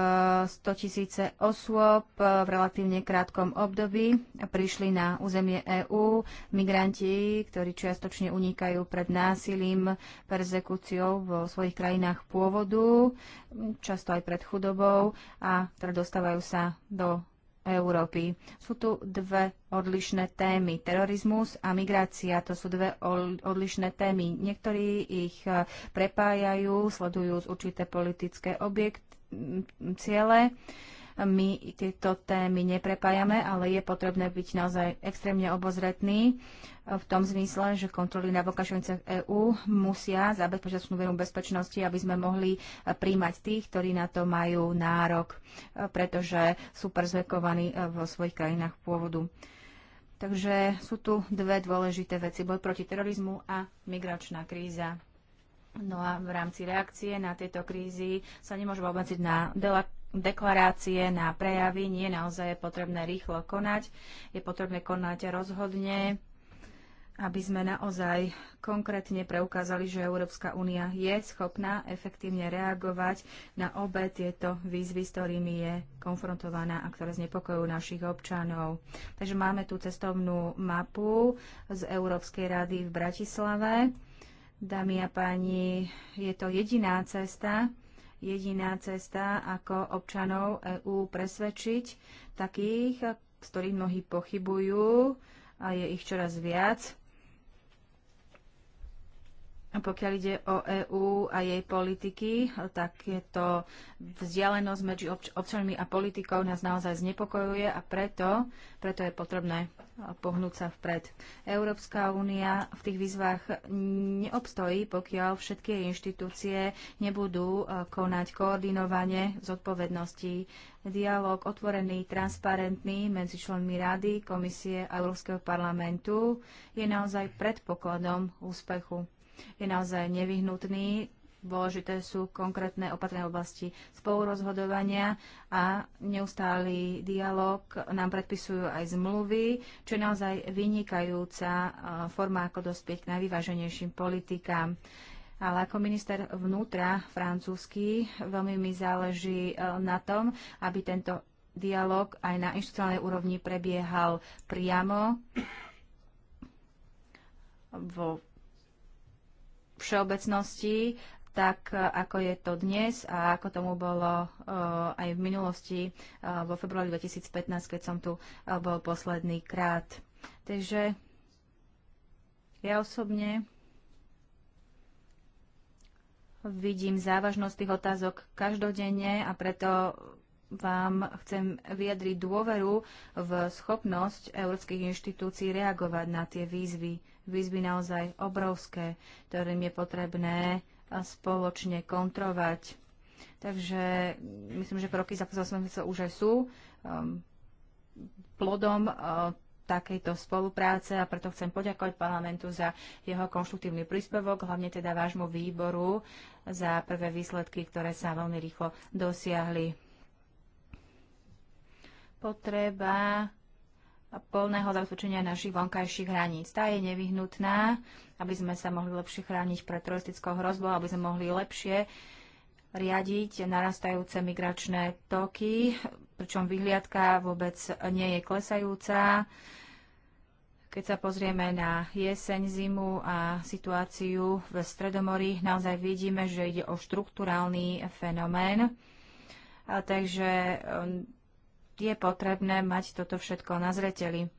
[SPEAKER 2] e, tisíce osôb e, v relatívne krátkom období prišli na územie EÚ. Migranti, ktorí čiastočne unikajú pred násilím, persekúciou vo svojich krajinách pôvodu, často aj pred chudobou a teda dostávajú sa do Európy. Sú tu dve odlišné témy. Terorizmus a migrácia, to sú dve odlišné témy. Niektorí ich e, prepájajú, sledujú z určité politické objekt, ciele. Uh, my tieto témy neprepájame, ale je potrebné byť naozaj extrémne obozretný e, v tom zmysle, že kontroly na vokašovnicách EÚ musia zabezpečiť veru bezpečnosti, aby sme mohli e, príjmať tých, ktorí na to majú nárok, e, pretože sú prezvekovaní vo svojich krajinách pôvodu. Takže sú tu dve dôležité veci. Boj proti terorizmu a migračná kríza. No a v rámci reakcie na tieto krízy sa nemôžeme obmedziť na deklarácie na prejavy. Nie, naozaj je potrebné rýchlo konať. Je potrebné konať rozhodne, aby sme naozaj konkrétne preukázali, že Európska únia je schopná efektívne reagovať na obe tieto výzvy, s ktorými je konfrontovaná a ktoré znepokojujú našich občanov. Takže máme tú cestovnú mapu z Európskej rady v Bratislave. Dámy a páni, je to jediná cesta, jediná cesta, ako občanov EÚ presvedčiť takých, z ktorých mnohí pochybujú a je ich čoraz viac. A pokiaľ ide o EÚ a jej politiky, tak je to vzdialenosť medzi občanmi a politikou nás naozaj znepokojuje a preto, preto je potrebné pohnúť sa vpred. Európska únia v tých výzvach neobstojí, pokiaľ všetky inštitúcie nebudú e, konať koordinovane z odpovedností. Dialóg otvorený, transparentný medzi členmi Rady, Komisie a Európskeho parlamentu je naozaj predpokladom úspechu. Je naozaj nevyhnutný Dôležité sú konkrétne opatrné oblasti spolurozhodovania a neustály dialog nám predpisujú aj zmluvy, čo je naozaj vynikajúca e, forma, ako dospieť k najvyváženejším politikám. Ale ako minister vnútra francúzsky veľmi mi záleží e, na tom, aby tento dialog aj na inštitucionálnej úrovni prebiehal priamo vo všeobecnosti tak e, ako je to dnes a ako tomu bolo e, aj v minulosti e, vo februári 2015, keď som tu bol posledný krát. Takže ja osobne vidím závažnosť tých otázok každodenne a preto vám chcem vyjadriť dôveru v schopnosť európskych inštitúcií reagovať na tie výzvy. Výzvy naozaj obrovské, ktorým je potrebné spoločne kontrovať. Takže myslím, že kroky za poslednú už aj sú um, plodom uh, takejto spolupráce a preto chcem poďakovať parlamentu za jeho konštruktívny príspevok, hlavne teda vášmu výboru za prvé výsledky, ktoré sa veľmi rýchlo dosiahli. Potreba plného zabezpečenia našich vonkajších hraníc. Tá je nevyhnutná, aby sme sa mohli lepšie chrániť pred teroristickou hrozbou, aby sme mohli lepšie riadiť narastajúce migračné toky, pričom vyhliadka vôbec nie je klesajúca. Keď sa pozrieme na jeseň, zimu a situáciu v Stredomorí, naozaj vidíme, že ide o štruktúrálny fenomén. A takže je potrebné mať toto všetko na zreteli.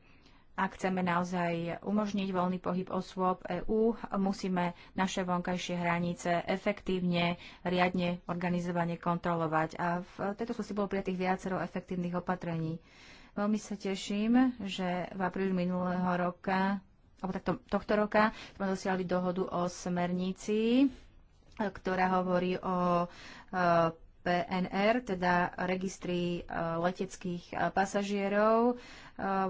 [SPEAKER 2] Ak chceme naozaj umožniť voľný pohyb osôb EÚ, musíme naše vonkajšie hranice efektívne, riadne, organizovane kontrolovať. A v tejto súsi bolo prijatých viacero efektívnych opatrení. Veľmi sa teším, že v apríli minulého roka, alebo takto, tohto roka, sme dosiahli dohodu o smernici, ktorá hovorí o e, PNR, teda registri e, leteckých e, pasažierov. E,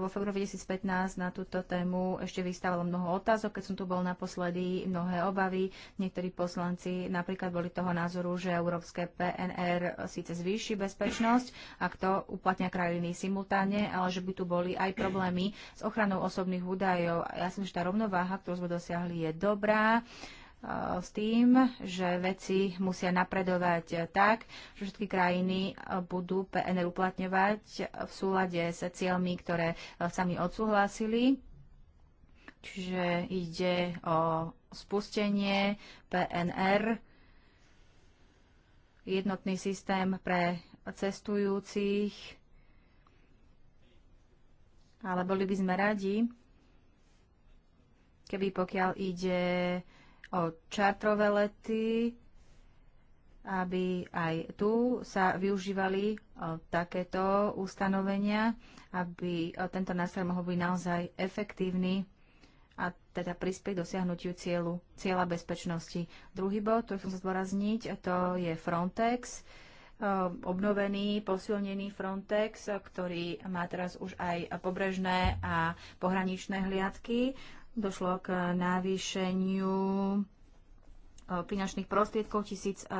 [SPEAKER 2] vo februári 2015 na túto tému ešte vystávalo mnoho otázok, keď som tu bol naposledy, mnohé obavy. Niektorí poslanci napríklad boli toho názoru, že európske PNR síce zvýši bezpečnosť, ak to uplatňa krajiny simultáne, ale že by tu boli aj problémy s ochranou osobných údajov. Ja som, že tá rovnováha, ktorú sme dosiahli, je dobrá s tým, že veci musia napredovať tak, že všetky krajiny budú PNR uplatňovať v súlade s cieľmi, ktoré sami odsúhlasili. Čiže ide o spustenie PNR, jednotný systém pre cestujúcich, ale boli by sme radi, keby pokiaľ ide o čartrové lety, aby aj tu sa využívali takéto ustanovenia, aby tento nástroj mohol byť naozaj efektívny a teda prispieť dosiahnutiu cieľu, cieľa bezpečnosti. Druhý bod, ktorý chcem zdôrazniť, to je Frontex, obnovený, posilnený Frontex, ktorý má teraz už aj pobrežné a pohraničné hliadky došlo k navýšeniu eh, finančných prostriedkov 1500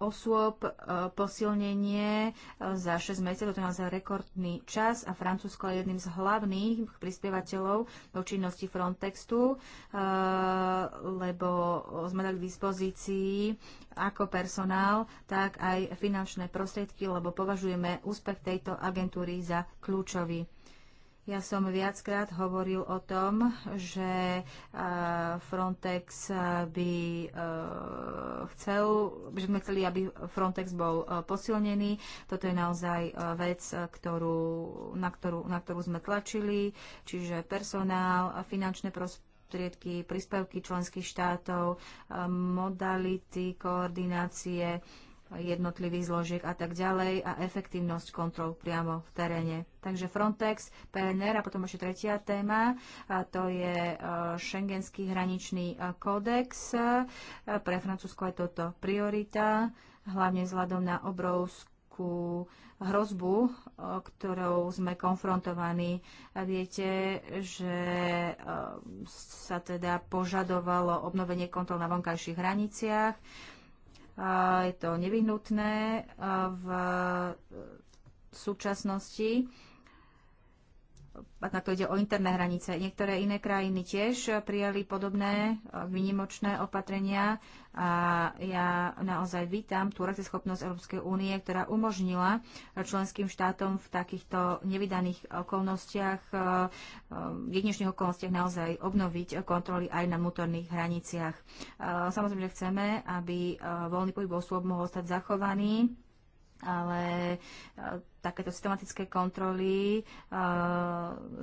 [SPEAKER 2] osôb, eh, posilnenie eh, za 6 mesiacov, to je naozaj rekordný čas a Francúzsko je jedným z hlavných prispievateľov do činnosti Frontextu, lebo sme dali k dispozícii ako personál, tak aj finančné prostriedky, lebo považujeme úspech tejto agentúry za kľúčový. Ja som viackrát hovoril o tom, že Frontex by e, chcel, že sme chceli, aby Frontex bol e, posilnený. Toto je naozaj e, vec, ktorú, na, ktorú, na ktorú sme tlačili, čiže personál, finančné prostriedky, príspevky členských štátov, modality koordinácie jednotlivých zložiek a tak ďalej a efektívnosť kontrol priamo v teréne. Takže Frontex, PNR a potom ešte tretia téma, a to je šengenský e, hraničný e, kódex. E, pre Francúzsko je toto priorita, hlavne vzhľadom na obrovskú hrozbu, ktorou sme konfrontovaní. A viete, že sa teda požadovalo obnovenie kontrol na vonkajších hraniciach je to nevyhnutné v e, súčasnosti na to ide o interné hranice. Niektoré iné krajiny tiež prijali podobné eh, vynimočné opatrenia a ja naozaj vítam tú schopnosť Európskej únie, ktorá umožnila členským štátom v takýchto nevydaných okolnostiach, eh, eh, v jedinečných okolnostiach naozaj obnoviť kontroly aj na vnútorných hraniciach. Samozrejme, chceme, aby voľný pohyb osôb mohol stať zachovaný ale e, takéto systematické kontroly e,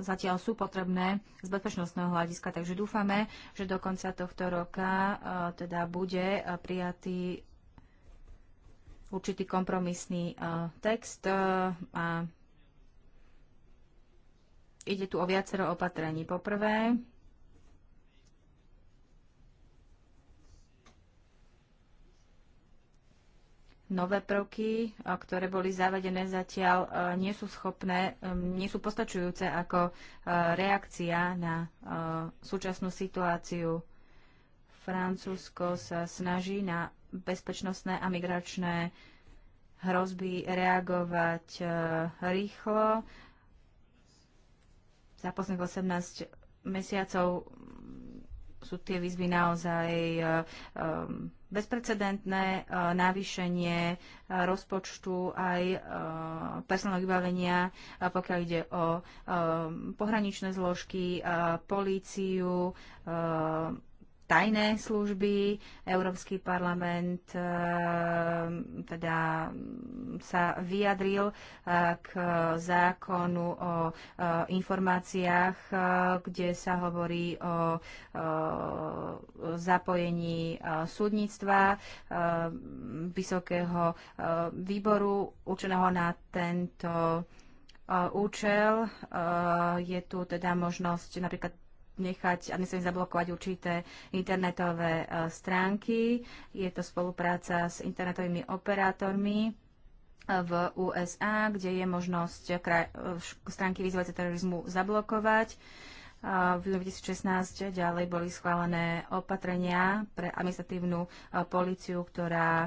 [SPEAKER 2] zatiaľ sú potrebné z bezpečnostného hľadiska, takže dúfame, že do konca tohto roka e, teda bude prijatý určitý kompromisný text a ide tu o viacero opatrení. Poprvé, nové prvky, ktoré boli zavedené zatiaľ, nie sú schopné, nie sú postačujúce ako reakcia na súčasnú situáciu. Francúzsko sa snaží na bezpečnostné a migračné hrozby reagovať rýchlo. Za posledných 18 mesiacov sú tie výzvy naozaj um, bezprecedentné e, navýšenie e, rozpočtu aj e, personálneho vybavenia, pokiaľ ide o pohraničné zložky, políciu, tajné služby. Európsky parlament e, teda mm, sa vyjadril eh, k zákonu o e, informáciách, e, kde sa hovorí o zapojení súdnictva Vysokého výboru určeného na tento účel. Je tu teda možnosť napríklad nechať a nechcem zablokovať určité internetové e, stránky. Je to spolupráca s internetovými operátormi e, v USA, kde je možnosť e, stránky vyzývajúce terorizmu zablokovať. V 2016 ďalej boli schválené opatrenia pre administratívnu policiu, ktorá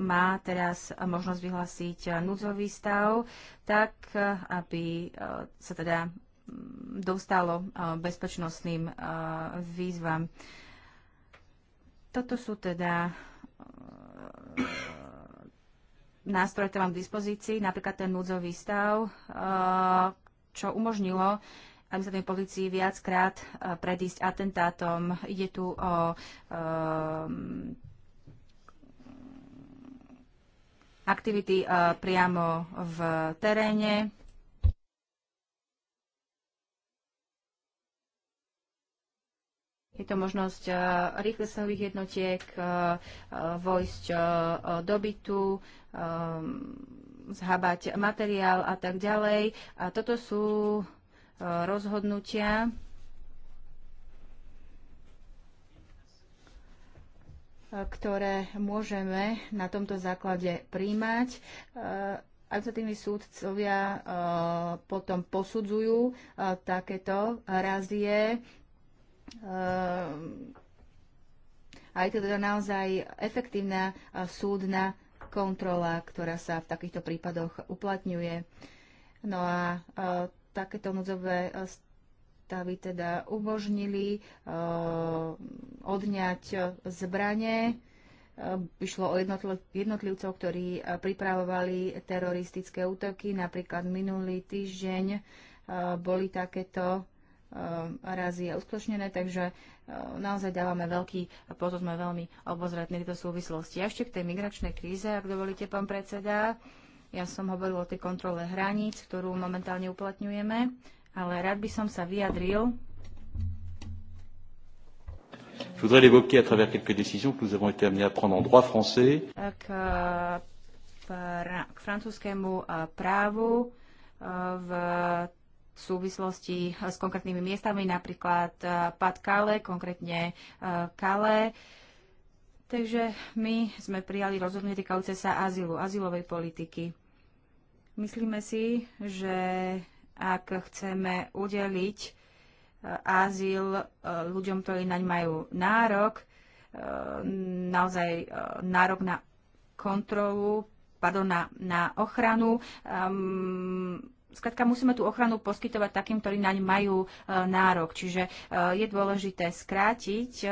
[SPEAKER 2] má teraz možnosť vyhlásiť núdzový stav, tak aby sa teda dostalo bezpečnostným výzvam. Toto sú teda nástroje, ktoré mám k dispozícii, napríklad ten núdzový stav, čo umožnilo aby sa tým policii viackrát predísť atentátom. Ide tu o aktivity priamo v teréne, Je to možnosť e, rýchlesových jednotiek e, e, vojsť do bytu, zhabať materiál a tak ďalej. A toto sú rozhodnutia, ktoré môžeme na tomto základe príjmať administratívni súdcovia potom posudzujú takéto razie Ehm, a je to teda naozaj efektívna súdna kontrola, ktorá sa v takýchto prípadoch uplatňuje. No a e, takéto núdzové e, stavy teda umožnili e, odňať zbranie. Išlo o jednotlivcov, ktorí pripravovali teroristické útoky. Napríklad minulý týždeň boli takéto Um, razy je uskutočnené, takže uh, naozaj dávame veľký, pozor, sme veľmi obozretní v tejto súvislosti. ešte k tej migračnej kríze, ak dovolíte, pán predseda, ja som hovoril o tej kontrole hraníc, ktorú momentálne uplatňujeme, ale rád by som sa vyjadril.
[SPEAKER 3] Je voudrais l'évoquer à travers quelques décisions que nous avons été amenés à prendre en droit français.
[SPEAKER 2] K, uh, k francúzskému uh, právu v v súvislosti eh, s konkrétnymi miestami, napríklad eh, pad Kale, konkrétne eh, Kale. Takže my sme prijali rozhodnutie týkajúce sa azylu, azylovej politiky. Myslíme si, že ak chceme udeliť azyl ľuďom, ktorí naň majú nárok, naozaj nárok na kontrolu, pardon, na, na ochranu, um, Skladka, musíme tú ochranu poskytovať takým, ktorí naň majú e, nárok. Čiže e, je dôležité skrátiť e,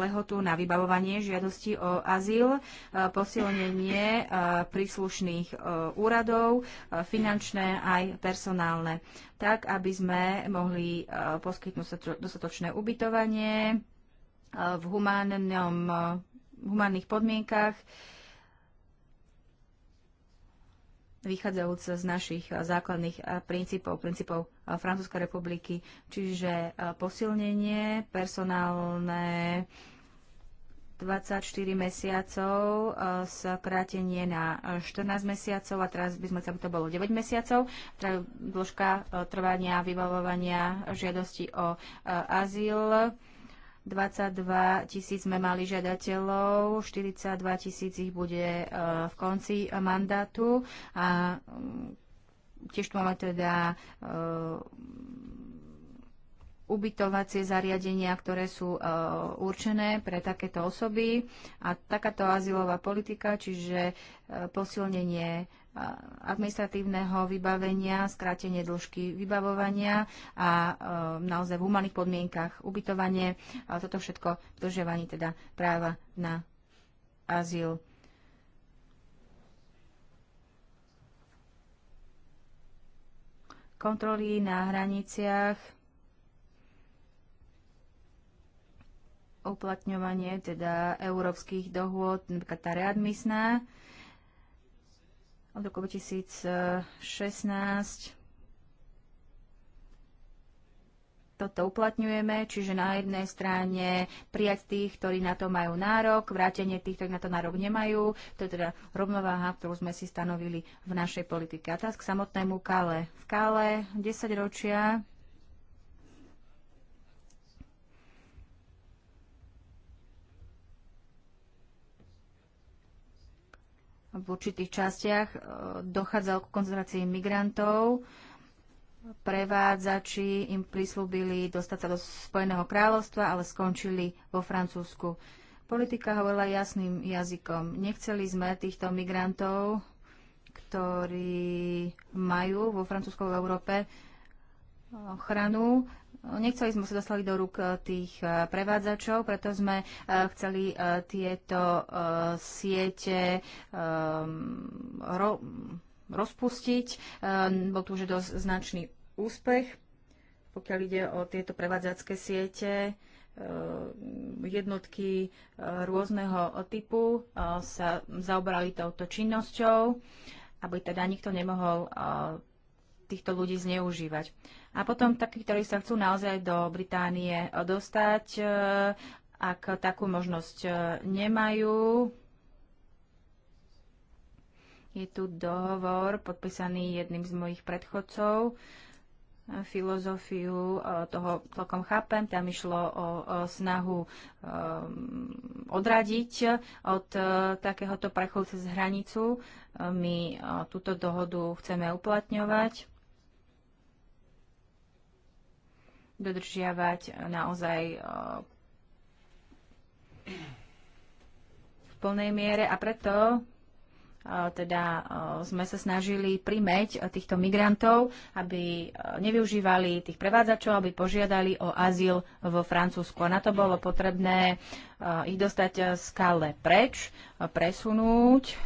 [SPEAKER 2] lehotu na vybavovanie žiadosti o azyl, e, posilnenie e, príslušných e, úradov, finančné aj personálne, tak aby sme mohli poskytnúť dostatočné ubytovanie v humánnom, humánnych podmienkach, vychádzajúc z našich eh, základných eh, princípov, princípov eh, Francúzskej republiky, čiže posilnenie personálne 24 mesiacov, skrátenie na 14 mesiacov a teraz by sme chceli, to bolo 9 mesiacov. Dĺžka trvania vyvalovania žiadosti o azyl 22 tisíc sme mali žiadateľov, 42 tisíc ich bude e, v konci mandátu a mm, tiež tu máme teda e, ubytovacie zariadenia, ktoré sú e, určené pre takéto osoby. A takáto azylová politika, čiže posilnenie administratívneho vybavenia, skrátenie dĺžky vybavovania a e, naozaj v humaných podmienkach ubytovanie. A toto všetko v teda práva na azyl. Kontroly na hraniciach, uplatňovanie teda európskych dohôd, napríklad tá readmisná, od roku 2016 toto uplatňujeme, čiže na jednej strane prijať tých, ktorí na to majú nárok, vrátenie tých, ktorí na to nárok nemajú. To je teda rovnováha, ktorú sme si stanovili v našej politike. A teraz k samotnému Kale. V Kale 10 ročia v určitých častiach e, dochádzalo k koncentrácii migrantov. Prevádzači im prislúbili dostať sa do Spojeného kráľovstva, ale skončili vo Francúzsku. Politika hovorila jasným jazykom. Nechceli sme týchto migrantov, ktorí majú vo francúzsku Európe ochranu, Nechceli sme sa dostali do rúk eh, tých eh, prevádzačov, preto sme eh, chceli tieto siete ehm, rozpustiť. Ehm, bol tu už dosť značný úspech, pokiaľ ide o tieto prevádzacké siete jednotky rôzneho typu sa zaoberali touto činnosťou, aby teda nikto nemohol týchto ľudí zneužívať. A potom takí, ktorí sa chcú naozaj do Británie eh, dostať, eh, ak takú možnosť eh, nemajú, je tu dohovor podpísaný jedným z mojich predchodcov. Filozofiu toho celkom chápem. Tam išlo o, o snahu ehm, odradiť od takéhoto prechodu cez hranicu. My túto dohodu chceme uplatňovať. dodržiavať naozaj eh, v plnej miere a preto eh, teda eh, sme sa snažili primeť týchto migrantov, aby nevyužívali tých prevádzačov, aby požiadali o azyl vo Francúzsku. A na to bolo potrebné ich dostať z Kale preč, presunúť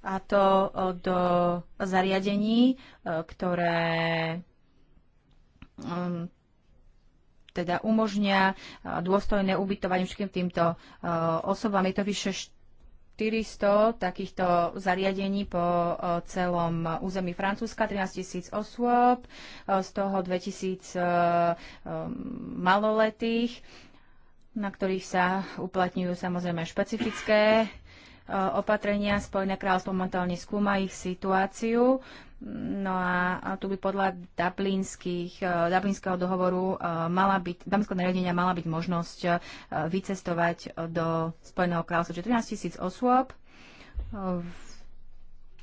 [SPEAKER 2] a to do zariadení, ktoré teda umožnia dôstojné ubytovanie všetkým týmto osobám. Je to vyše 400 takýchto zariadení po celom území Francúzska, 13 tisíc osôb, z toho 2 tisíc maloletých, na ktorých sa uplatňujú samozrejme špecifické opatrenia. Spojené kráľstvo momentálne skúma ich situáciu. No a tu by podľa e, Dublinského dohovoru e, mala byť, Dublinského nariadenia mala byť možnosť e, vycestovať do Spojeného kráľstva, Čiže 13 tisíc osôb V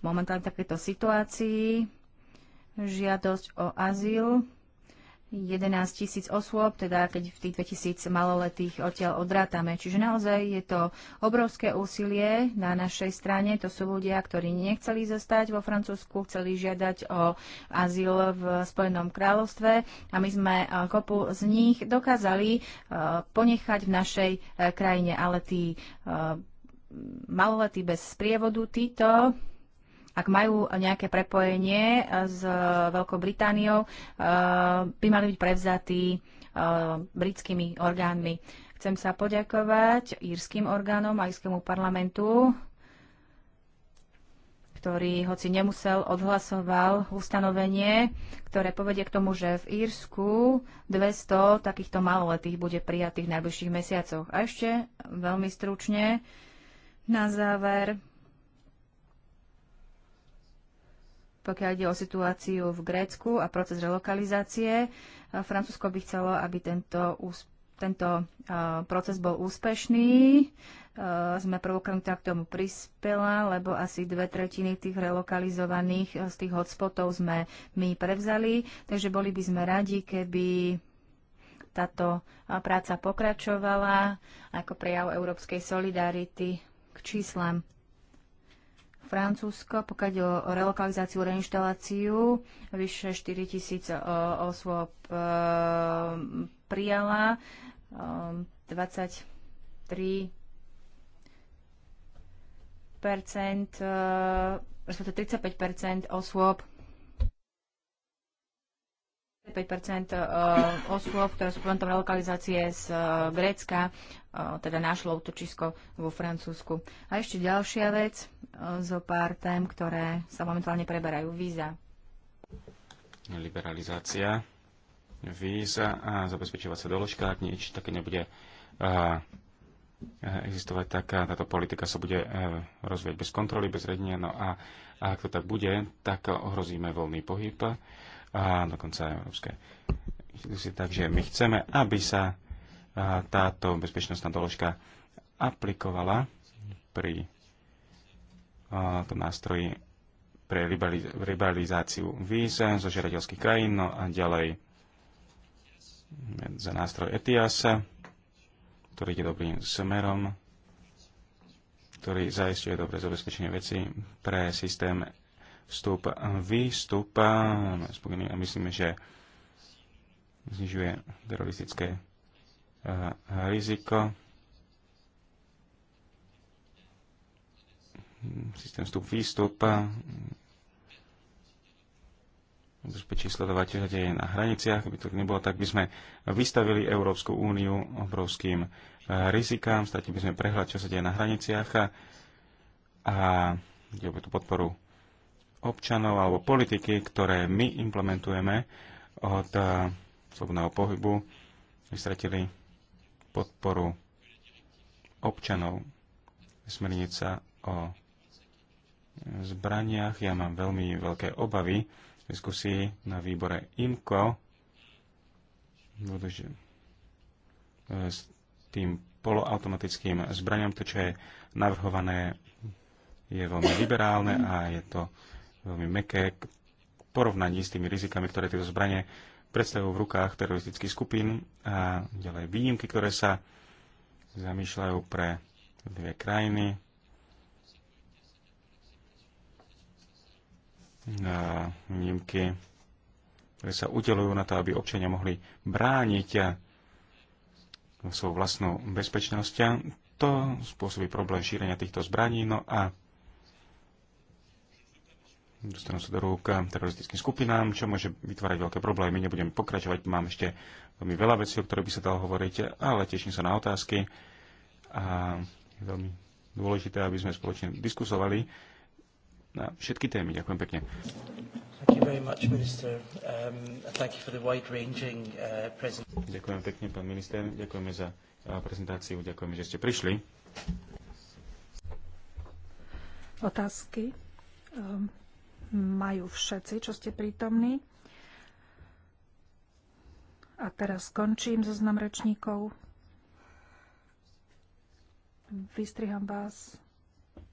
[SPEAKER 2] momentálne takéto situácii. Žiadosť o azyl 11 tisíc osôb, teda keď v tých 2000 maloletých odtiaľ odrátame. Čiže naozaj je to obrovské úsilie na našej strane. To sú ľudia, ktorí nechceli zostať vo Francúzsku, chceli žiadať o azyl v Spojenom kráľovstve a my sme eh, kopu z nich dokázali eh, ponechať v našej eh, krajine. Ale tí maloletí bez sprievodu, títo ak majú nejaké prepojenie eh, s eh, Veľkou Britániou, eh, by mali byť prevzatí britskými orgánmi. Chcem sa poďakovať írským orgánom a írskému parlamentu, ktorý, hoci nemusel, odhlasoval ustanovenie, ktoré povedie k tomu, že v Írsku 200 takýchto maloletých bude prijatých v najbližších mesiacoch. A ešte veľmi stručne na záver pokiaľ ide o situáciu v Grécku a proces relokalizácie. Francúzsko by chcelo, aby tento, tento proces bol úspešný. Sme prvokrát k tomu prispela, lebo asi dve tretiny tých relokalizovaných e, z tých hotspotov sme my prevzali, takže boli by sme radi, keby táto práca pokračovala ako prejav európskej solidarity k číslam Francúzsko, pokiaľ o relokalizáciu, reinštaláciu, vyše 4 tisíc e, osôb e, prijala, 23 e, percent, 35 osôb 5 e, osôb, ktoré sú predmetom lokalizácie z e, Grécka, e, teda našlo útočisko vo Francúzsku. A ešte ďalšia vec, zo pár tém, ktoré sa momentálne preberajú. Víza.
[SPEAKER 3] Liberalizácia víza a zabezpečovacia doložka, ak nič také nebude uh, existovať, tak táto politika sa bude rozvieť bez kontroly, bez redenia. No a, a ak to tak bude, tak ohrozíme voľný pohyb a dokonca aj európske inštitúcie. Takže my chceme, aby sa táto bezpečnostná doložka aplikovala pri tom nástroji pre liberalizáciu víz zo žiadateľských krajín, no a ďalej za nástroj ETIAS, ktorý ide dobrým smerom, ktorý zaistuje dobre zabezpečenie veci pre systém vstup výstupa, a myslíme, že znižuje teroristické e, riziko. Systém vstup výstupa zabezpečí sledovateľ deje na hraniciach, aby to nebolo, tak by sme vystavili Európsku úniu obrovským e, rizikám, Stati by sme prehľad, čo sa deje na hraniciach a, a tu podporu občanov alebo politiky, ktoré my implementujeme od eh, slobodného pohybu, vystratili podporu občanov. Smernica o zbraniach. Ja mám veľmi veľké obavy v diskusii na výbore IMCO. Budúže eh, s tým poloautomatickým zbraniam, to, čo je navrhované, je veľmi liberálne a je to veľmi meké k porovnaní s tými rizikami, ktoré tieto zbranie predstavujú v rukách teroristických skupín a ďalej výnimky, ktoré sa zamýšľajú pre dve krajiny. A výnimky, ktoré sa udelujú na to, aby občania mohli brániť svoju vlastnú bezpečnosť. To spôsobí problém šírenia týchto zbraní. No a dostanú sa do rúk teroristickým skupinám, čo môže vytvárať veľké problémy. Nebudem pokračovať, mám ešte veľmi veľa vecí, o ktorých by sa dalo hovoriť, ale teším sa na otázky. A je veľmi dôležité, aby sme spoločne diskusovali na všetky témy. Ďakujem pekne. Um, uh, Ďakujem pekne, pán minister. Ďakujeme za uh, prezentáciu. Ďakujeme, že ste prišli.
[SPEAKER 4] Otázky. Um majú všetci, čo ste prítomní. A teraz skončím zoznam so rečníkov. Vystriham vás,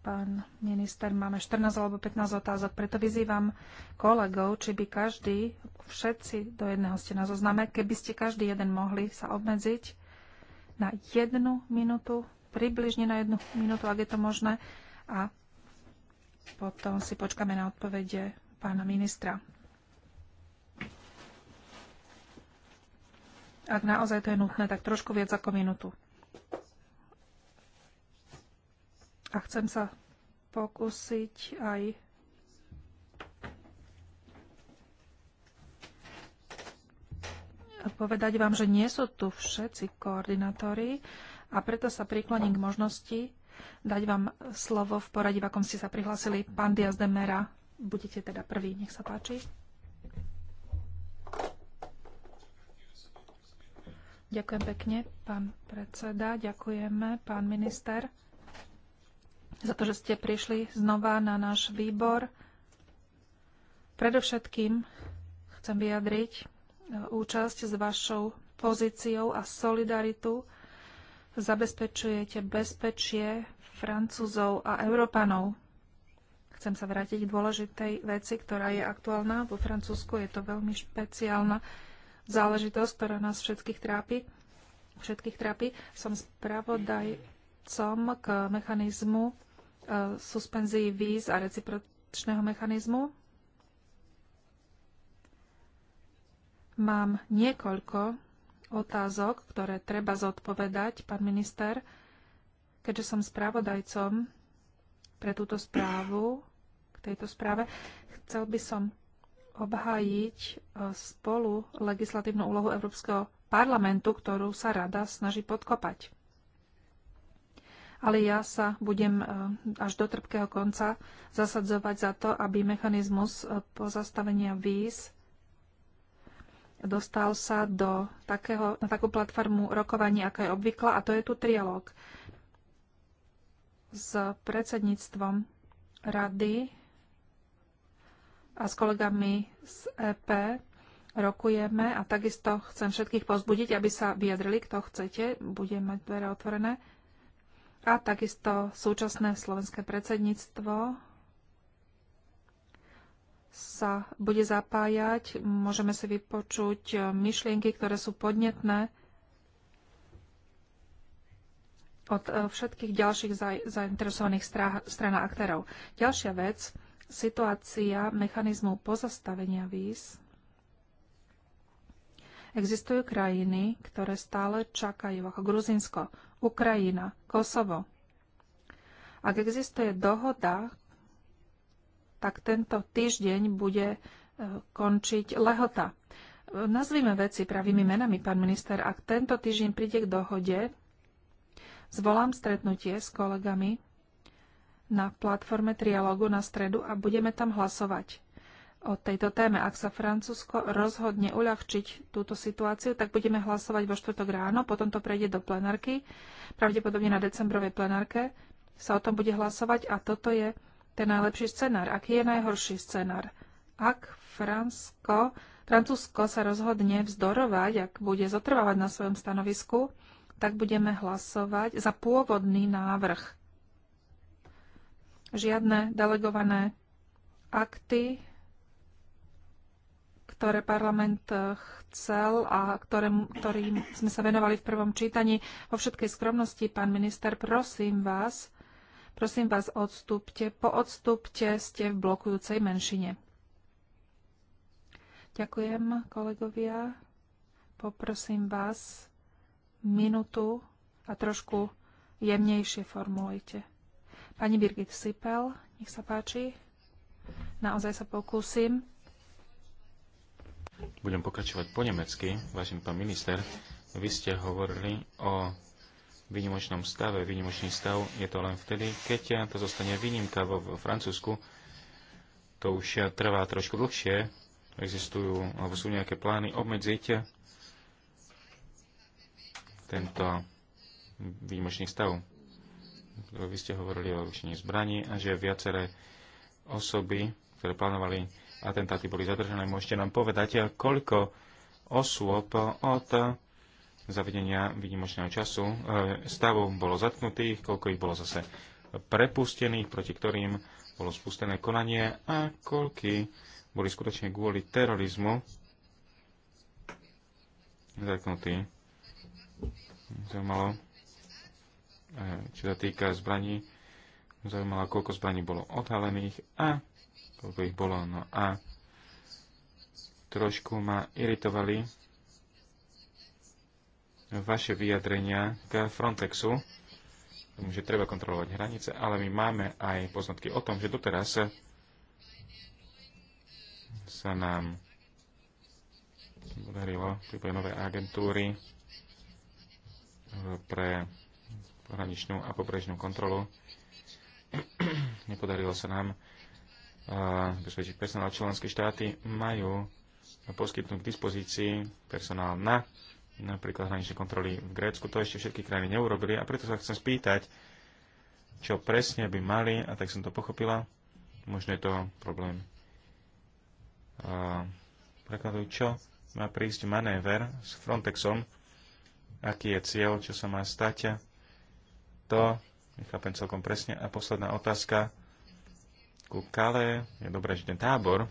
[SPEAKER 4] pán minister. Máme 14 alebo 15 otázok, preto vyzývam kolegov, či by každý, všetci do jedného ste na zozname, keby ste každý jeden mohli sa obmedziť na jednu minútu, približne na jednu minútu, ak je to možné, a potom si počkáme na odpovede pána ministra. Ak naozaj to je nutné, tak trošku viac ako minútu. A chcem sa pokúsiť aj povedať vám, že nie sú tu všetci koordinátori a preto sa prikloním k možnosti, dať vám slovo v poradí, v akom ste sa prihlásili. Pán Diaz de Mera, budete teda prvý, nech sa páči. Ďakujem pekne, pán predseda. Ďakujeme, pán minister, za to, že ste prišli znova na náš výbor. Predovšetkým chcem vyjadriť e, účasť s vašou pozíciou a solidaritu zabezpečujete bezpečie Francúzov a Európanov. Chcem sa vrátiť k dôležitej veci, ktorá je aktuálna vo Francúzsku. Je to veľmi špeciálna záležitosť, ktorá nás všetkých trápi. Všetkých trápi. Som spravodajcom k mechanizmu e, suspenzii víz a recipročného mechanizmu. Mám niekoľko otázok, ktoré treba zodpovedať, pán minister. Keďže som správodajcom pre túto správu, k tejto správe, chcel by som obhájiť e, spolu legislatívnu úlohu Európskeho parlamentu, ktorú sa rada snaží podkopať. Ale ja sa budem e, až do trpkého konca zasadzovať za to, aby mechanizmus e, pozastavenia víz dostal sa do takého, na takú platformu rokovania, aká je obvykla, a to je tu trialóg s predsedníctvom rady a s kolegami z EP rokujeme a takisto chcem všetkých pozbudiť, aby sa vyjadrili, kto chcete, budem mať dvere otvorené. A takisto súčasné slovenské predsedníctvo sa bude zapájať. Môžeme si vypočuť eh, myšlienky, ktoré sú podnetné od eh, všetkých ďalších zainteresovaných stran a aktérov. Ďalšia vec, situácia mechanizmu pozastavenia víz. Existujú krajiny, ktoré stále čakajú, ako Gruzinsko, Ukrajina, Kosovo. Ak existuje dohoda, tak tento týždeň bude e, končiť lehota. Nazvime veci pravými menami, pán minister. Ak tento týždeň príde k dohode, zvolám stretnutie s kolegami na platforme trialógu na stredu a budeme tam hlasovať o tejto téme. Ak sa Francúzsko rozhodne uľahčiť túto situáciu, tak budeme hlasovať vo štvrtok ráno, potom to prejde do plenárky, pravdepodobne na decembrovej plenárke sa o tom bude hlasovať a toto je ten najlepší scenár, aký je najhorší scenár. Ak Fransko, Francúzsko sa rozhodne vzdorovať, ak bude zotrvávať na svojom stanovisku, tak budeme hlasovať za pôvodný návrh. Žiadne delegované akty, ktoré parlament eh, chcel a ktorým, ktorým sme sa venovali v prvom čítaní. Vo všetkej skromnosti, pán minister, prosím vás, Prosím vás, odstúpte. Po odstúpte ste v blokujúcej menšine. Ďakujem, kolegovia. Poprosím vás, minutu a trošku jemnejšie formulujte. Pani Birgit Sipel, nech sa páči. Naozaj sa pokúsim.
[SPEAKER 3] Budem pokračovať po nemecky. Vážený pán minister, vy ste hovorili o výnimočnom stave. Výnimočný stav je to len vtedy, keď to zostane výnimka vo, Francúzsku. To už trvá trošku dlhšie. Existujú, alebo sú nejaké plány obmedziť tento výnimočný stav. Vy ste hovorili o rušení zbraní a že viaceré osoby, ktoré plánovali atentáty, boli zadržané. Môžete nám povedať, koľko osôb od zavedenia výnimočného času e, stavu bolo zatknutých, koľko ich bolo zase prepustených, proti ktorým bolo spustené konanie a koľky boli skutočne kvôli terorizmu zatknutí. Zaujímalo, e, čo sa týka zbraní, zaujímalo, koľko zbraní bolo odhalených a koľko ich bolo. No a trošku ma iritovali vaše vyjadrenia k Frontexu, tomu, že treba kontrolovať hranice, ale my máme aj poznatky o tom, že doteraz sa nám podarilo prípade nové agentúry pre pohraničnú a pobrežnú kontrolu. (clears throat) Nepodarilo sa nám bezpečiť personál. Členské štáty majú poskytnúť k dispozícii personál na napríklad hraničné kontroly v Grécku. To ešte všetky krajiny neurobili a preto sa chcem spýtať, čo presne by mali, a tak som to pochopila, možno je to problém. Prekladujú, prekladu, čo má prísť manéver s Frontexom, aký je cieľ, čo sa má stať. To nechápem celkom presne. A posledná otázka ku Kale. Je dobré, že ten tábor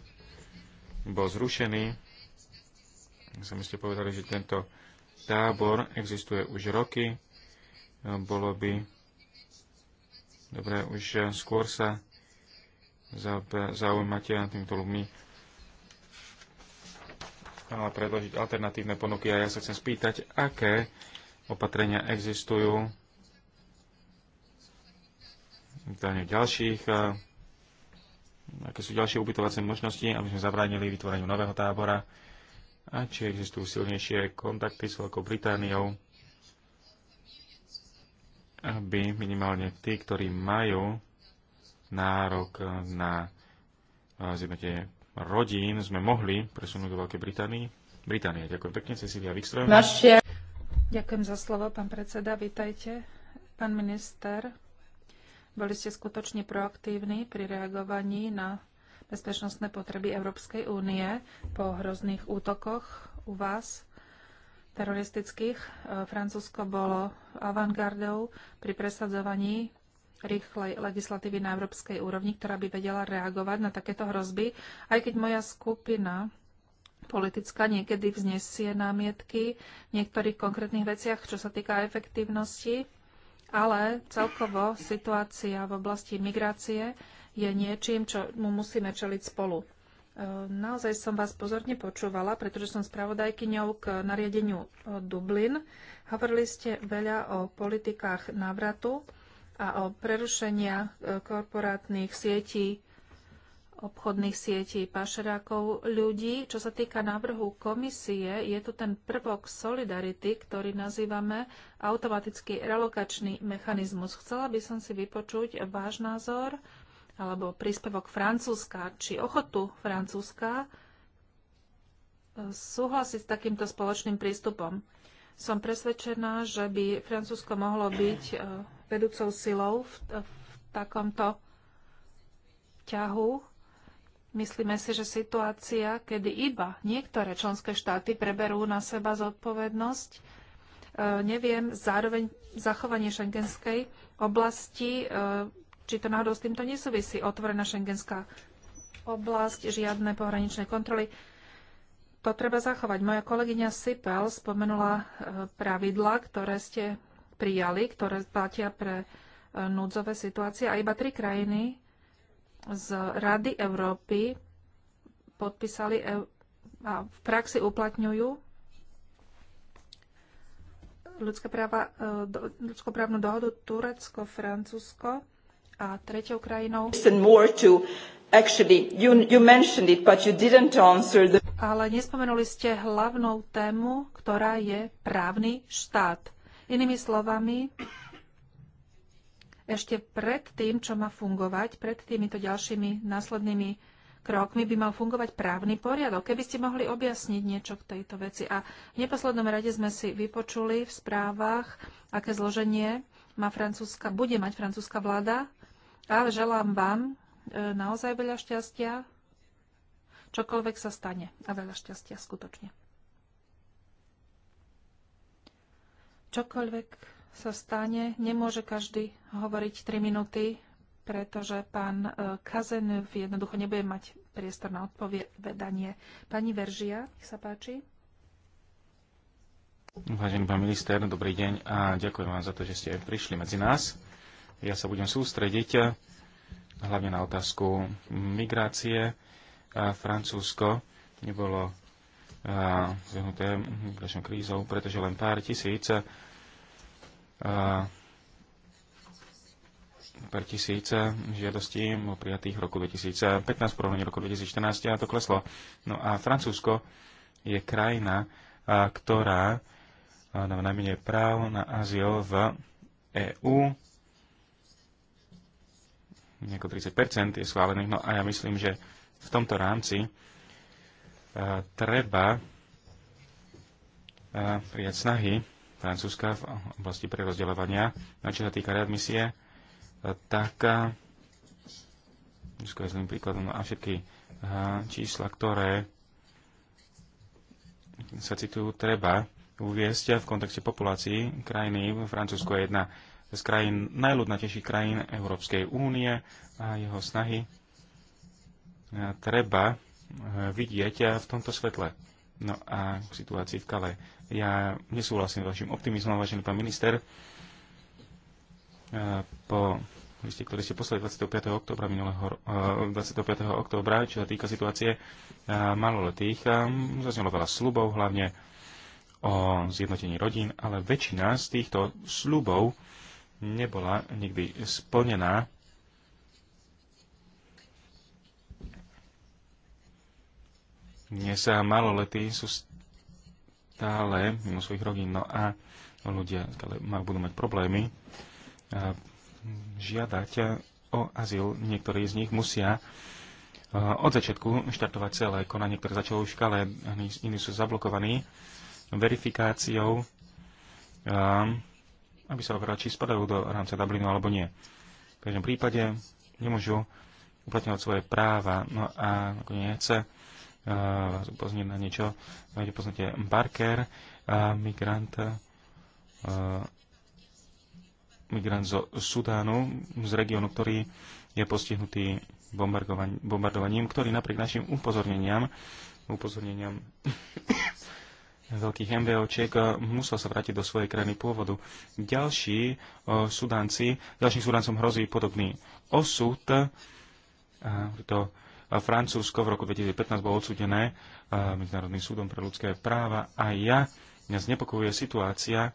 [SPEAKER 3] bol zrušený. Som ste povedali, že tento tábor existuje už roky. Bolo by dobre už eh, skôr sa zaujímate týmto ľuďmi a predložiť alternatívne ponuky. A ja sa chcem spýtať, aké opatrenia existujú v ďalších eh, aké sú ďalšie ubytovacie možnosti, aby sme zabránili vytvoreniu nového tábora, a či existujú silnejšie kontakty s Veľkou Britániou, aby minimálne tí, ktorí majú nárok na eh, zjednotenie rodín, sme mohli presunúť do Veľkej Británii. Británia. Ďakujem pekne, Cecilia Wikström.
[SPEAKER 4] Ďakujem za slovo, pán predseda. Vítajte, pán minister. Boli ste skutočne proaktívni pri reagovaní na bezpečnostné potreby Európskej únie po hrozných útokoch u vás, teroristických. E, Francúzsko bolo avantgardou pri presadzovaní rýchlej legislatívy na európskej úrovni, ktorá by vedela reagovať na takéto hrozby, aj keď moja skupina politická niekedy vznesie námietky v niektorých konkrétnych veciach, čo sa týka efektívnosti, ale celkovo situácia v oblasti migrácie je niečím, čo mu musíme čeliť spolu. E, naozaj som vás pozorne počúvala, pretože som spravodajkyňou k nariadeniu e, Dublin. Hovorili ste veľa o politikách návratu a o prerušenia e, korporátnych sietí, obchodných sietí pašerákov ľudí. Čo sa týka návrhu komisie, je tu ten prvok solidarity, ktorý nazývame automatický relokačný mechanizmus. Chcela by som si vypočuť váš názor alebo príspevok Francúzska či ochotu Francúzska e, súhlasiť s takýmto spoločným prístupom. Som presvedčená, že by Francúzsko mohlo byť e, vedúcou silou v, v takomto ťahu. Myslíme si, že situácia, kedy iba niektoré členské štáty preberú na seba zodpovednosť, e, neviem, zároveň zachovanie šengenskej oblasti či to náhodou s týmto nesúvisí. Otvorená šengenská oblasť, žiadne pohraničné kontroly. To treba zachovať. Moja kolegyňa Sipel spomenula e, pravidla, ktoré ste prijali, ktoré platia pre e, núdzové situácie a iba tri krajiny z Rady Európy podpísali e, a v praxi uplatňujú ľudské práva, ľudskoprávnu dohodu Turecko, Francúzsko a treťou krajinou. Ale nespomenuli ste hlavnou tému, ktorá je právny štát. Inými slovami, ešte pred tým, čo má fungovať, pred týmito ďalšími následnými krokmi by mal fungovať právny poriadok. Keby ste mohli objasniť niečo k tejto veci. A v neposlednom rade sme si vypočuli v správach, aké zloženie má bude mať francúzska vláda a želám vám e, naozaj veľa šťastia, čokoľvek sa stane. A veľa šťastia, skutočne. Čokoľvek sa stane, nemôže každý hovoriť 3 minúty, pretože pán e, Kazen jednoducho nebude mať priestor na odpovedanie. Pani Veržia, nech sa páči.
[SPEAKER 3] Vážený pán minister, dobrý deň a ďakujem vám za to, že ste prišli medzi nás. Ja sa budem sústrediť eh, hlavne na otázku migrácie. Eh, Francúzsko nebolo eh, zvihnuté migračnou krízou, pretože len pár tisíc pár tisíc žiadostí o prijatých v roku 2015 v porovnaní roku 2014 a to kleslo. No a Francúzsko je krajina, ktorá dáva najmenej práv na azyl v EÚ ako 30 je schválených. No a ja myslím, že v tomto rámci uh, treba uh, prijať snahy Francúzska v oblasti prerozdeľovania. na no, čo sa týka readmisie, uh, tak Rusko je zlým príkladom no a všetky čísla, ktoré sa citujú, treba uviesť v kontexte populácií krajiny. Francúzsko je jedna z krajín, najľudnatejších krajín Európskej únie a jeho snahy treba eh, vidieť eh, v tomto svetle. No a k situácii v Kale. Ja nesúhlasím s vašim optimizmom, vážený pán minister. Eh, po liste, ktorý ste poslali 25. oktobra minulého, 25. oktobra, čo sa týka situácie maloletých, zaznelo veľa slubov, hlavne o zjednotení rodín, ale väčšina z týchto slubov nebola nikdy splnená. Dnes lety sú stále mimo svojich rodín, no a ľudia budú mať problémy žiadať o azyl. Niektorí z nich musia od začiatku štartovať celé konanie, ktoré začalo už v škale, iní sú zablokovaní verifikáciou um, aby sa overal, či spadajú do rámca Dublinu alebo nie. V každom prípade nemôžu uplatňovať svoje práva. No a nakoniec eh, vás uh, upozniť na niečo. Máte poznáte Barker, uh, migrant, uh, migrant zo Sudánu, z regiónu, ktorý je postihnutý bombardovaním, bombardovaním, ktorý napriek našim upozorneniam, upozorneniam veľkých MVOčiek e, musel sa vrátiť do svojej krajiny pôvodu. Ďalší e, sudanci, ďalším sudancom hrozí podobný osud. E, to Francúzsko v roku 2015 bolo odsudené Medzinárodným súdom pre ľudské práva a ja mňa znepokojuje situácia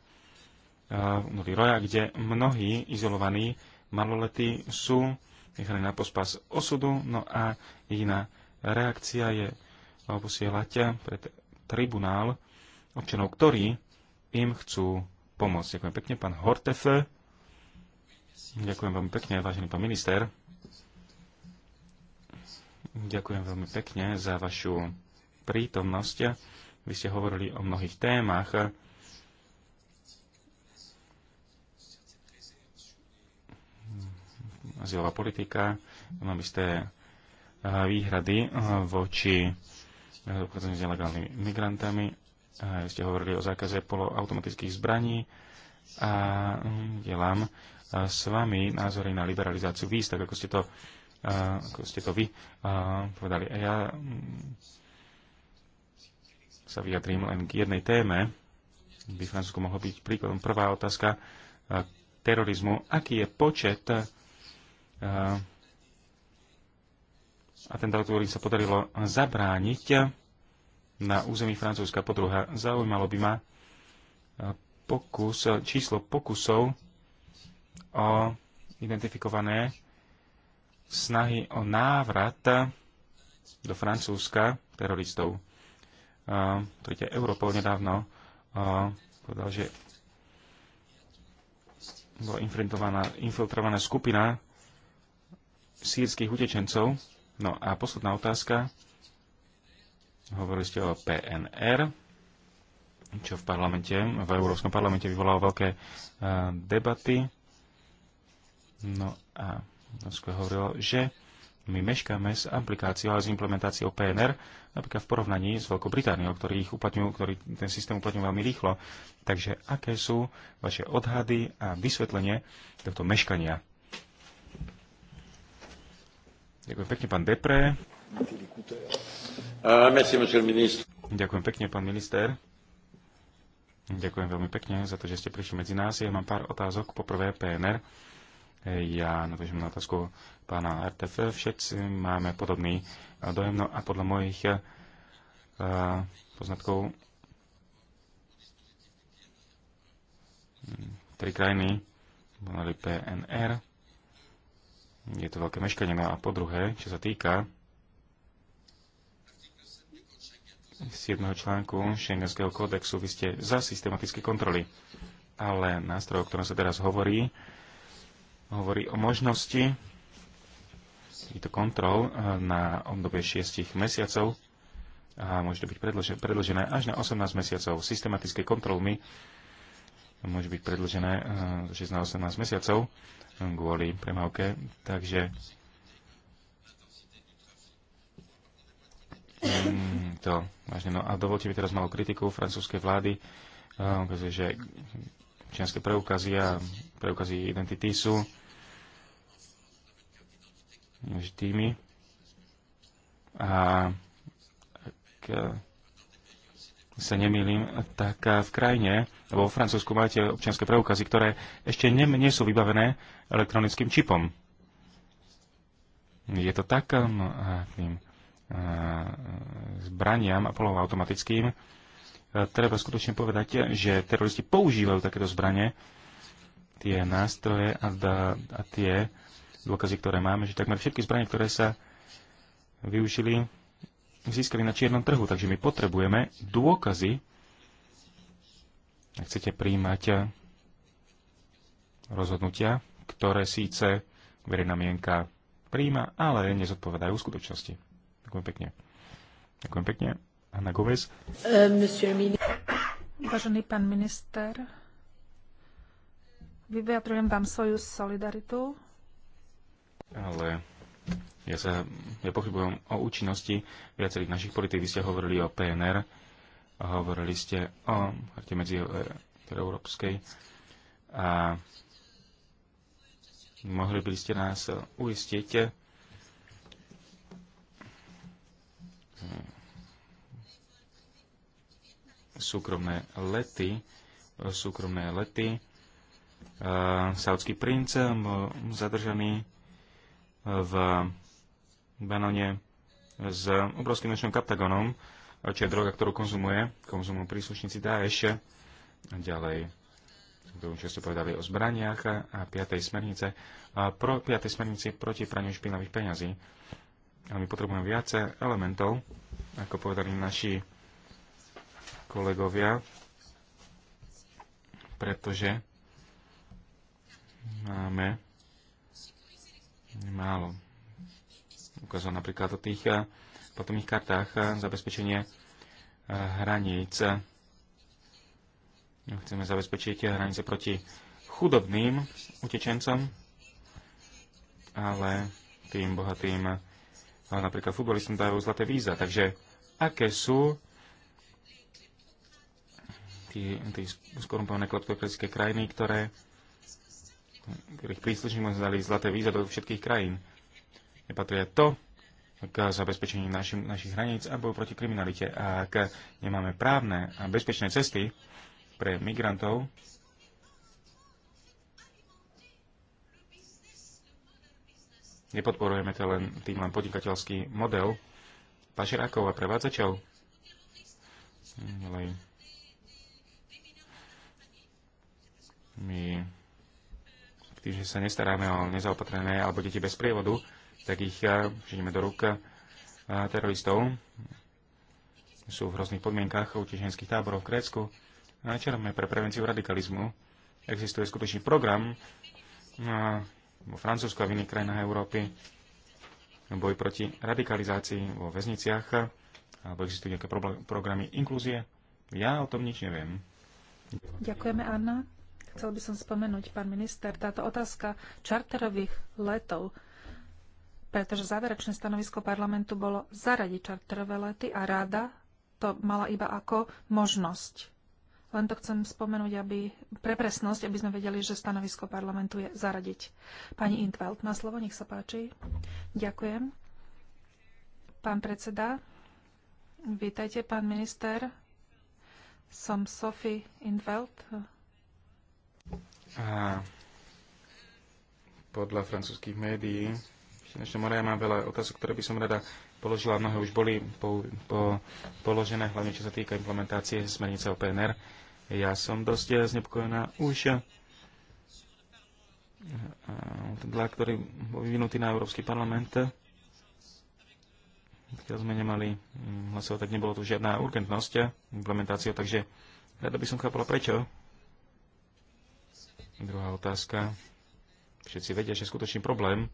[SPEAKER 3] v Roja, kde mnohí izolovaní maloletí sú nechali na pospas osudu, no a jediná reakcia je posielať pred tribunál občanov, ktorí im chcú pomôcť. Ďakujem pekne, pán Hortefe. Ďakujem veľmi pekne, vážený pán minister. Ďakujem veľmi pekne za vašu prítomnosť. Vy ste hovorili o mnohých témach. Azylová politika. Mám isté eh, výhrady eh, voči eh, s nelegálnymi migrantami ste hovorili o zákaze poloautomatických zbraní a mm, delám s vami názory na liberalizáciu výz, tak ako ste to, ako ste to vy povedali. A ja mm, sa vyjadrím len k jednej téme, by Francúzsku mohlo byť príkladom. Prvá otázka terorizmu. Aký je počet ten ktorým sa podarilo zabrániť na území Francúzska. Po druhé, zaujímalo by ma eh, pokus, eh, číslo pokusov o identifikované snahy o návrat do Francúzska teroristov. Eh, to je Europol nedávno povedal, že bola infiltrovaná skupina sírskych utečencov. No a posledná otázka Hovorili ste o PNR, čo v parlamente, v Európskom parlamente vyvolalo veľké eh, debaty. No a Norsko hovorilo, že my meškáme s aplikáciou a s implementáciou PNR, napríklad v porovnaní s Veľkou Britániou, ktorý, ich uplatňujú, ktorý ten systém uplatňujú veľmi rýchlo. Takže aké sú vaše odhady a vysvetlenie tohto meškania? Ďakujem pekne, pán Depre. Ďakujem pekne, pán minister. Ďakujem veľmi pekne za to, že ste prišli medzi nás. Ja mám pár otázok. Poprvé PNR. Ja nadviežem na otázku pána RTF. Všetci máme podobný dojem. No a podľa mojich uh, poznatkov tri krajiny volali PNR. Je to veľké meškanie. No a po druhé, čo sa týka 7. článku Schengenského kódexu. Vy ste za systematické kontroly, ale nástroj, o ktorom sa teraz hovorí, hovorí o možnosti týchto kontrol eh, na obdobie 6 mesiacov a môže to byť predložené až na 18 mesiacov. Systematické kontrolmy môže byť predložené 6 na 18 mesiacov eh, kvôli premávke. Takže Mm, to vážne. No a dovolte mi teraz malú kritiku francúzskej vlády, ukazuje, že čianské preukazy a preukazy identity sú tými. A ak sa nemýlim, tak v krajine, alebo vo Francúzsku máte občianské preukazy, ktoré ešte nie, nie sú vybavené elektronickým čipom. Je to tak? No a tým Eh, zbraniam a automatickým, eh, treba skutočne povedať, že teroristi používajú takéto zbranie, tie nástroje a, da, a tie dôkazy, ktoré máme, že takmer všetky zbranie, ktoré sa využili, získali na čiernom trhu. Takže my potrebujeme dôkazy, ak chcete príjmať eh, rozhodnutia, ktoré síce verejná mienka príjma, ale nezodpovedajú skutočnosti. Ďakujem pekne. Ďakujem pekne. Anna Goves.
[SPEAKER 4] Vážený pán minister, vyjadrujem vám svoju solidaritu.
[SPEAKER 3] Ale ja sa ja pochybujem o účinnosti viacerých našich politik. Vy ste hovorili o PNR, a hovorili ste o harte medzi e, európskej a mohli by ste nás uistiť, Hmm. súkromné lety, súkromné lety. Eh, saudský princ bol eh, zadržaný eh, v Benone s obrovským nočným kaptagonom, čo je droga, ktorú konzumuje, konzumujú príslušníci Daesh. Ďalej, ktorú často povedali o zbraniach a 5. smernice, a pro 5. smernici proti praniu špinavých peňazí ale my potrebujeme viacej elementov, ako povedali naši kolegovia, pretože máme málo. Ukázal napríklad o tých eh, potomných kartách eh, zabezpečenie eh, hraníc. Chceme zabezpečiť hranice proti chudobným utečencom, ale tým bohatým napríklad futbalistom dajú zlaté víza. Takže aké sú tie skorumpované kleptokratické krajiny, ktoré ktorých príslušníkom zdali zlaté víza do všetkých krajín. Nepatria to k zabezpečeniu našim, našich hraníc a boju proti kriminalite. A ak nemáme právne a bezpečné cesty pre migrantov, nepodporujeme to len, tým len podnikateľský model pašerákov a prevádzačov. Ďalej. My tým, že sa nestaráme o nezaopatrené alebo deti bez prievodu, tak ich eh, žijeme do rúk eh, teroristov. Sú v hrozných podmienkach u utečenských táborov v Grécku. Načerame pre prevenciu radikalizmu. Existuje skutočný program eh, vo Francúzsku a v iných krajinách Európy, boj proti radikalizácii vo väzniciach, alebo existujú nejaké programy inklúzie. Ja o tom nič neviem.
[SPEAKER 4] Ďakujeme, Anna. Chcel by som spomenúť, pán minister, táto otázka čarterových letov, pretože záverečné stanovisko parlamentu bolo zaradiť čarterové lety a rada to mala iba ako možnosť len to chcem spomenúť, aby, pre presnosť, aby sme vedeli, že stanovisko parlamentu je zaradiť. Pani Intveld má slovo, nech sa páči. Ďakujem. Pán predseda, vítajte, pán minister. Som Sophie Intveld.
[SPEAKER 3] A podľa francúzských médií, ešte mám veľa otázok, ktoré by som rada položila, mnohé už boli po, po, položené, hlavne čo sa týka implementácie smernice o PNR. Ja som dosť znepokojená už dla eh, ktorý bol vyvinutý na Európsky parlament. Keď sme nemali hm, hlasovať, tak nebolo tu žiadna urgentnosť implementácia, takže rada by som chápala prečo. Druhá otázka. Všetci vedia, že skutočný problém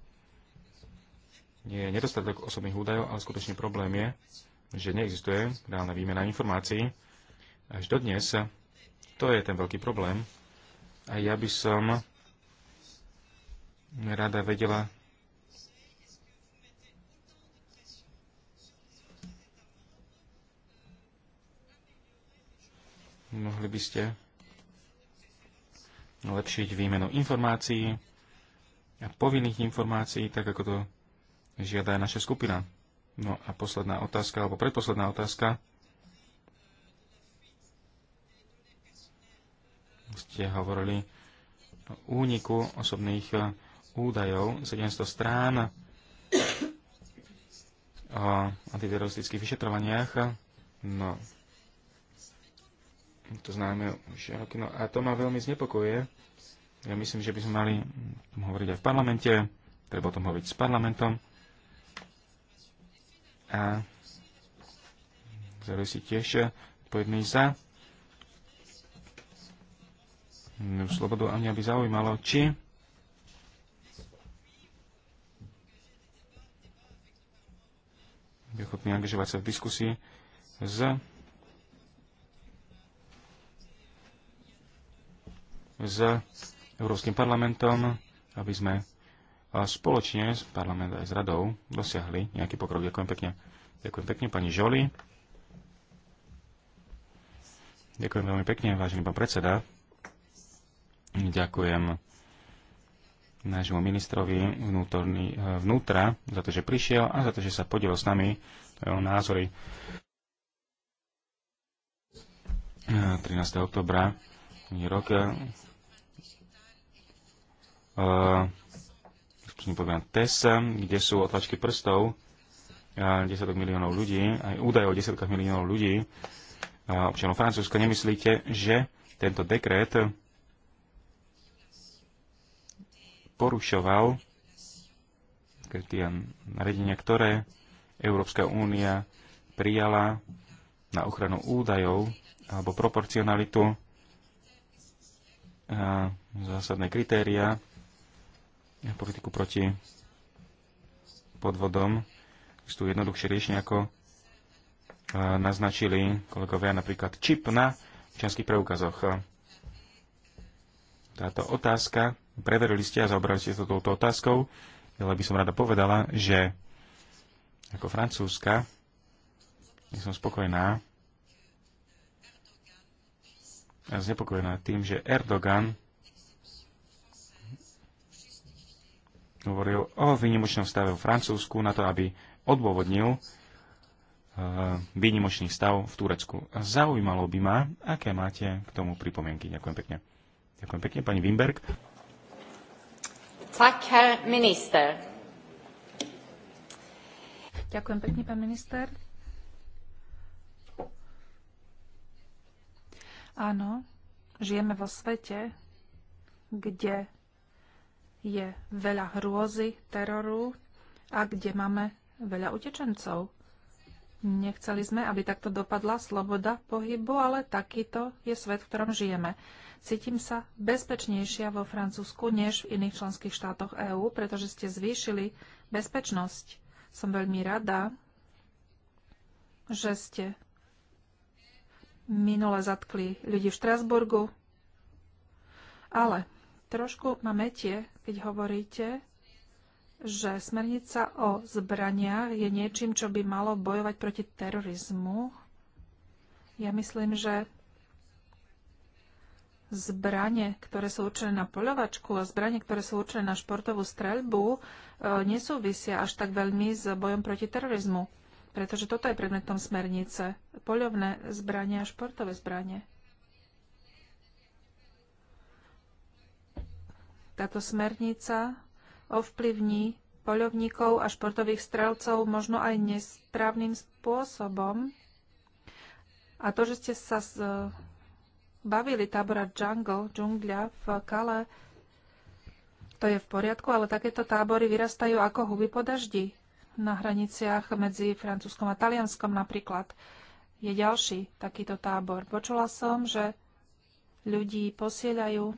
[SPEAKER 3] nie je nedostatok osobných údajov, ale skutočný problém je, že neexistuje reálna výmena informácií. Až dodnes to je ten veľký problém. A ja by som rada vedela, mohli by ste lepšiť výmenu informácií a povinných informácií, tak ako to žiada aj naša skupina. No a posledná otázka, alebo predposledná otázka. Ste hovorili o úniku osobných eh, údajov, 700 strán o antiteroristických vyšetrovaniach. No, to známe už roky. No a to ma veľmi znepokojuje. Ja myslím, že by sme mali hovoriť aj v parlamente, treba o tom hovoriť s parlamentom a zároveň si tiež eh, pojedný za slobodu a mňa by zaujímalo, či je ochotný angažovať sa v diskusii s s Európskym parlamentom, aby sme spoločne s parlamentom aj s radou dosiahli nejaký pokrok. Ďakujem pekne. Ďakujem pekne pani Žoli. Ďakujem veľmi pekne, vážený pán predseda. Ďakujem nášmu ministrovi vnútorný, eh, vnútra za to, že prišiel a za to, že sa podielil s nami eh, o názory 13. Eh, oktobra rok akčný program TES, kde sú otlačky prstov desiatok miliónov ľudí, aj údaj o desiatkách miliónov ľudí, občanov Francúzska, nemyslíte, že tento dekret porušoval tie nariadenia, ktoré Európska únia prijala na ochranu údajov alebo proporcionalitu zásadné kritéria politiku proti podvodom. Sú jednoduchšie riešenia, ako e, naznačili kolegovia napríklad čip na občanských preukazoch. Táto otázka, preverili ste a zaobrali ste sa touto otázkou, ale by som rada povedala, že ako francúzska nie som spokojná a znepokojená tým, že Erdogan hovoril o výnimočnom stave v Francúzsku na to, aby odôvodnil e, výnimočný stav v Turecku. Zaujímalo by ma, aké máte k tomu pripomienky. Ďakujem pekne. Ďakujem pekne, pani Wimberg.
[SPEAKER 2] Tak, herr minister. Ďakujem
[SPEAKER 4] pekne, pán minister. Áno, žijeme vo svete, kde je veľa hrôzy, teroru a kde máme veľa utečencov. Nechceli sme, aby takto dopadla sloboda pohybu, ale takýto je svet, v ktorom žijeme. Cítim sa bezpečnejšia vo Francúzsku než v iných členských štátoch EÚ, pretože ste zvýšili bezpečnosť. Som veľmi rada, že ste minule zatkli ľudí v Štrasburgu, ale Trošku ma metie, keď hovoríte, že smernica o zbraniach je niečím, čo by malo bojovať proti terorizmu. Ja myslím, že zbranie, ktoré sú určené na poľovačku a zbranie, ktoré sú určené na športovú streľbu, e, nesúvisia až tak veľmi s bojom proti terorizmu, pretože toto je predmetom smernice. Poľovné zbranie a športové zbranie. Táto smernica ovplyvní poľovníkov a športových strelcov možno aj nesprávnym spôsobom. A to, že ste sa z, e, bavili tábora Jungle, džungľa v Kale, to je v poriadku, ale takéto tábory vyrastajú ako huby po daždi na hraniciach medzi Francúzskom a Talianskom napríklad. Je ďalší takýto tábor. Počula som, že ľudí posielajú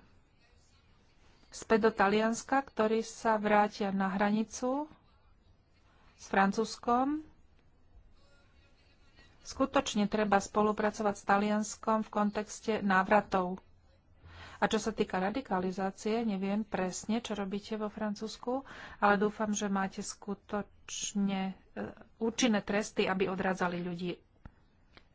[SPEAKER 4] späť do Talianska, ktorí sa vrátia na hranicu s Francúzskom. Skutočne treba spolupracovať s Talianskom v kontexte návratov. A čo sa týka radikalizácie, neviem presne, čo robíte vo Francúzsku, ale dúfam, že máte skutočne e, účinné tresty, aby odradzali ľudí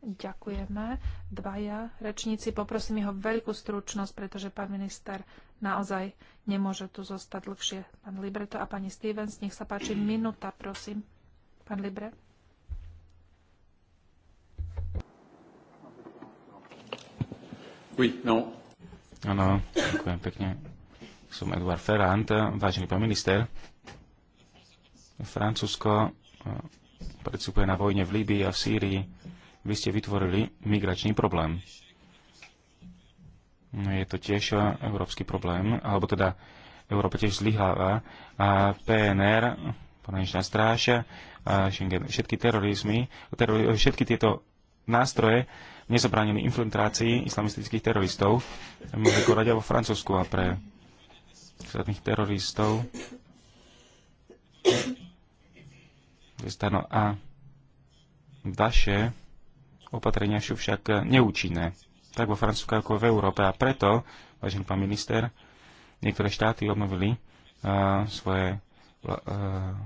[SPEAKER 4] Ďakujeme. Dvaja rečníci, poprosím jeho veľkú stručnosť, pretože pán minister naozaj nemôže tu zostať dlhšie. Pán Libreto a pani Stevens, nech sa páči, minúta, prosím. Pán Libre.
[SPEAKER 3] Oui, no. Áno, ďakujem pekne. Som Eduard Ferrand, vážený pán minister. Francúzsko eh, predstupuje na vojne v Líbii a v Sýrii vy ste vytvorili migračný problém. No, je to tiež e, európsky problém, alebo teda Európa tiež zlyháva. A PNR, panačná stráž, a e, Schengen, všetky terorizmy, teror, e, všetky tieto nástroje nezabránili infiltrácii islamistických teroristov. Mohli konať aj vo Francúzsku a pre ostatných teroristov. Stano a vaše Opatrenia sú však eh, neúčinné, tak vo Francúzsku ako v Európe. A preto, vážený pán minister, niektoré štáty obnovili uh, svoje uh,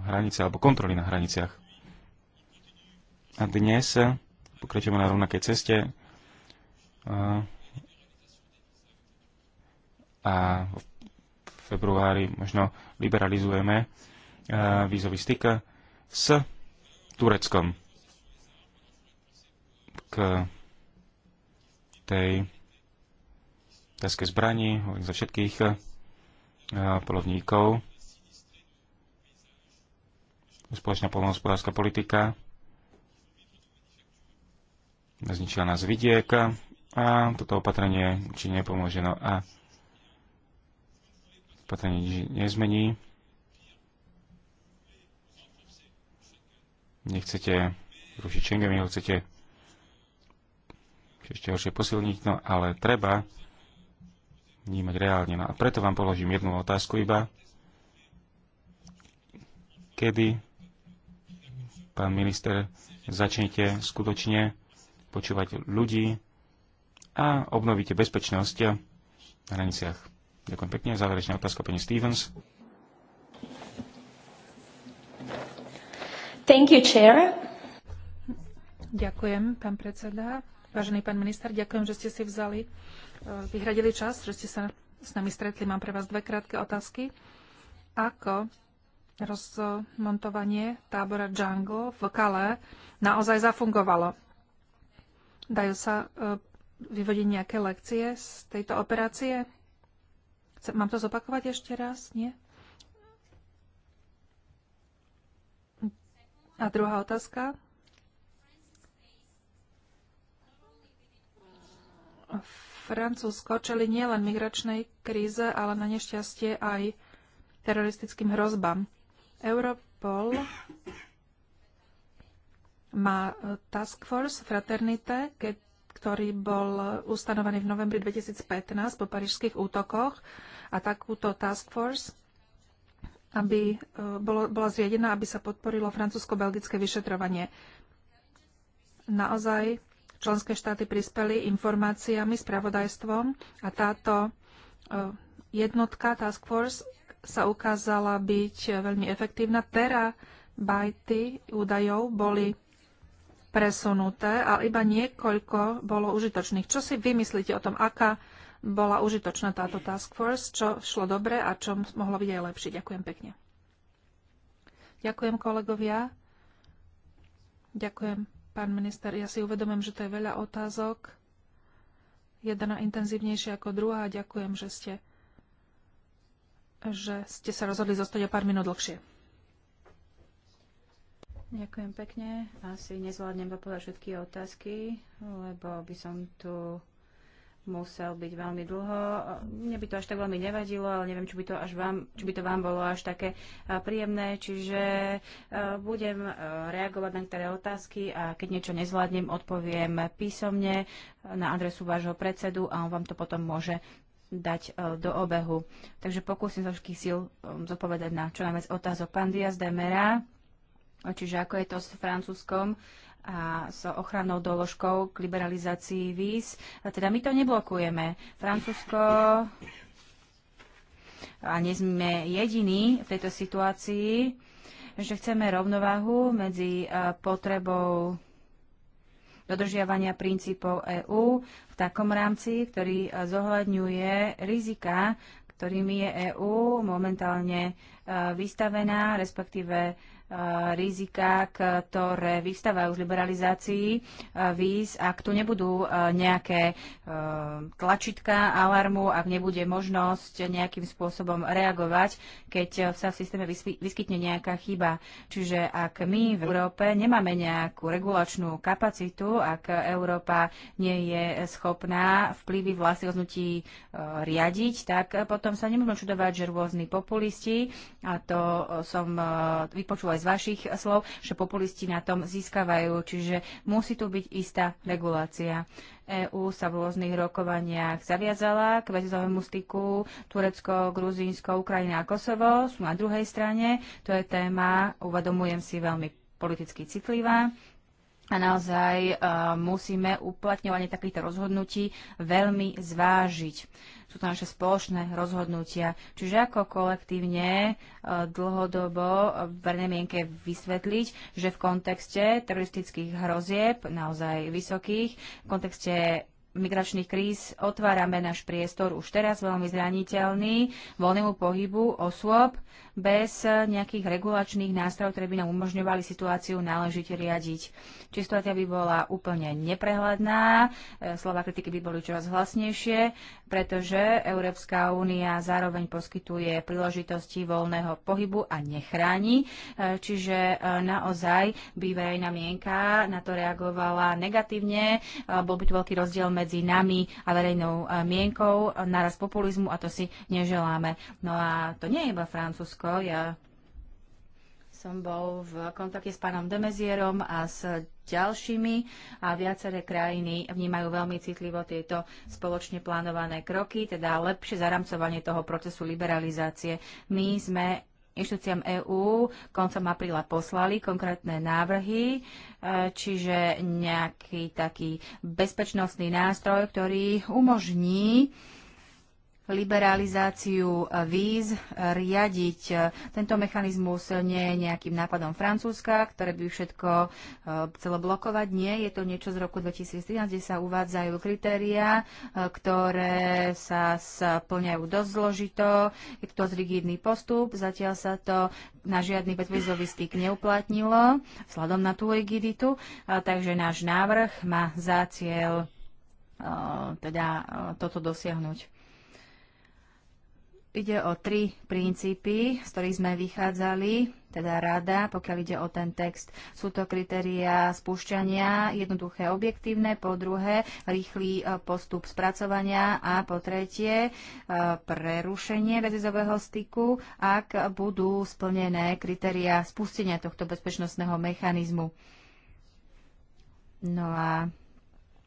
[SPEAKER 3] hranice alebo kontroly na hraniciach. A dnes pokračujeme na rovnakej ceste. Uh, a v februári možno liberalizujeme vízový styk s Tureckom tej otázke zbrani, hovorím za všetkých eh, polovníkov. Spoločná polnohospodárska politika zničila nás vidiek a toto opatrenie či nepomôže. No a opatrenie nič nezmení. Nechcete rušiť Schengen, ho chcete ešte horšie posilniť, no ale treba vnímať reálne. No a preto vám položím jednu otázku iba. Kedy, pán minister, začnete skutočne počúvať ľudí a obnovíte bezpečnosť na hraniciach? Ďakujem pekne. Záverečná otázka pani Stevens.
[SPEAKER 4] Thank you, chair. Ďakujem, pán predseda. Vážený pán minister, ďakujem, že ste si vzali, e, vyhradili čas, že ste sa s nami stretli. Mám pre vás dve krátke otázky. Ako rozmontovanie tábora Django v Kale naozaj zafungovalo? Dajú sa e, vyvodiť nejaké lekcie z tejto operácie? Mám to zopakovať ešte raz? Nie? A druhá otázka. Francúzsko čeli nielen migračnej kríze, ale na nešťastie aj teroristickým hrozbám. Europol má e, Task Force Fraternité, ktorý bol e, ustanovený v novembri 2015 po parížských útokoch a takúto Task Force aby e, bolo, bola zriadená, aby sa podporilo francúzsko-belgické vyšetrovanie. Naozaj členské štáty prispeli informáciami, spravodajstvom a táto e, jednotka Task Force sa ukázala byť veľmi efektívna. Terabajty údajov boli presunuté a iba niekoľko bolo užitočných. Čo si vymyslíte o tom, aká bola užitočná táto task force, čo šlo dobre a čo mohlo byť aj lepšie? Ďakujem pekne. Ďakujem kolegovia. Ďakujem Pán minister, ja si uvedomím, že to je veľa otázok. Jedna intenzívnejšia ako druhá. Ďakujem, že ste, že ste sa rozhodli zostať o pár minút dlhšie.
[SPEAKER 2] Ďakujem pekne. Asi nezvládnem odpovedať všetky otázky, lebo by som tu musel byť veľmi dlho. Mne by to až tak veľmi nevadilo, ale neviem, či by to, až vám, či by to vám bolo až také príjemné. Čiže budem reagovať na niektoré otázky a keď niečo nezvládnem, odpoviem písomne na adresu vášho predsedu a on vám to potom môže dať do obehu. Takže pokúsim sa všetkých síl um, zodpovedať na čo najviac otázok. Pán Diaz de Mera, čiže ako je to s francúzskom a s ochrannou doložkou k liberalizácii víz. Teda my to neblokujeme. Francúzsko a nie sme jediní v tejto situácii, že chceme rovnováhu medzi e, potrebou dodržiavania princípov EÚ v takom rámci, ktorý e, zohľadňuje rizika, ktorými je EÚ momentálne e, vystavená, respektíve rizika, ktoré vystávajú z liberalizácií víz, ak tu nebudú nejaké tlačidká alarmu, ak nebude možnosť nejakým spôsobom reagovať, keď sa v systéme vyskytne nejaká chyba. Čiže ak my v Európe nemáme nejakú regulačnú kapacitu, ak Európa nie je schopná vplyvy vlastných rozhodnutí riadiť, tak potom sa nemôžeme čudovať, že rôzni populisti, a to som vypočula ale z vašich slov, že populisti na tom získavajú. Čiže musí tu byť istá regulácia. EÚ sa v rôznych rokovaniach zaviazala k väzovému styku Turecko, Gruzínsko, Ukrajina a Kosovo sú na druhej strane. To je téma, uvedomujem si, veľmi politicky citlivá. A naozaj uh, musíme uplatňovanie takýchto rozhodnutí veľmi zvážiť sú to naše spoločné rozhodnutia. Čiže ako kolektívne e, dlhodobo v mienke vysvetliť, že v kontexte teroristických hrozieb, naozaj vysokých, v kontexte migračných kríz otvárame náš priestor už teraz veľmi zraniteľný voľnému pohybu osôb bez nejakých regulačných nástrojov, ktoré by nám umožňovali situáciu náležite riadiť. Čiže by bola úplne neprehľadná, e, slova kritiky by boli čoraz hlasnejšie, pretože Európska únia zároveň poskytuje príležitosti voľného pohybu a nechráni, e, čiže e, naozaj by verejná mienka na to reagovala negatívne, bol by tu veľký rozdiel medzi medzi nami a verejnou eh, mienkou, naraz populizmu a to si neželáme. No a to nie je iba Francúzsko. Ja som bol v kontakte s pánom Demezierom a s ďalšími a viaceré krajiny vnímajú veľmi citlivo tieto spoločne plánované kroky, teda lepšie zaramcovanie toho procesu liberalizácie. My sme inštitúciám EÚ koncom apríla poslali konkrétne návrhy, e, čiže nejaký taký bezpečnostný nástroj, ktorý umožní liberalizáciu eh, víz eh, riadiť. Eh, tento mechanizmus nie je nejakým nápadom Francúzska, ktoré by všetko chcelo blokovať. Nie, je to niečo z roku 2013, kde sa uvádzajú kritéria, ktoré sa splňajú dosť zložito. Je to dosť rigidný postup. Zatiaľ sa to na žiadny bezvizový styk neuplatnilo, vzhľadom na tú rigiditu. Takže náš návrh má za cieľ teda toto dosiahnuť. Ide o tri princípy, z ktorých sme vychádzali, teda rada, pokiaľ ide o ten text. Sú to kritéria spúšťania, jednoduché objektívne, po druhé rýchly e, postup spracovania a po tretie e, prerušenie bezizového styku, ak budú splnené kritéria spustenia tohto bezpečnostného mechanizmu. No a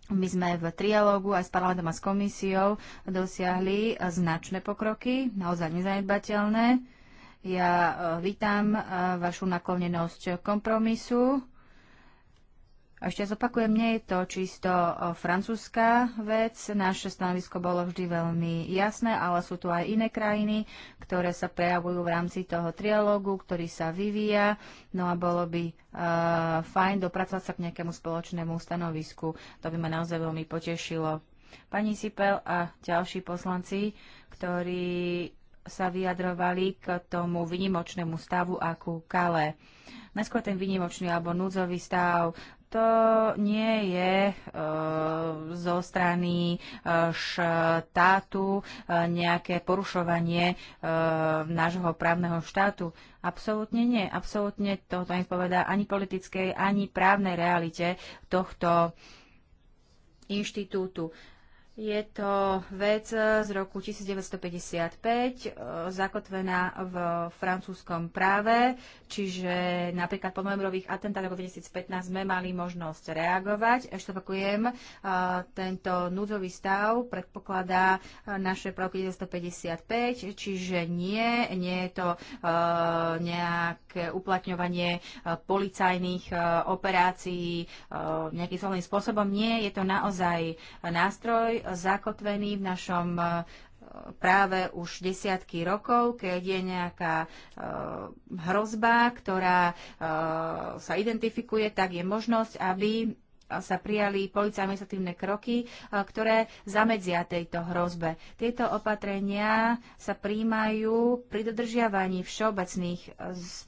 [SPEAKER 2] my sme v trialógu aj s parlamentom a s komisiou dosiahli eh, značné pokroky, naozaj nezanedbateľné. Ja eh, vítam eh, vašu naklonenosť kompromisu a ešte zopakujem, nie je to čisto francúzska vec. Naše stanovisko bolo vždy veľmi jasné, ale sú tu aj iné krajiny, ktoré sa prejavujú v rámci toho trialógu, ktorý sa vyvíja. No a bolo by uh, fajn dopracovať sa k nejakému spoločnému stanovisku. To by ma naozaj veľmi potešilo. Pani Sipel a ďalší poslanci, ktorí sa vyjadrovali k tomu vynimočnému stavu a ku kale. Najskôr ten vynimočný alebo núdzový stav, to nie je e, zo strany eh, štátu eh, nejaké porušovanie e, nášho právneho štátu. Absolútne nie. Absolútne to nepovedá ani politickej, ani právnej realite tohto inštitútu. Je to vec z roku 1955, e, zakotvená v francúzskom práve, čiže napríklad po novembrových atentátoch 2015 sme mali možnosť reagovať. Ešte opakujem, e, tento núdzový stav predpokladá e, naše prvky 1955, čiže nie, nie je to nejaké uplatňovanie policajných operácií nejakým solným spôsobom. Nie, je to naozaj nástroj, zakotvený v našom e, práve už desiatky rokov, keď je nejaká e, hrozba, ktorá e, sa identifikuje, tak je možnosť, aby sa prijali policajné administratívne kroky, e, ktoré zamedzia tejto hrozbe. Tieto opatrenia sa príjmajú pri dodržiavaní všeobecných e,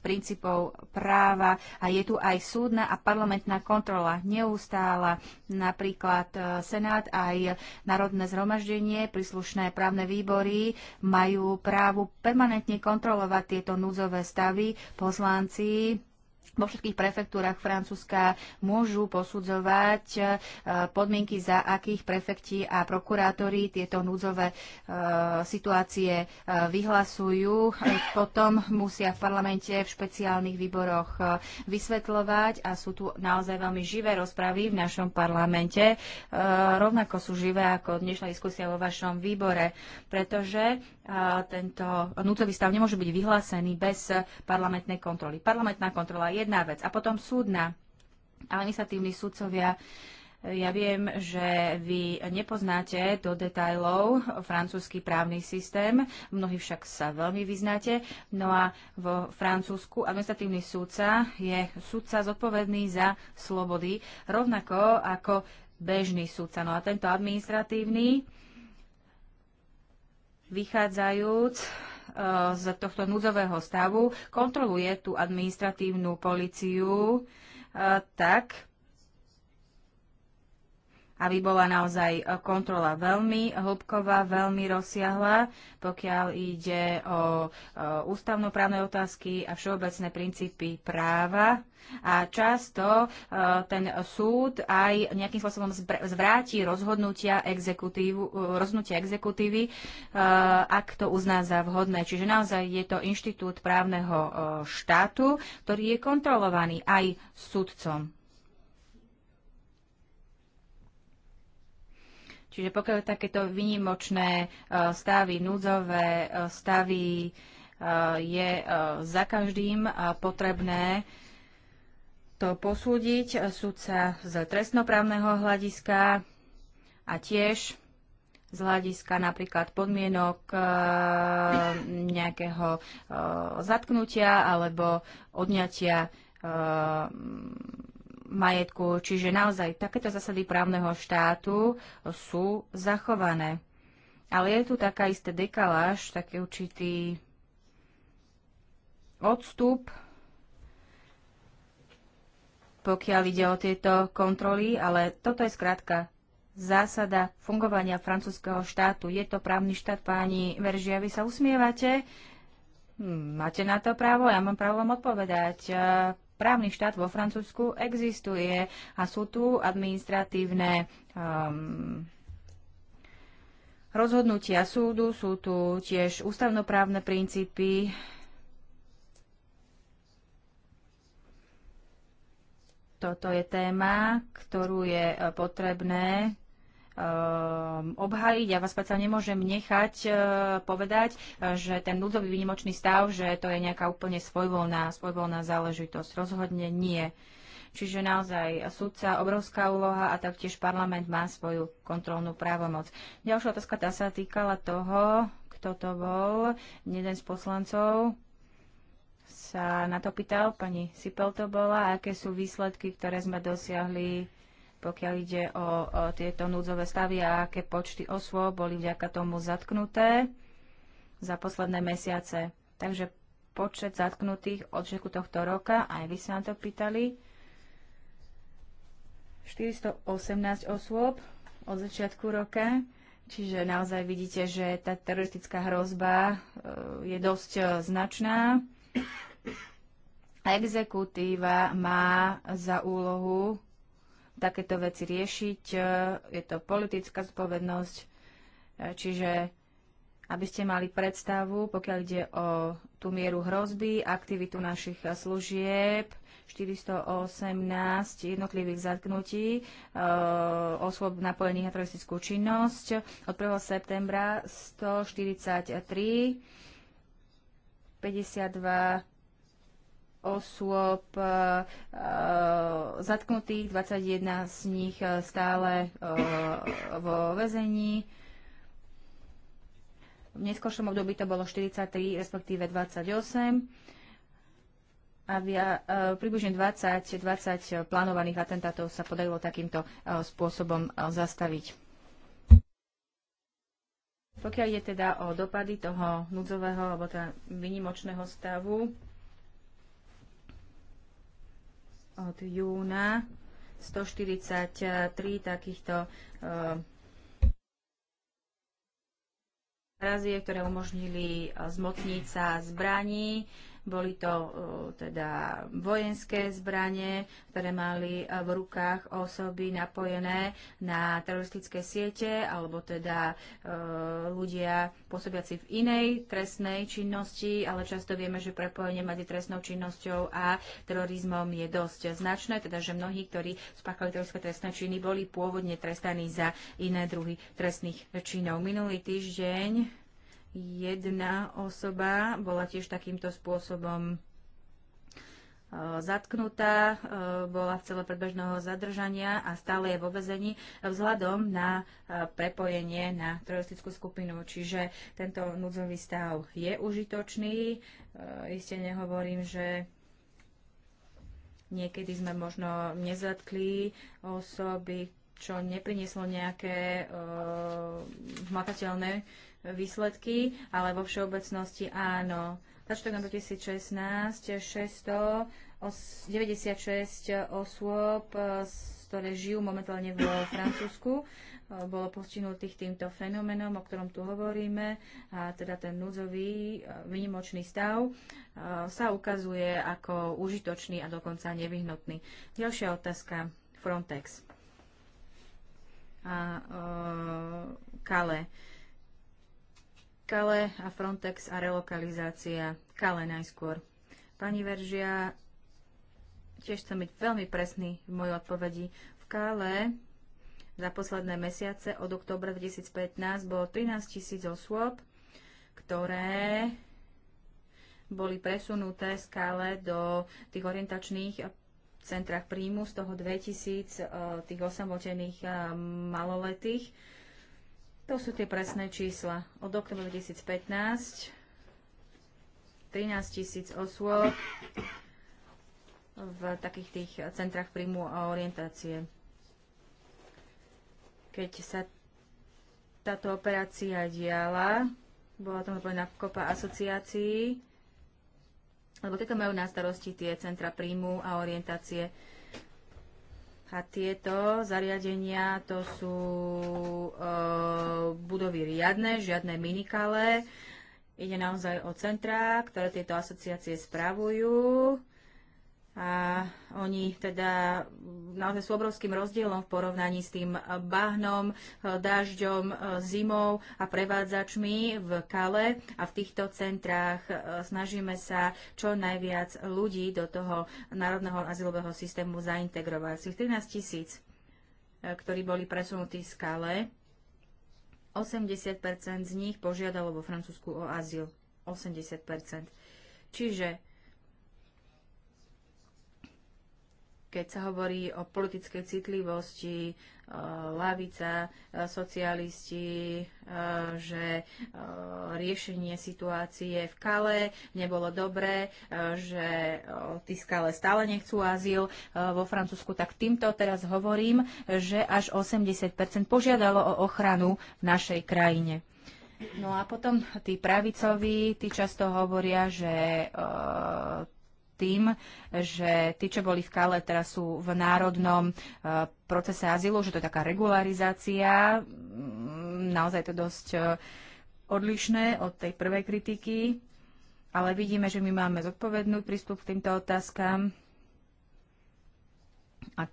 [SPEAKER 2] princípov práva a je tu aj súdna a parlamentná kontrola neustála. Napríklad e, Senát aj Národné zhromaždenie, príslušné právne výbory majú právu permanentne kontrolovať tieto núdzové stavy. Poslanci vo všetkých prefektúrach Francúzska môžu posudzovať e, podmienky, za akých prefekti a prokurátori tieto núdzové e, situácie e, vyhlasujú. Potom musia v parlamente v špeciálnych výboroch vysvetľovať a sú tu naozaj veľmi živé rozpravy v našom parlamente. Rovnako sú živé ako dnešná diskusia vo vašom výbore, pretože tento núdzový stav nemôže byť vyhlásený bez parlamentnej kontroly. Parlamentná kontrola jedna vec. A potom súdna. Administratívni súdcovia eh, ja viem, že vy nepoznáte do detajlov francúzsky právny systém, mnohí však sa veľmi vyznáte. No a v Francúzsku administratívny súdca je súdca zodpovedný za slobody, rovnako ako bežný súdca. No a tento administratívny vychádzajúc Eh, z tohto núdzového stavu kontroluje tú administratívnu policiu eh, tak, aby bola naozaj e, kontrola veľmi hĺbková, veľmi rozsiahla, pokiaľ ide o, e, ústavnoprávne otázky a všeobecné princípy práva. A často e, ten súd aj nejakým spôsobom zvráti rozhodnutia, exekutívu, rozhodnutia exekutívy, ak to uzná za vhodné. Čiže naozaj je to inštitút právneho štátu, ktorý je kontrolovaný aj súdcom. Čiže pokiaľ takéto vynimočné e, stavy, núdzové e, stavy e, je za každým potrebné to posúdiť súdca z trestnoprávneho hľadiska a tiež z hľadiska napríklad podmienok nejakého zatknutia alebo odňatia majetku. Čiže naozaj takéto zásady právneho štátu sú zachované. Ale je tu taká istá dekaláž, taký určitý odstup, pokiaľ ide o tieto kontroly, ale toto je skrátka zásada fungovania francúzského štátu. Je to právny štát, páni Veržia, vy sa usmievate, hm, máte na to právo, ja mám právo vám odpovedať právny štát vo Francúzsku existuje a sú tu administratívne um, rozhodnutia súdu, sú tu tiež ústavnoprávne princípy. Toto je téma, ktorú je eh, potrebné Um, obhájiť. Ja vás predsa nemôžem nechať uh, povedať, uh, že ten núdzový výnimočný stav, že to je nejaká úplne svojvoľná, svojvoľná záležitosť. Rozhodne nie. Čiže naozaj súdca, obrovská úloha a taktiež parlament má svoju kontrolnú právomoc. Ďalšia otázka tá sa týkala toho, kto to bol. Jeden z poslancov sa na to pýtal, pani Sipel to bola, aké sú výsledky, ktoré sme dosiahli pokiaľ ide o, o tieto núdzové stavy a aké počty osôb boli vďaka tomu zatknuté za posledné mesiace. Takže počet zatknutých od všetku tohto roka, aj vy sa na to pýtali, 418 osôb od začiatku roka. Čiže naozaj vidíte, že tá teroristická hrozba e, je dosť e, značná. Exekutíva má za úlohu takéto veci riešiť. E, je to politická zodpovednosť, e, čiže aby ste mali predstavu, pokiaľ ide o tú mieru hrozby, aktivitu našich služieb, 418 jednotlivých zatknutí e, osôb napojených na teroristickú činnosť. Od 1. septembra 143, 52 osôb e, e, zatknutých, 21 z nich e, stále vo väzení. V neskôršom období to bolo 43, respektíve 28 a via, e, približne 20, 20 plánovaných atentátov sa podarilo takýmto e, spôsobom e, zastaviť. Pokiaľ ide teda o dopady toho núdzového alebo teda vynimočného stavu, od júna 143 takýchto eh, razie, ktoré umožnili eh, zmotniť sa zbraní. Boli to e, teda vojenské zbranie, ktoré mali e, v rukách osoby napojené na teroristické siete, alebo teda e, ľudia pôsobiaci v inej trestnej činnosti, ale často vieme, že prepojenie medzi trestnou činnosťou a terorizmom je dosť značné, teda že mnohí, ktorí spáchali teroristické trestné činy, boli pôvodne trestaní za iné druhy trestných činov. Minulý týždeň jedna osoba bola tiež takýmto spôsobom e, zatknutá, e, bola v cele predbežného zadržania a stále je vo vezení vzhľadom na e, prepojenie na teroristickú skupinu. Čiže tento núdzový stav je užitočný. Isté nehovorím, že niekedy sme možno nezatkli osoby, čo neprinieslo nejaké hmatateľné uh, výsledky, ale vo všeobecnosti áno. Začiatok 2016 696 osôb, ktoré žijú momentálne vo Francúzsku, bolo postihnutých týmto fenoménom, o ktorom tu hovoríme, a teda ten núdzový e, výnimočný stav e, sa ukazuje ako užitočný a dokonca nevyhnutný. Ďalšia otázka. Frontex a e, Kale. Kale a Frontex a relokalizácia. Kale najskôr. Pani Veržia, tiež chcem byť veľmi presný v mojej odpovedi. V Kale za posledné mesiace od oktobra 2015 bolo 13 tisíc osôb, ktoré boli presunuté z Kale do tých orientačných centrách príjmu, z toho 2000 eh, tých osamotených eh, maloletých to sú tie presné čísla. Od oktobra 2015 13 tisíc osôb v takých tých centrách príjmu a orientácie. Keď sa táto operácia diala, bola tomu povedaná kopa asociácií, lebo tieto majú na starosti tie centra príjmu a orientácie. A tieto zariadenia to sú e, budovy riadne, žiadne minikale. Ide naozaj o centrá, ktoré tieto asociácie spravujú. A oni teda naozaj sú obrovským rozdielom v porovnaní s tým bahnom, dažďom, e, zimou a prevádzačmi v Kale a v týchto centrách e, snažíme sa čo najviac ľudí do toho národného azylového systému zaintegrovať. Z 13 tisíc, e, ktorí boli presunutí z Kale, 80% z nich požiadalo vo Francúzsku o azyl. 80%. Čiže keď sa hovorí o politickej citlivosti, lavica, e, e, socialisti, e, že riešenie situácie v Kale nebolo dobré, že tí Kale stále nechcú azyl vo Francúzsku, tak týmto teraz hovorím, že až 80 požiadalo o ochranu v našej krajine. No a potom tí pravicoví, tí často hovoria, že tým, že tí, čo boli v Kale, teraz sú v národnom e, procese azylu, že to je taká regularizácia. Mm, naozaj to dosť e, odlišné od tej prvej kritiky, ale vidíme, že my máme zodpovednú prístup k týmto otázkam. A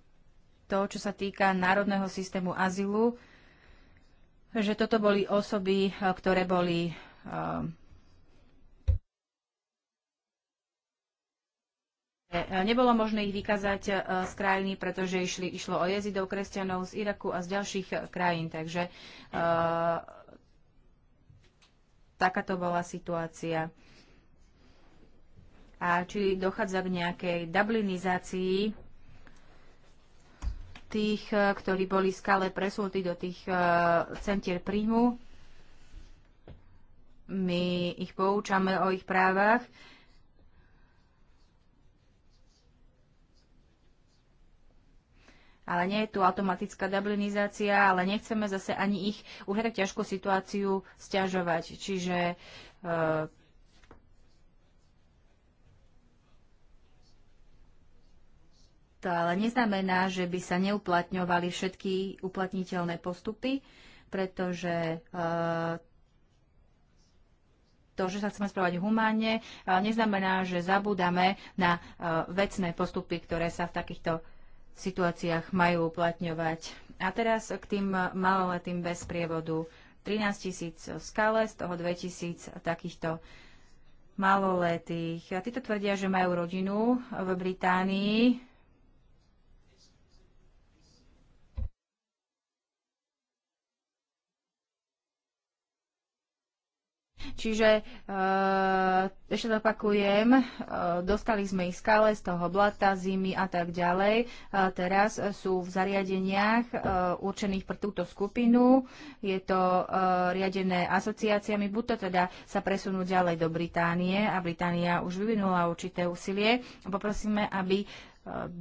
[SPEAKER 2] to, čo sa týka národného systému azylu, že toto boli osoby, e, ktoré boli E, nebolo možné ich vykázať e, z krajiny, pretože išli, išlo o jezidov, kresťanov z Iraku a z ďalších e, krajín. Takže takáto bola situácia. A či dochádza k nejakej dublinizácii tých, ktorí boli skále presunutí do tých centier príjmu. My ich poučame o ich právach ale nie je tu automatická dublinizácia, ale nechceme zase ani ich uhrať ťažkú situáciu stiažovať. Čiže e, To ale neznamená, že by sa neuplatňovali všetky uplatniteľné postupy, pretože e, to, že sa chceme správať humánne, e, neznamená, že zabúdame na e, vecné postupy, ktoré sa v takýchto situáciách majú uplatňovať. A teraz k tým maloletým bez prievodu. 13 tisíc v skale, z toho 2 tisíc takýchto maloletých. A títo tvrdia, že majú rodinu v Británii, Čiže eh, ešte to opakujem, eh, dostali sme ich skále z toho blata, zimy a tak ďalej. Eh, teraz sú v zariadeniach určených pre túto skupinu. Je to riadené asociáciami, buď to teda sa presunú ďalej do Británie a Británia už vyvinula určité úsilie. Poprosíme, aby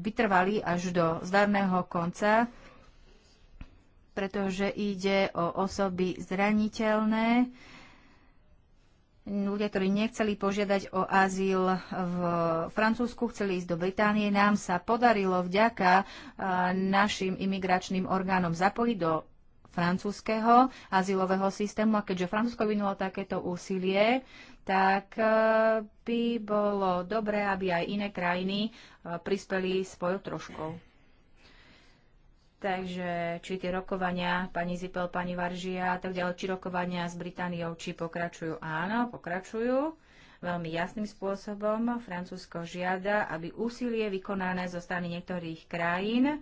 [SPEAKER 2] vytrvali až do zdarného konca, pretože ide o osoby zraniteľné, ľudia, ktorí nechceli požiadať o azyl v Francúzsku, chceli ísť do Británie. Nám sa podarilo vďaka našim imigračným orgánom zapojiť do francúzského azylového systému a keďže Francúzsko vynulo takéto úsilie, tak by bolo dobré, aby aj iné krajiny prispeli svojou troškou. Takže či tie rokovania, pani Zipel, pani Varžia a tak ďalej, či rokovania s Britániou, či pokračujú? Áno, pokračujú. Veľmi jasným spôsobom Francúzsko žiada, aby úsilie vykonané zo strany niektorých krajín, e,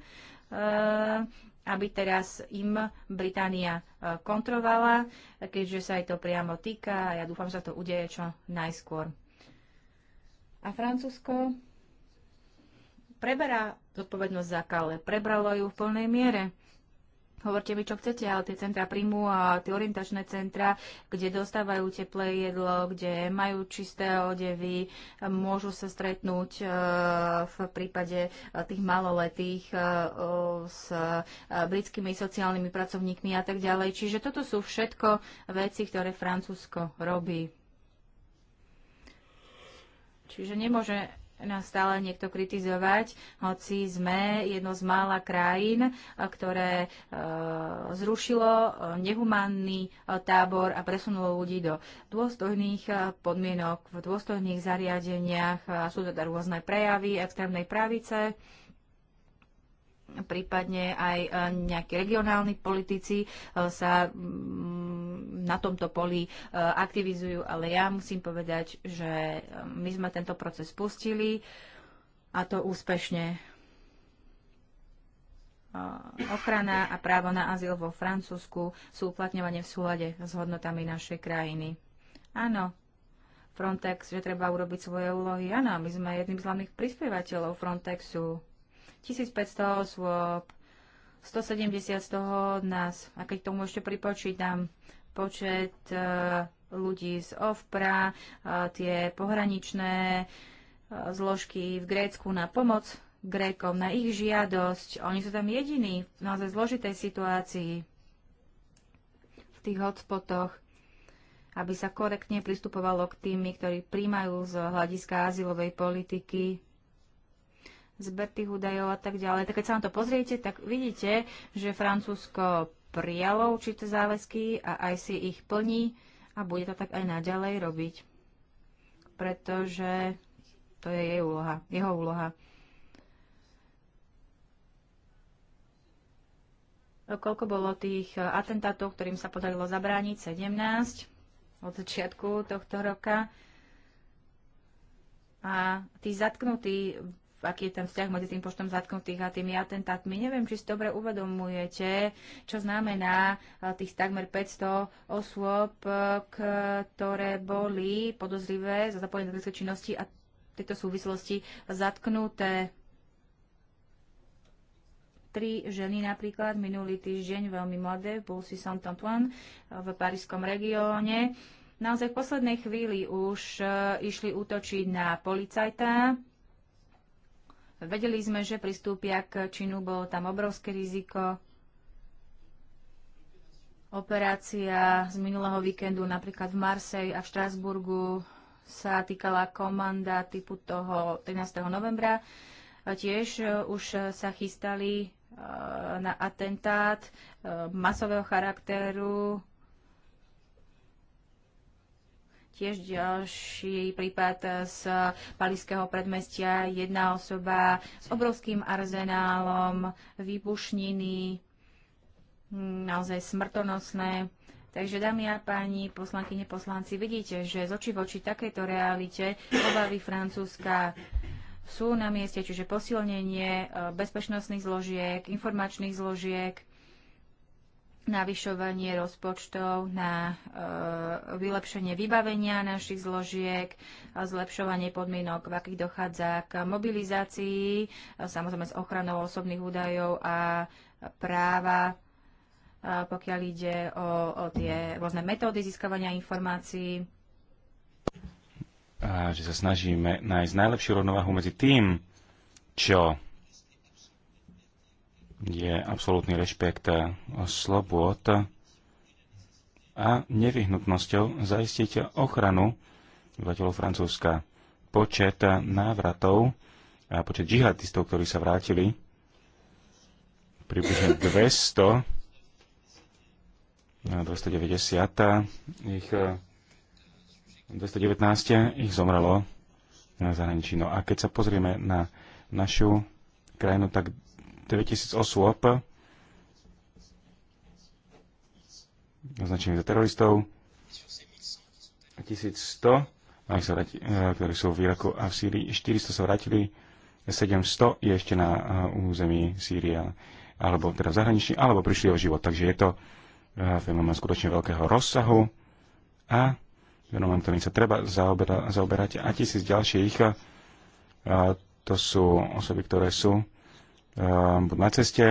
[SPEAKER 2] aby teraz im Británia e, kontrovala, keďže sa aj to priamo týka a ja dúfam, že sa to udeje čo najskôr. A Francúzsko preberá zodpovednosť za Kale. Prebralo ju v plnej miere. Hovorte mi, čo chcete, ale tie centra príjmu a tie orientačné centra, kde dostávajú teplé jedlo, kde majú čisté odevy, môžu sa stretnúť e, v prípade e, tých maloletých e, s britskými sociálnymi pracovníkmi a tak ďalej. Čiže toto sú všetko veci, ktoré Francúzsko robí. Čiže nemôže nás stále niekto kritizovať, hoci sme jedno z mála krajín, eh, ktoré eh, zrušilo eh, nehumánny tábor a presunulo ľudí do dôstojných podmienok, v dôstojných zariadeniach. Sú teda rôzne prejavy extrémnej pravice prípadne aj e, nejakí regionálni politici e, sa mm, na tomto poli e, aktivizujú, ale ja musím povedať, že my sme tento proces spustili a to úspešne. Ochrana a právo na azyl vo Francúzsku sú uplatňované v súlade s hodnotami našej krajiny. Áno, Frontex, že treba urobiť svoje úlohy. Áno, my sme jedným z hlavných prispievateľov Frontexu. 1500 osôb, 170 z toho od nás. A keď tomu ešte pripočítam počet e, ľudí z OVPRA, e, tie pohraničné e, zložky v Grécku na pomoc Grékom, na ich žiadosť. Oni sú tam jediní v naozaj zložitej situácii v tých hotspotoch aby sa korektne pristupovalo k tými, ktorí príjmajú z hľadiska azylovej politiky zber tých údajov a tak ďalej. Tak keď sa na to pozriete, tak vidíte, že Francúzsko prijalo určité záväzky a aj si ich plní a bude to tak aj naďalej robiť, pretože to je jej úloha, jeho úloha. Koľko bolo tých atentátov, ktorým sa podarilo zabrániť? 17 od začiatku tohto roka. A tí zatknutí aký je ten vzťah medzi tým počtom zatknutých a tými atentátmi. Neviem, či si dobre uvedomujete, čo znamená eh, tých takmer 500 osôb, eh, ktoré boli podozrivé za zapojenie do činnosti a tejto súvislosti zatknuté tri ženy napríklad minulý týždeň, veľmi mladé, eh, v Bulsi Saint-Antoine v parískom regióne. Naozaj v poslednej chvíli už išli útočiť na policajta, Vedeli sme, že pristúpia k činu, bolo tam obrovské riziko. Operácia z minulého víkendu napríklad v Marseji a v Štrasburgu sa týkala komanda typu toho 13. novembra. Tiež e, už sa chystali e, na atentát e, masového charakteru Tiež ďalší prípad z Palického predmestia. Jedna osoba s obrovským arzenálom výbušniny, naozaj smrtonosné. Takže, dámy a páni, poslankyne, poslanci, vidíte, že z oči v oči takejto realite obavy Francúzska sú na mieste, čiže posilnenie e, bezpečnostných zložiek, informačných zložiek, navyšovanie rozpočtov na e, vylepšenie vybavenia našich zložiek, zlepšovanie podmienok, v akých dochádza k mobilizácii, samozrejme s ochranou osobných údajov a práva, a pokiaľ ide o, o tie rôzne metódy získavania informácií.
[SPEAKER 3] A že sa snažíme nájsť najlepšiu rovnováhu medzi tým, čo je absolútny rešpekt slobôd a nevyhnutnosťou zaistiť ochranu obyvateľov Francúzska. Počet návratov a počet džihadistov, ktorí sa vrátili, približne 200, 290 ich 219 ich zomrelo na zahraničí. No a keď sa pozrieme na našu krajinu, tak 9000 osôb označených za teroristov, 1100, sa vrátili, e, ktorí sú v Iraku a v Sýrii, 400 sa vrátili, 700 je ešte na e, území Sýria, alebo teda v zahraničí, alebo prišli o život. Takže je to e, fenomén skutočne veľkého rozsahu a fenomén, ktorým sa treba zaoberať a tisíc ďalších. To sú osoby, ktoré sú Ehm, buď na ceste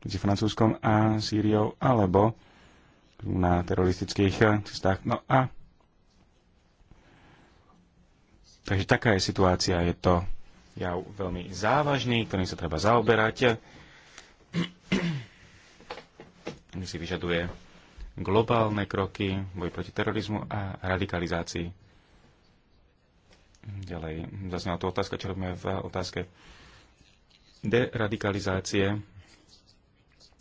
[SPEAKER 3] medzi Francúzskom a Sýriou, alebo na teroristických eh, cestách. No a takže taká je situácia, je to ja veľmi závažný, ktorým sa treba zaoberať. si vyžaduje globálne kroky, boj proti terorizmu a radikalizácii. Ďalej zaznela tu otázka, čo robíme v otázke deradikalizácie.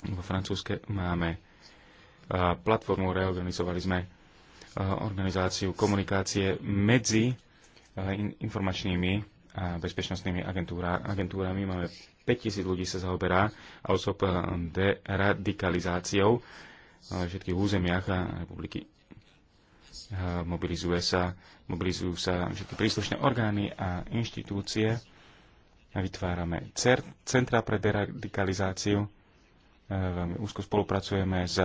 [SPEAKER 3] Vo francúzske máme platformu, reorganizovali sme organizáciu komunikácie medzi informačnými a bezpečnostnými agentúra, agentúrami. Máme 5000 ľudí sa zaoberá osob deradikalizáciou v všetkých územiach a republiky. Mobilizuje sa, mobilizujú sa všetky príslušné orgány a inštitúcie vytvárame centra pre deradikalizáciu, e, veľmi úzko spolupracujeme s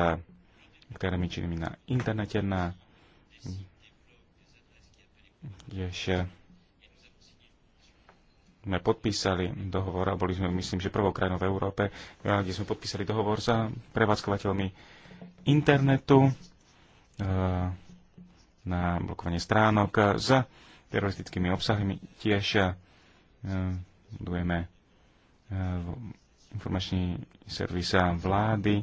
[SPEAKER 3] ktorými činnými na internete, na tiež sme podpísali dohovor a boli sme, myslím, že prvou krajinou v Európe, kde sme podpísali dohovor za prevádzkovateľmi internetu e, na blokovanie stránok s teroristickými obsahmi. Tiež e, budujeme e, informačný servis vlády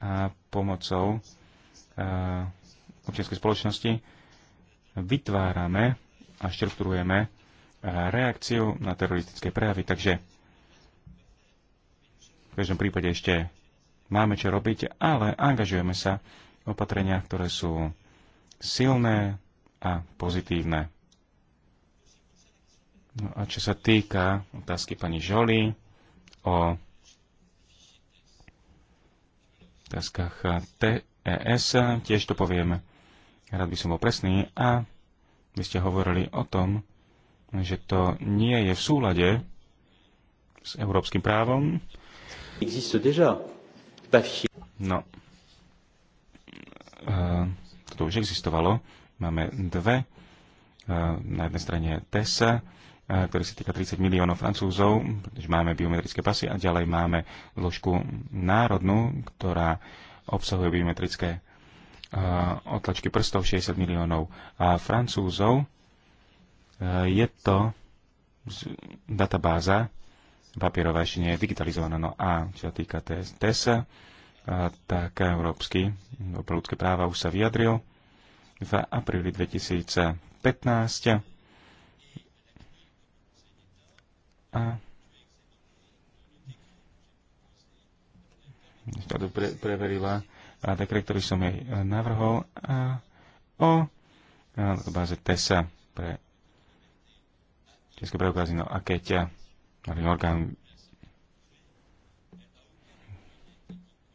[SPEAKER 3] a pomocou e, občianskej spoločnosti vytvárame a štruktúrujeme reakciu na teroristické prejavy. Takže v každom prípade ešte máme čo robiť, ale angažujeme sa v opatreniach, ktoré sú silné a pozitívne. No a čo sa týka otázky pani Žoli o otázkach TES, tiež to poviem. Rád by som bol presný a vy ste hovorili o tom, že to nie je v súlade s európskym právom. No. E, toto už existovalo. Máme dve. E, na jednej strane TESA, Eh, ktorý sa týka 30 miliónov Francúzov, pretože máme biometrické pasy a ďalej máme zložku národnú, ktorá obsahuje biometrické eh, otlačky prstov 60 miliónov a Francúzov. Eh, je to databáza papierová ešte nie je digitalizovaná. No a čo sa týka TESA, tak Európsky pre ľudské práva už sa vyjadril v apríli 2015 A to pre, preverila dekret, ktorý som jej eh, navrhol a o na báze TESA pre České preukazy. No a keď eh, Orgán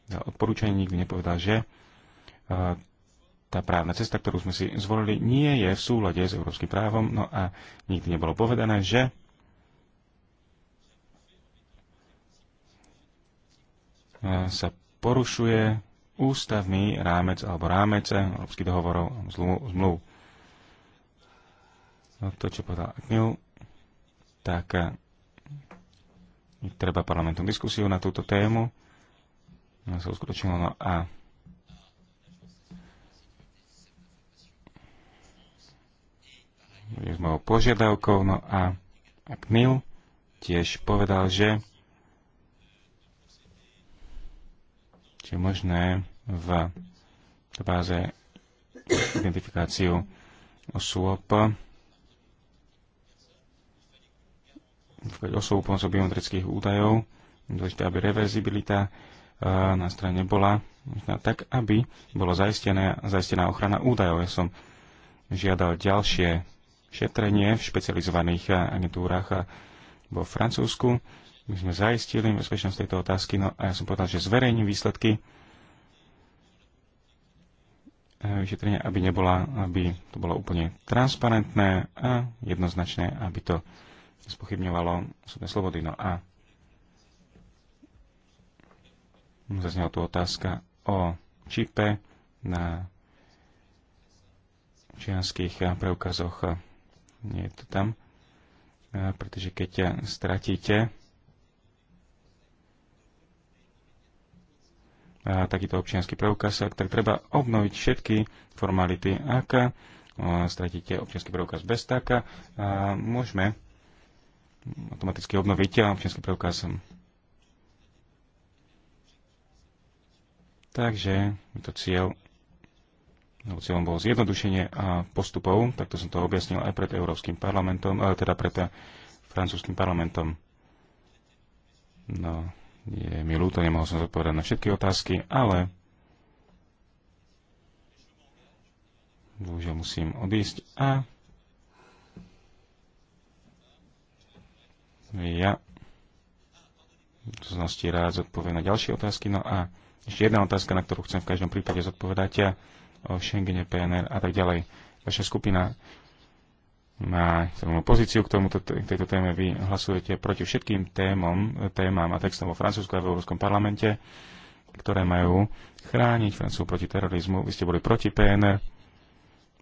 [SPEAKER 3] dal odporúčanie, nikdy nepovedal, že eh, tá právna cesta, ktorú sme si zvolili, nie je v súlade s európskym právom, no a nikdy nebolo povedané, že sa porušuje ústavný rámec alebo rámec európskych dohovorov zmluv. To, čo povedal Agnew, tak e, treba parlamentom diskusiu na túto tému. No, sa uskutočnilo no a je s mojou požiadavkou, no a Agnew tiež povedal, že či je možné v báze identifikáciu osôb osôb pomocou biometrických údajov, dôležité, aby reverzibilita e, na strane bola tak, aby bola zaistená, zaistená ochrana údajov. Ja som žiadal ďalšie šetrenie v špecializovaných e, agentúrach e, vo Francúzsku my sme zaistili bezpečnosť tejto otázky, no a ja som povedal, že zverejním výsledky e, vyšetrenia, aby nebola, aby to bolo úplne transparentné a jednoznačné, aby to spochybňovalo súdne slobody. No a zaznela tu otázka o čipe na čianských preukazoch. Nie je to tam, e, pretože keď stratíte takýto občianský preukaz, tak treba obnoviť všetky formality. Ak e, stratíte občianský preukaz bez taka, e, môžeme automaticky obnoviť občianský preukaz. Takže to cieľ cieľom bolo zjednodušenie a postupov, takto som to objasnil aj pred Európskym parlamentom, ale teda pred e, francúzským parlamentom. No, je mi ľúto, nemohol som zodpovedať na všetky otázky, ale bohužiaľ musím odísť a ja znosti rád zodpoviem na ďalšie otázky. No a ešte jedna otázka, na ktorú chcem v každom prípade zodpovedať ja o Schengene, PNR a tak ďalej. Vaša skupina na silnú pozíciu k, tomuto, k tejto téme. Vy hlasujete proti všetkým témom, témam a textom vo Francúzsku a v Európskom parlamente, ktoré majú chrániť Francúzsku proti terorizmu. Vy ste boli proti PNR,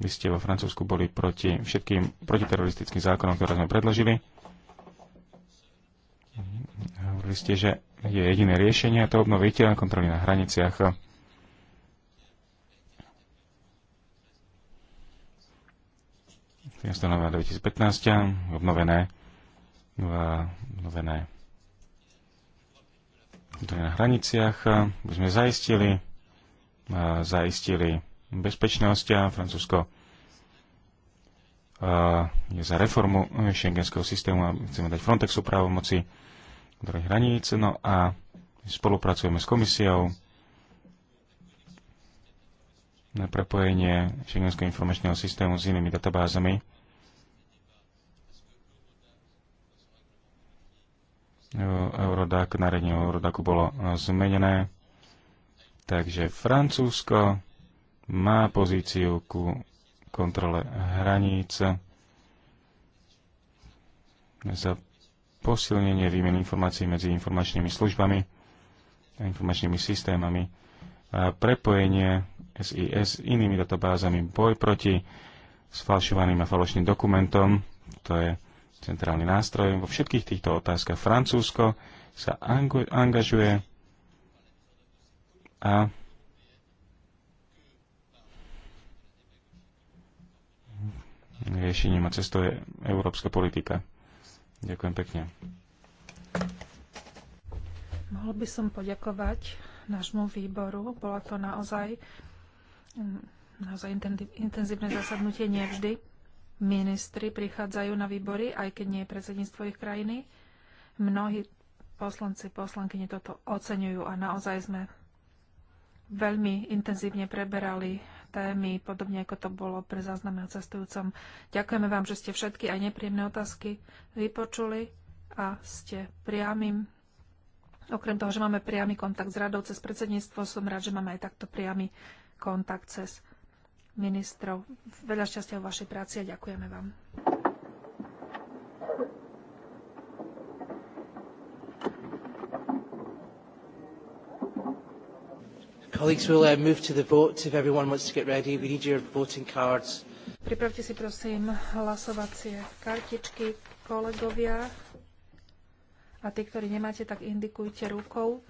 [SPEAKER 3] vy ste vo Francúzsku boli proti všetkým protiteroristickým zákonom, ktoré sme predložili. Hovorili ste, že je jediné riešenie to obnoviť kontroly na hraniciach 13. novembra 2015, obnovené, obnovené na hraniciach, by sme zaistili, zaistili bezpečnosť a Francúzsko je za reformu šengenského systému a chceme dať Frontexu právomoci do hraníc. No a spolupracujeme s komisiou, na prepojenie šengenského informačného systému s inými databázami. Eurodac, nariadenie Eurodacu bolo eh, zmenené, takže Francúzsko má pozíciu ku kontrole hraníc za posilnenie výmeny informácií medzi informačnými službami a informačnými systémami, a prepojenie SIS, inými databázami, boj proti sfalšovaným a falošným dokumentom, to je centrálny nástroj. Vo všetkých týchto otázkach Francúzsko sa angažuje a riešením a cestou je európska politika. Ďakujem pekne.
[SPEAKER 4] Mohol by som poďakovať nášmu výboru. Bola to naozaj naozaj intenzívne zasadnutie nie vždy. Ministri prichádzajú na výbory, aj keď nie je predsedníctvo ich krajiny. Mnohí poslanci, poslankyne toto oceňujú a naozaj sme veľmi intenzívne preberali témy, podobne ako to bolo pre zázname o cestujúcom. Ďakujeme vám, že ste všetky aj nepríjemné otázky vypočuli a ste priamým. Okrem toho, že máme priamy kontakt s radou cez predsedníctvo, som rád, že máme aj takto priamy kontakt cez ministrov. Veľa šťastia v vašej práci a ďakujeme vám.
[SPEAKER 1] Colleagues, uh, move to the vote if everyone wants to get ready. We need your voting cards.
[SPEAKER 4] Pripravte si prosím hlasovacie kartičky, kolegovia. A tí, ktorí nemáte, tak indikujte rukou.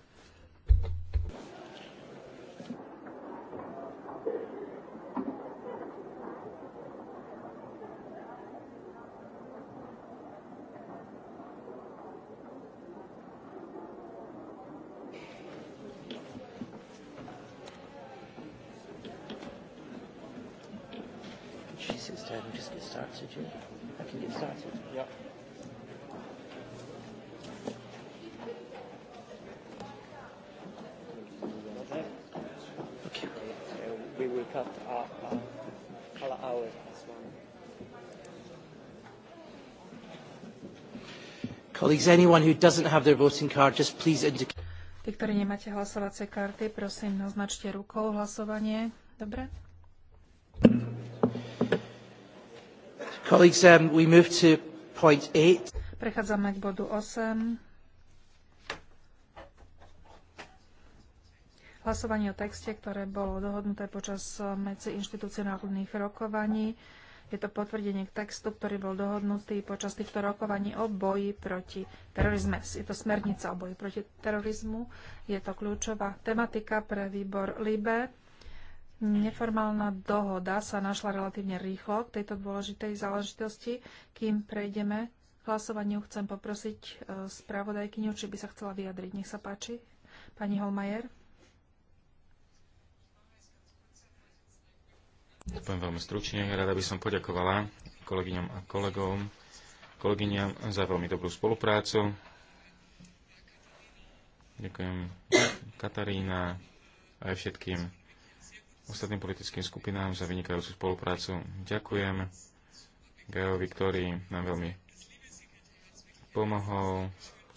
[SPEAKER 4] Tí, ktorí nemáte hlasovacie karty, prosím, naznačte rukou hlasovanie. Dobre?
[SPEAKER 1] Colleagues, um, we move to point 8.
[SPEAKER 4] Prechádzame k bodu 8. Hlasovanie o texte, ktoré bolo dohodnuté počas eh, inštitucionálnych rokovaní. Je to potvrdenie k textu, ktorý bol dohodnutý počas týchto rokovaní o boji proti terorizme. Je to smernica o boji proti terorizmu. Je to kľúčová tematika pre výbor LIBE. Neformálna dohoda sa našla relatívne rýchlo k tejto dôležitej záležitosti. Kým prejdeme k hlasovaniu, chcem poprosiť eh, spravodajkyňu, či by sa chcela vyjadriť. Nech sa páči. Pani Holmajer.
[SPEAKER 3] Poviem veľmi stručne. Rada by som poďakovala kolegyňam a kolegom, kolegyňam za veľmi dobrú spoluprácu. Ďakujem Katarína a aj všetkým ostatným politickým skupinám za vynikajúcu spoluprácu. Ďakujem Gajovi, ktorý nám veľmi pomohol.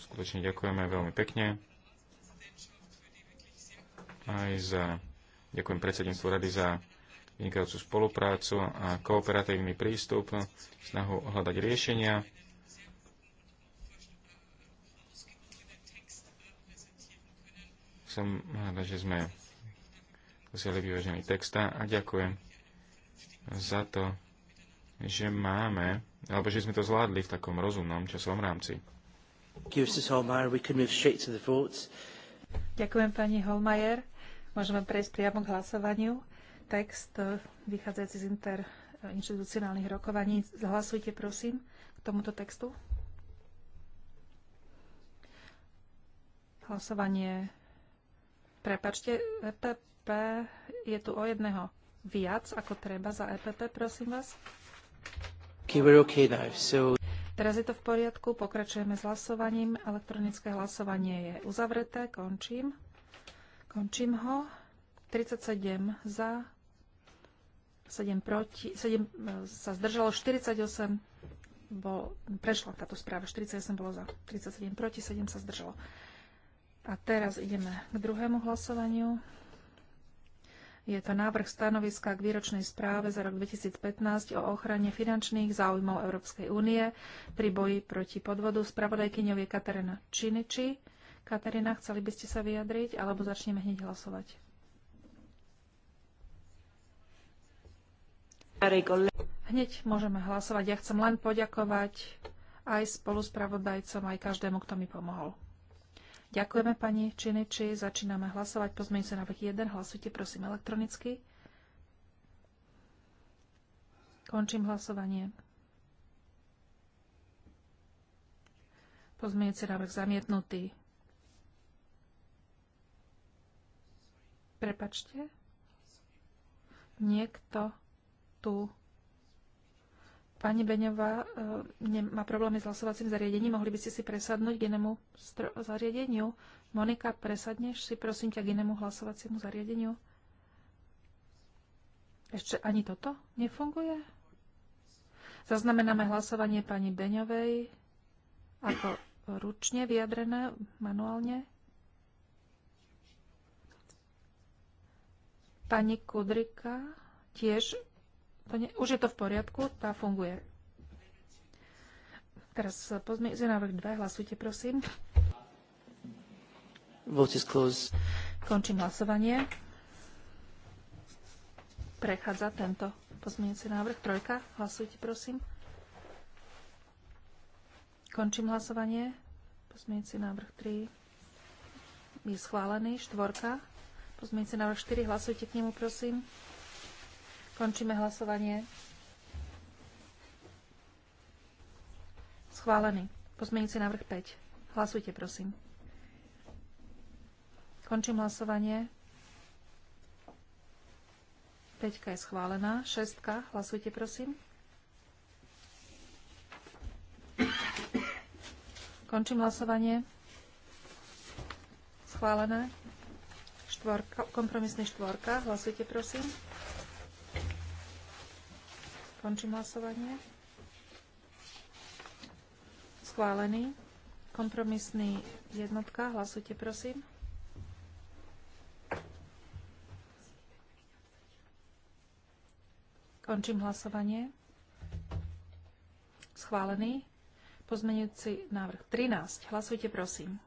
[SPEAKER 3] Skutočne ďakujeme veľmi pekne. Aj za, ďakujem predsedníctvu rady za vynikajúcu spoluprácu a kooperatívny prístup, snahu hľadať riešenia. Som rada, že sme dosiahli vyvážený texta a ďakujem za to, že máme, alebo že sme to zvládli v takom rozumnom časovom rámci.
[SPEAKER 4] Ďakujem pani Holmajer. Môžeme prejsť priamo k hlasovaniu text eh, vychádzajúci z interinstitucionálnych rokovaní. Zhlasujte, prosím k tomuto textu. Hlasovanie. Prepačte, EPP je tu o jedného viac ako treba za EPP, prosím vás.
[SPEAKER 1] Okay, we're okay now, so...
[SPEAKER 4] Teraz je to v poriadku, pokračujeme s hlasovaním. Elektronické hlasovanie je uzavreté, končím. Končím ho. 37 za, 7, proti, 7 e, sa zdržalo, 48 bol, prešla táto správa, 48 bolo za, 37 proti, 7 sa zdržalo. A teraz ideme k druhému hlasovaniu. Je to návrh stanoviska k výročnej správe za rok 2015 o ochrane finančných záujmov Európskej únie pri boji proti podvodu. Spravodajkyňou je Katarina Činiči. Katarina, chceli by ste sa vyjadriť, alebo začneme hneď hlasovať?
[SPEAKER 2] Hneď
[SPEAKER 4] môžeme hlasovať. Ja chcem len poďakovať aj spoluspravodajcom, aj každému, kto mi pomohol. Ďakujeme pani Činiči, začíname hlasovať. Pozmeň sa na 1, hlasujte prosím elektronicky. Končím hlasovanie. Pozmeňujúci návrh zamietnutý. Prepačte. Niekto tu pani Beňová e, má problémy s hlasovacím zariadením. Mohli by ste si presadnúť k inému zariadeniu? Monika, presadneš si prosím ťa k inému hlasovaciemu zariadeniu? Ešte ani toto nefunguje? Zaznamenáme hlasovanie pani Beňovej ako ručne vyjadrené manuálne. Pani Kudrika tiež to už je to v poriadku, tá funguje. Teraz pozmite návrh 2, hlasujte prosím.
[SPEAKER 1] Vote is closed.
[SPEAKER 4] Končím hlasovanie. Prechádza tento pozmeňujúci návrh. Trojka, hlasujte prosím. Končím hlasovanie. Pozmeňujúci návrh 3 je schválený. Štvorka. Pozmeňujúci návrh 4, hlasujte k nemu prosím. Končíme hlasovanie. Schválený. Pozmeňujúci návrh 5. Hlasujte, prosím. Končím hlasovanie. 5 je schválená. 6. Hlasujte, prosím. Končím hlasovanie. Schválené. Štvorka, kompromisný štvorka. Hlasujte, prosím. Končím hlasovanie. Schválený. Kompromisný jednotka. Hlasujte, prosím. Končím hlasovanie. Schválený. Pozmenujúci návrh 13. Hlasujte, prosím.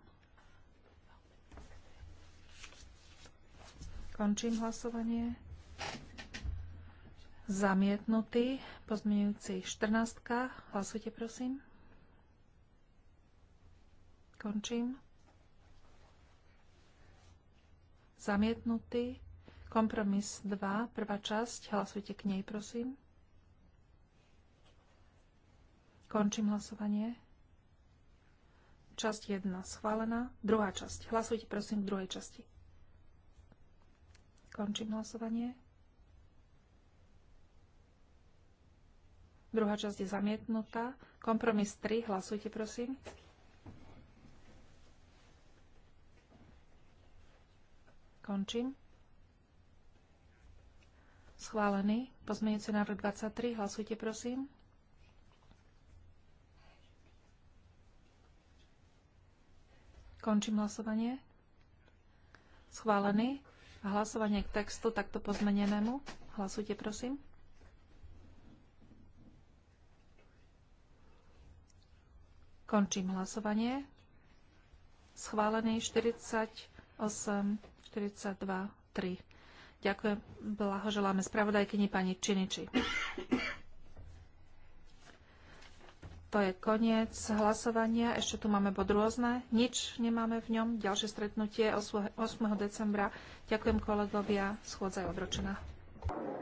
[SPEAKER 4] Končím hlasovanie. Zamietnutý. Pozmeňujúci 14. Hlasujte, prosím. Končím. Zamietnutý. Kompromis 2, prvá časť. Hlasujte k nej, prosím. Končím hlasovanie. Časť 1 schválená. Druhá časť. Hlasujte prosím k druhej časti. Končím hlasovanie. Druhá časť je zamietnutá. Kompromis 3. Hlasujte, prosím. Končím. Schválený. Pozmeňujúci návrh 23. Hlasujte, prosím. Končím hlasovanie. Schválený. Hlasovanie k textu takto pozmenenému. Hlasujte, prosím. Končím hlasovanie. Schválený 48, 42, 3. Ďakujem, blahoželáme spravodajkyni pani Činiči. To je koniec hlasovania. Ešte tu máme bod rôzne. Nič nemáme v ňom. Ďalšie stretnutie 8. decembra. Ďakujem kolegovia. Schôdza je odročená.